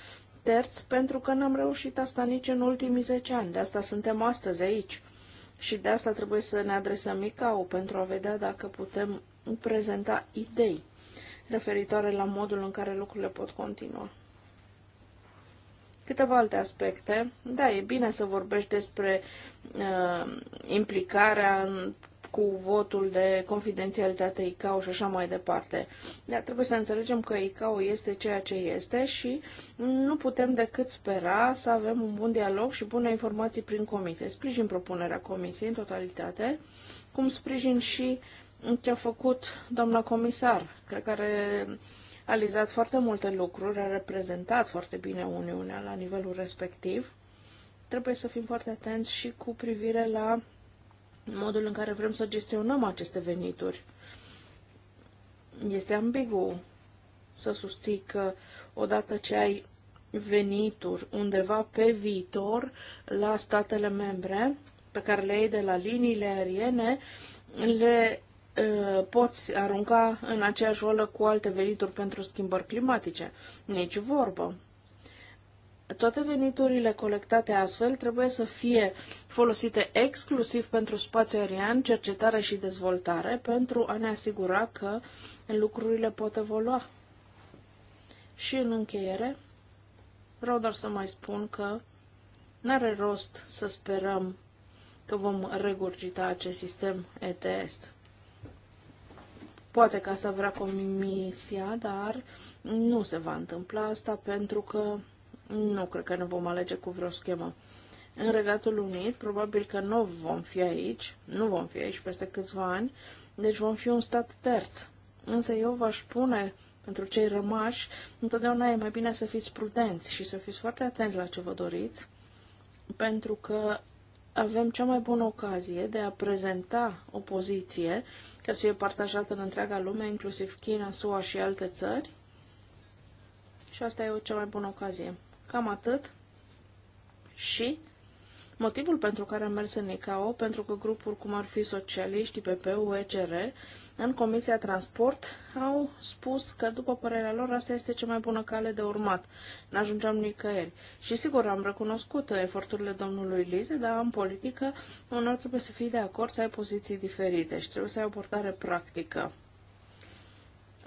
terți, pentru că n-am reușit asta nici în ultimii 10 ani. De asta suntem astăzi aici. Și de asta trebuie să ne adresăm ICAO pentru a vedea dacă putem prezenta idei referitoare la modul în care lucrurile pot continua. Câteva alte aspecte. Da, e bine să vorbești despre uh, implicarea în cu votul de confidențialitate ICAO și așa mai departe. Dar trebuie să înțelegem că ICAO este ceea ce este și nu putem decât spera să avem un bun dialog și bune informații prin comisie. Sprijin propunerea comisiei în totalitate, cum sprijin și ce a făcut doamna comisar. Cred că are a lizat foarte multe lucruri, a reprezentat foarte bine Uniunea la nivelul respectiv. Trebuie să fim foarte atenți și cu privire la modul în care vrem să gestionăm aceste venituri. Este ambigu să susții că odată ce ai venituri undeva pe viitor la statele membre pe care le iei de la liniile aeriene, le poți arunca în aceeași rolă cu alte venituri pentru schimbări climatice. Nici vorbă toate veniturile colectate astfel trebuie să fie folosite exclusiv pentru spațiu aerian, cercetare și dezvoltare, pentru a ne asigura că lucrurile pot evolua. Și în încheiere, vreau doar să mai spun că n-are rost să sperăm că vom regurgita acest sistem ETS. Poate că asta vrea comisia, dar nu se va întâmpla asta pentru că nu cred că ne vom alege cu vreo schemă. În Regatul Unit, probabil că nu vom fi aici, nu vom fi aici peste câțiva ani, deci vom fi un stat terț. Însă eu v-aș spune pentru cei rămași, întotdeauna e mai bine să fiți prudenți și să fiți foarte atenți la ce vă doriți, pentru că avem cea mai bună ocazie de a prezenta o poziție care să fie partajată în întreaga lume, inclusiv China, SUA și alte țări. Și asta e o cea mai bună ocazie. Cam atât. Și motivul pentru care am mers în ICAO, pentru că grupuri cum ar fi socialiști, PP, UECR, în Comisia Transport, au spus că, după părerea lor, asta este cea mai bună cale de urmat. N-ajungeam nicăieri. Și sigur, am recunoscut eforturile domnului Lize, dar în politică, unor trebuie să fii de acord să ai poziții diferite și trebuie să ai o portare practică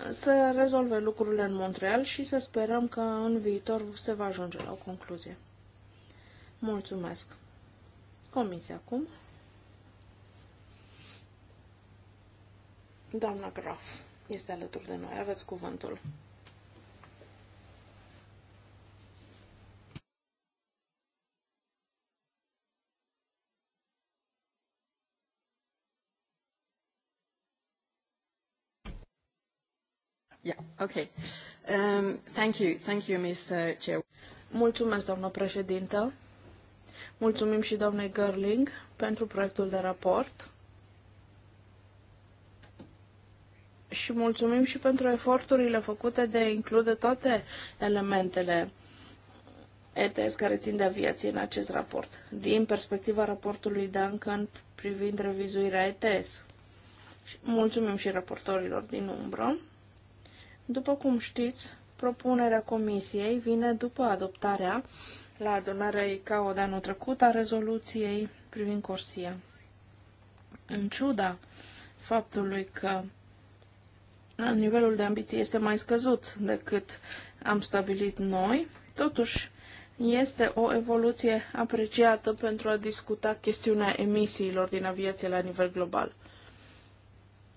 să rezolve lucrurile în Montreal și să sperăm că în viitor se va ajunge la o concluzie. Mulțumesc. Comisia acum. Doamna Graf este alături de noi. Aveți cuvântul. Yeah, okay. Um, thank you, thank you, Ms. Uh, Chair. Mulțumesc, doamnă președintă. Mulțumim și doamnei Gerling pentru proiectul de raport. Și mulțumim și pentru eforturile făcute de a include toate elementele ETS care țin de aviație în acest raport, din perspectiva raportului Duncan privind revizuirea ETS. Mulțumim și raportorilor din umbră. După cum știți, propunerea Comisiei vine după adoptarea la adunarea ICAO de anul trecut a rezoluției privind Corsia. În ciuda faptului că nivelul de ambiție este mai scăzut decât am stabilit noi, totuși este o evoluție apreciată pentru a discuta chestiunea emisiilor din aviație la nivel global.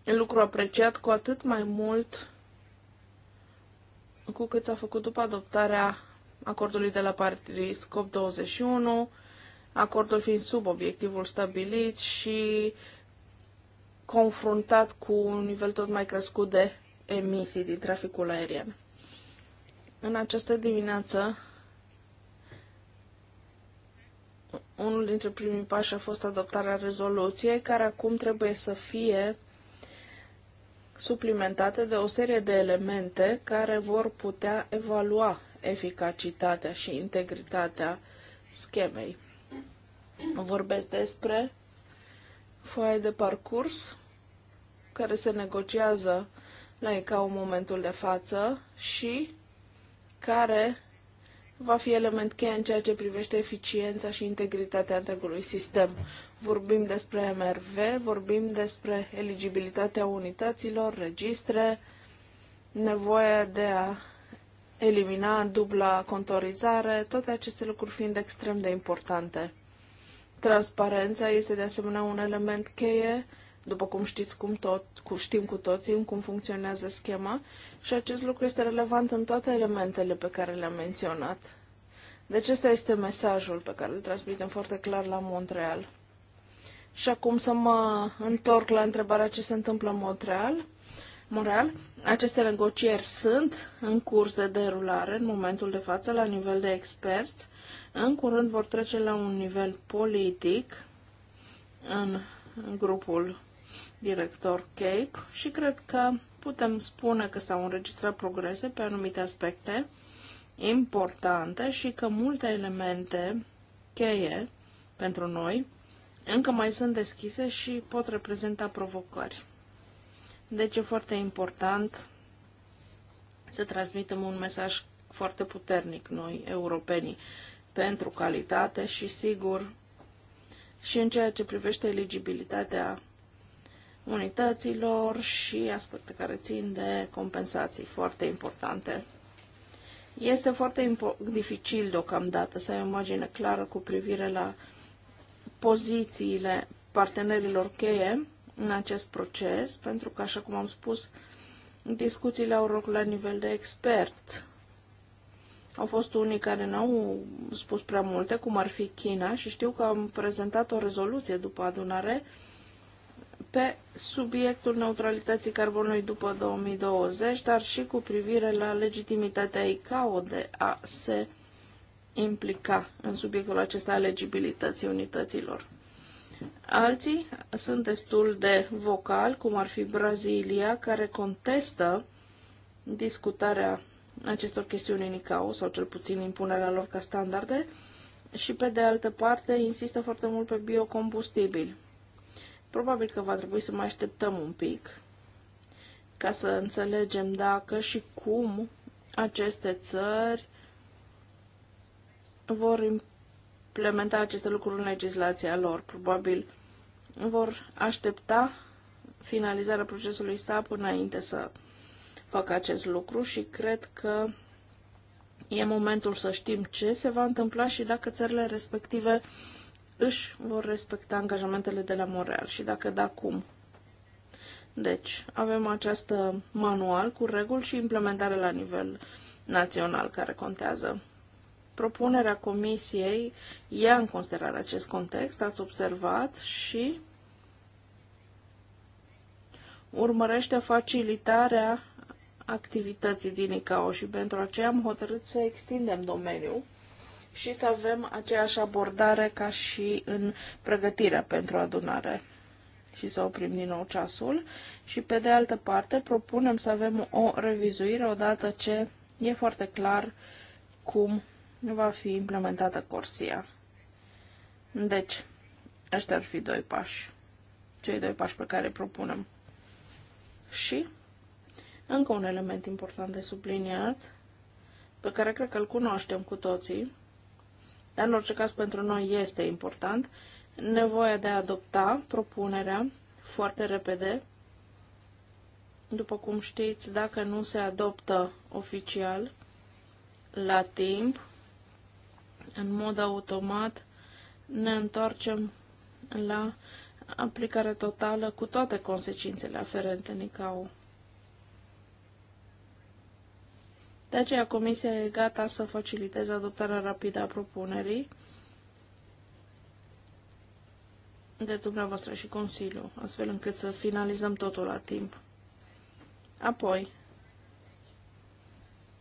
Lucru apreciat cu atât mai mult cu cât s-a făcut după adoptarea acordului de la Paris COP21, acordul fiind sub obiectivul stabilit și confruntat cu un nivel tot mai crescut de emisii din traficul aerian. În această dimineață, unul dintre primii pași a fost adoptarea rezoluției, care acum trebuie să fie suplimentate de o serie de elemente care vor putea evalua eficacitatea și integritatea schemei. Vorbesc despre foaie de parcurs care se negociază la ICAO în momentul de față și care va fi element cheie în ceea ce privește eficiența și integritatea întregului sistem vorbim despre MRV, vorbim despre eligibilitatea unităților, registre, nevoia de a elimina dubla contorizare, toate aceste lucruri fiind extrem de importante. Transparența este de asemenea un element cheie, după cum știți cum tot, cu, știm cu toții cum funcționează schema și acest lucru este relevant în toate elementele pe care le-am menționat. Deci acesta este mesajul pe care îl transmitem foarte clar la Montreal. Și acum să mă întorc la întrebarea ce se întâmplă în Montreal. Montreal. Moral, aceste negocieri sunt în curs de derulare în momentul de față la nivel de experți. În curând vor trece la un nivel politic în grupul director CAPE și cred că putem spune că s-au înregistrat progrese pe anumite aspecte importante și că multe elemente cheie pentru noi încă mai sunt deschise și pot reprezenta provocări. Deci e foarte important să transmitem un mesaj foarte puternic noi, europenii, pentru calitate și, sigur, și în ceea ce privește eligibilitatea unităților și aspecte care țin de compensații foarte importante. Este foarte impo- dificil deocamdată să ai o imagine clară cu privire la pozițiile partenerilor cheie în acest proces, pentru că, așa cum am spus, discuțiile au loc la nivel de expert. Au fost unii care n-au spus prea multe, cum ar fi China, și știu că am prezentat o rezoluție după adunare pe subiectul neutralității carbonului după 2020, dar și cu privire la legitimitatea ICAO de a se implica în subiectul acesta al legibilității unităților. Alții sunt destul de vocali, cum ar fi Brazilia, care contestă discutarea acestor chestiuni în ICAO, sau cel puțin impunerea lor ca standarde, și pe de altă parte insistă foarte mult pe biocombustibil. Probabil că va trebui să mai așteptăm un pic ca să înțelegem dacă și cum aceste țări vor implementa aceste lucruri în legislația lor. Probabil vor aștepta finalizarea procesului SAP înainte să facă acest lucru și cred că e momentul să știm ce se va întâmpla și dacă țările respective își vor respecta angajamentele de la Montreal și dacă da, cum. Deci, avem acest manual cu reguli și implementare la nivel național care contează. Propunerea comisiei ia în considerare acest context, ați observat, și urmărește facilitarea activității din ICAO și pentru aceea am hotărât să extindem domeniul și să avem aceeași abordare ca și în pregătirea pentru adunare și să oprim din nou ceasul. Și pe de altă parte propunem să avem o revizuire odată ce e foarte clar cum nu va fi implementată Corsia. Deci, ăștia ar fi doi pași. Cei doi pași pe care îi propunem. Și, încă un element important de subliniat, pe care cred că îl cunoaștem cu toții, dar în orice caz pentru noi este important, nevoia de a adopta propunerea foarte repede. După cum știți, dacă nu se adoptă oficial la timp, în mod automat ne întoarcem la aplicare totală cu toate consecințele aferente NICAU. De aceea, Comisia e gata să faciliteze adoptarea rapidă a propunerii de dumneavoastră și Consiliu, astfel încât să finalizăm totul la timp. Apoi,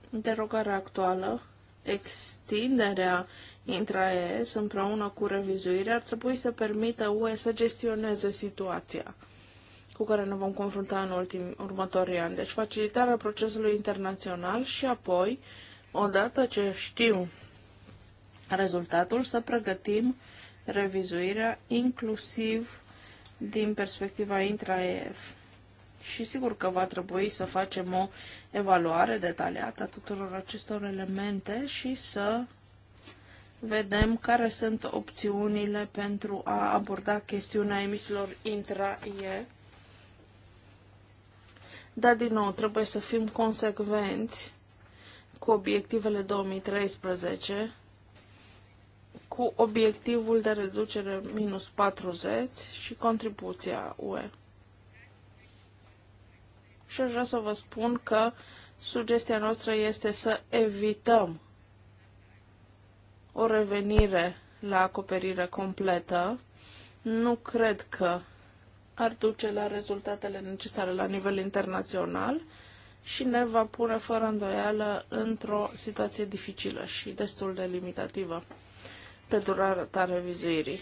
derogarea actuală Extinderea intra-ES împreună cu revizuirea ar trebui să permită UE să gestioneze situația cu care ne vom confrunta în ultim, următorii ani. Deci facilitarea procesului internațional și apoi, odată ce știu rezultatul, să pregătim revizuirea inclusiv din perspectiva intra-EF și sigur că va trebui să facem o evaluare detaliată a tuturor acestor elemente și să vedem care sunt opțiunile pentru a aborda chestiunea emisiilor intra-IE. Dar, din nou, trebuie să fim consecvenți cu obiectivele 2013, cu obiectivul de reducere minus 40 și contribuția UE. Și aș vrea să vă spun că sugestia noastră este să evităm o revenire la acoperire completă. Nu cred că ar duce la rezultatele necesare la nivel internațional și ne va pune fără îndoială într-o situație dificilă și destul de limitativă pe durata revizuirii.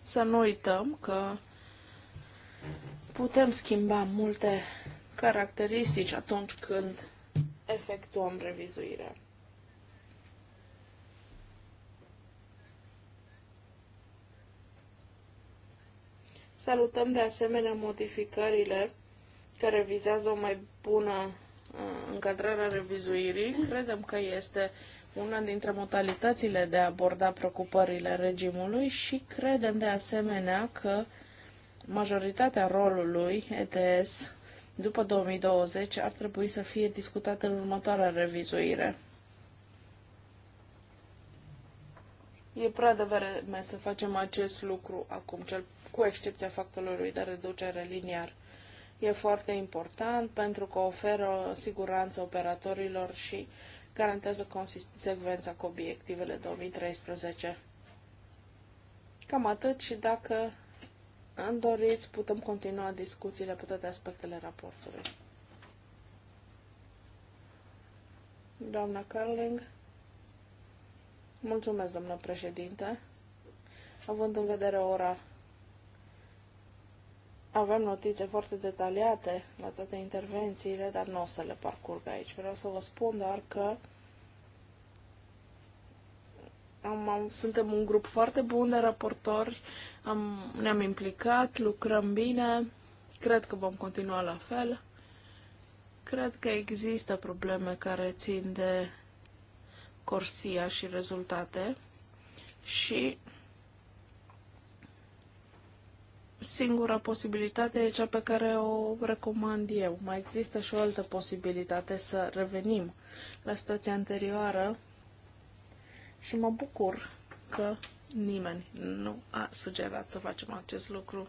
Să nu uităm că putem schimba multe caracteristici atunci când efectuăm revizuirea. Salutăm de asemenea modificările care vizează o mai bună uh, încadrare a revizuirii. Credem că este una dintre modalitățile de a aborda preocupările regimului și credem de asemenea că majoritatea rolului ETS după 2020 ar trebui să fie discutată în următoarea revizuire. E prea de vreme să facem acest lucru acum, cel cu excepția factorului de reducere liniar. E foarte important pentru că oferă siguranță operatorilor și garantează consecvența cu obiectivele 2013. Cam atât și dacă Dorit doriți, putem continua discuțiile pe toate aspectele raportului. Doamna Carling, mulțumesc, doamnă președinte. Având în vedere ora, avem notițe foarte detaliate la toate intervențiile, dar nu o să le parcurg aici. Vreau să vă spun doar că am, am, suntem un grup foarte bun de raportori, am, ne-am implicat, lucrăm bine, cred că vom continua la fel. Cred că există probleme care țin de Corsia și rezultate și singura posibilitate e cea pe care o recomand eu. Mai există și o altă posibilitate să revenim la situația anterioară și mă bucur că nimeni nu a sugerat să facem acest lucru.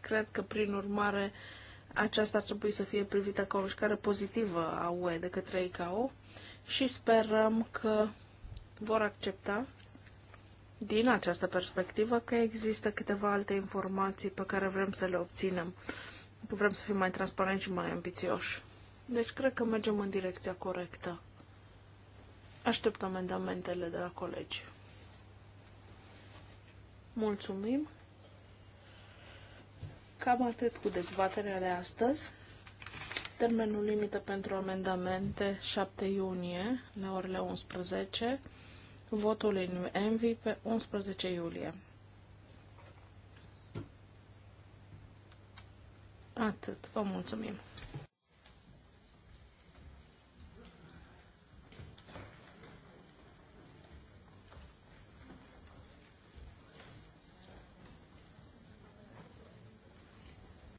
Cred că, prin urmare, aceasta ar trebui să fie privită ca o mișcare pozitivă a UE de către ICAO și sperăm că vor accepta din această perspectivă că există câteva alte informații pe care vrem să le obținem. Vrem să fim mai transparenți și mai ambițioși. Deci cred că mergem în direcția corectă. Aștept amendamentele de la colegi. Mulțumim. Cam atât cu dezbaterea de astăzi. Termenul limită pentru amendamente 7 iunie la orele 11. Votul în Envi pe 11 iulie. Atât. Vă mulțumim.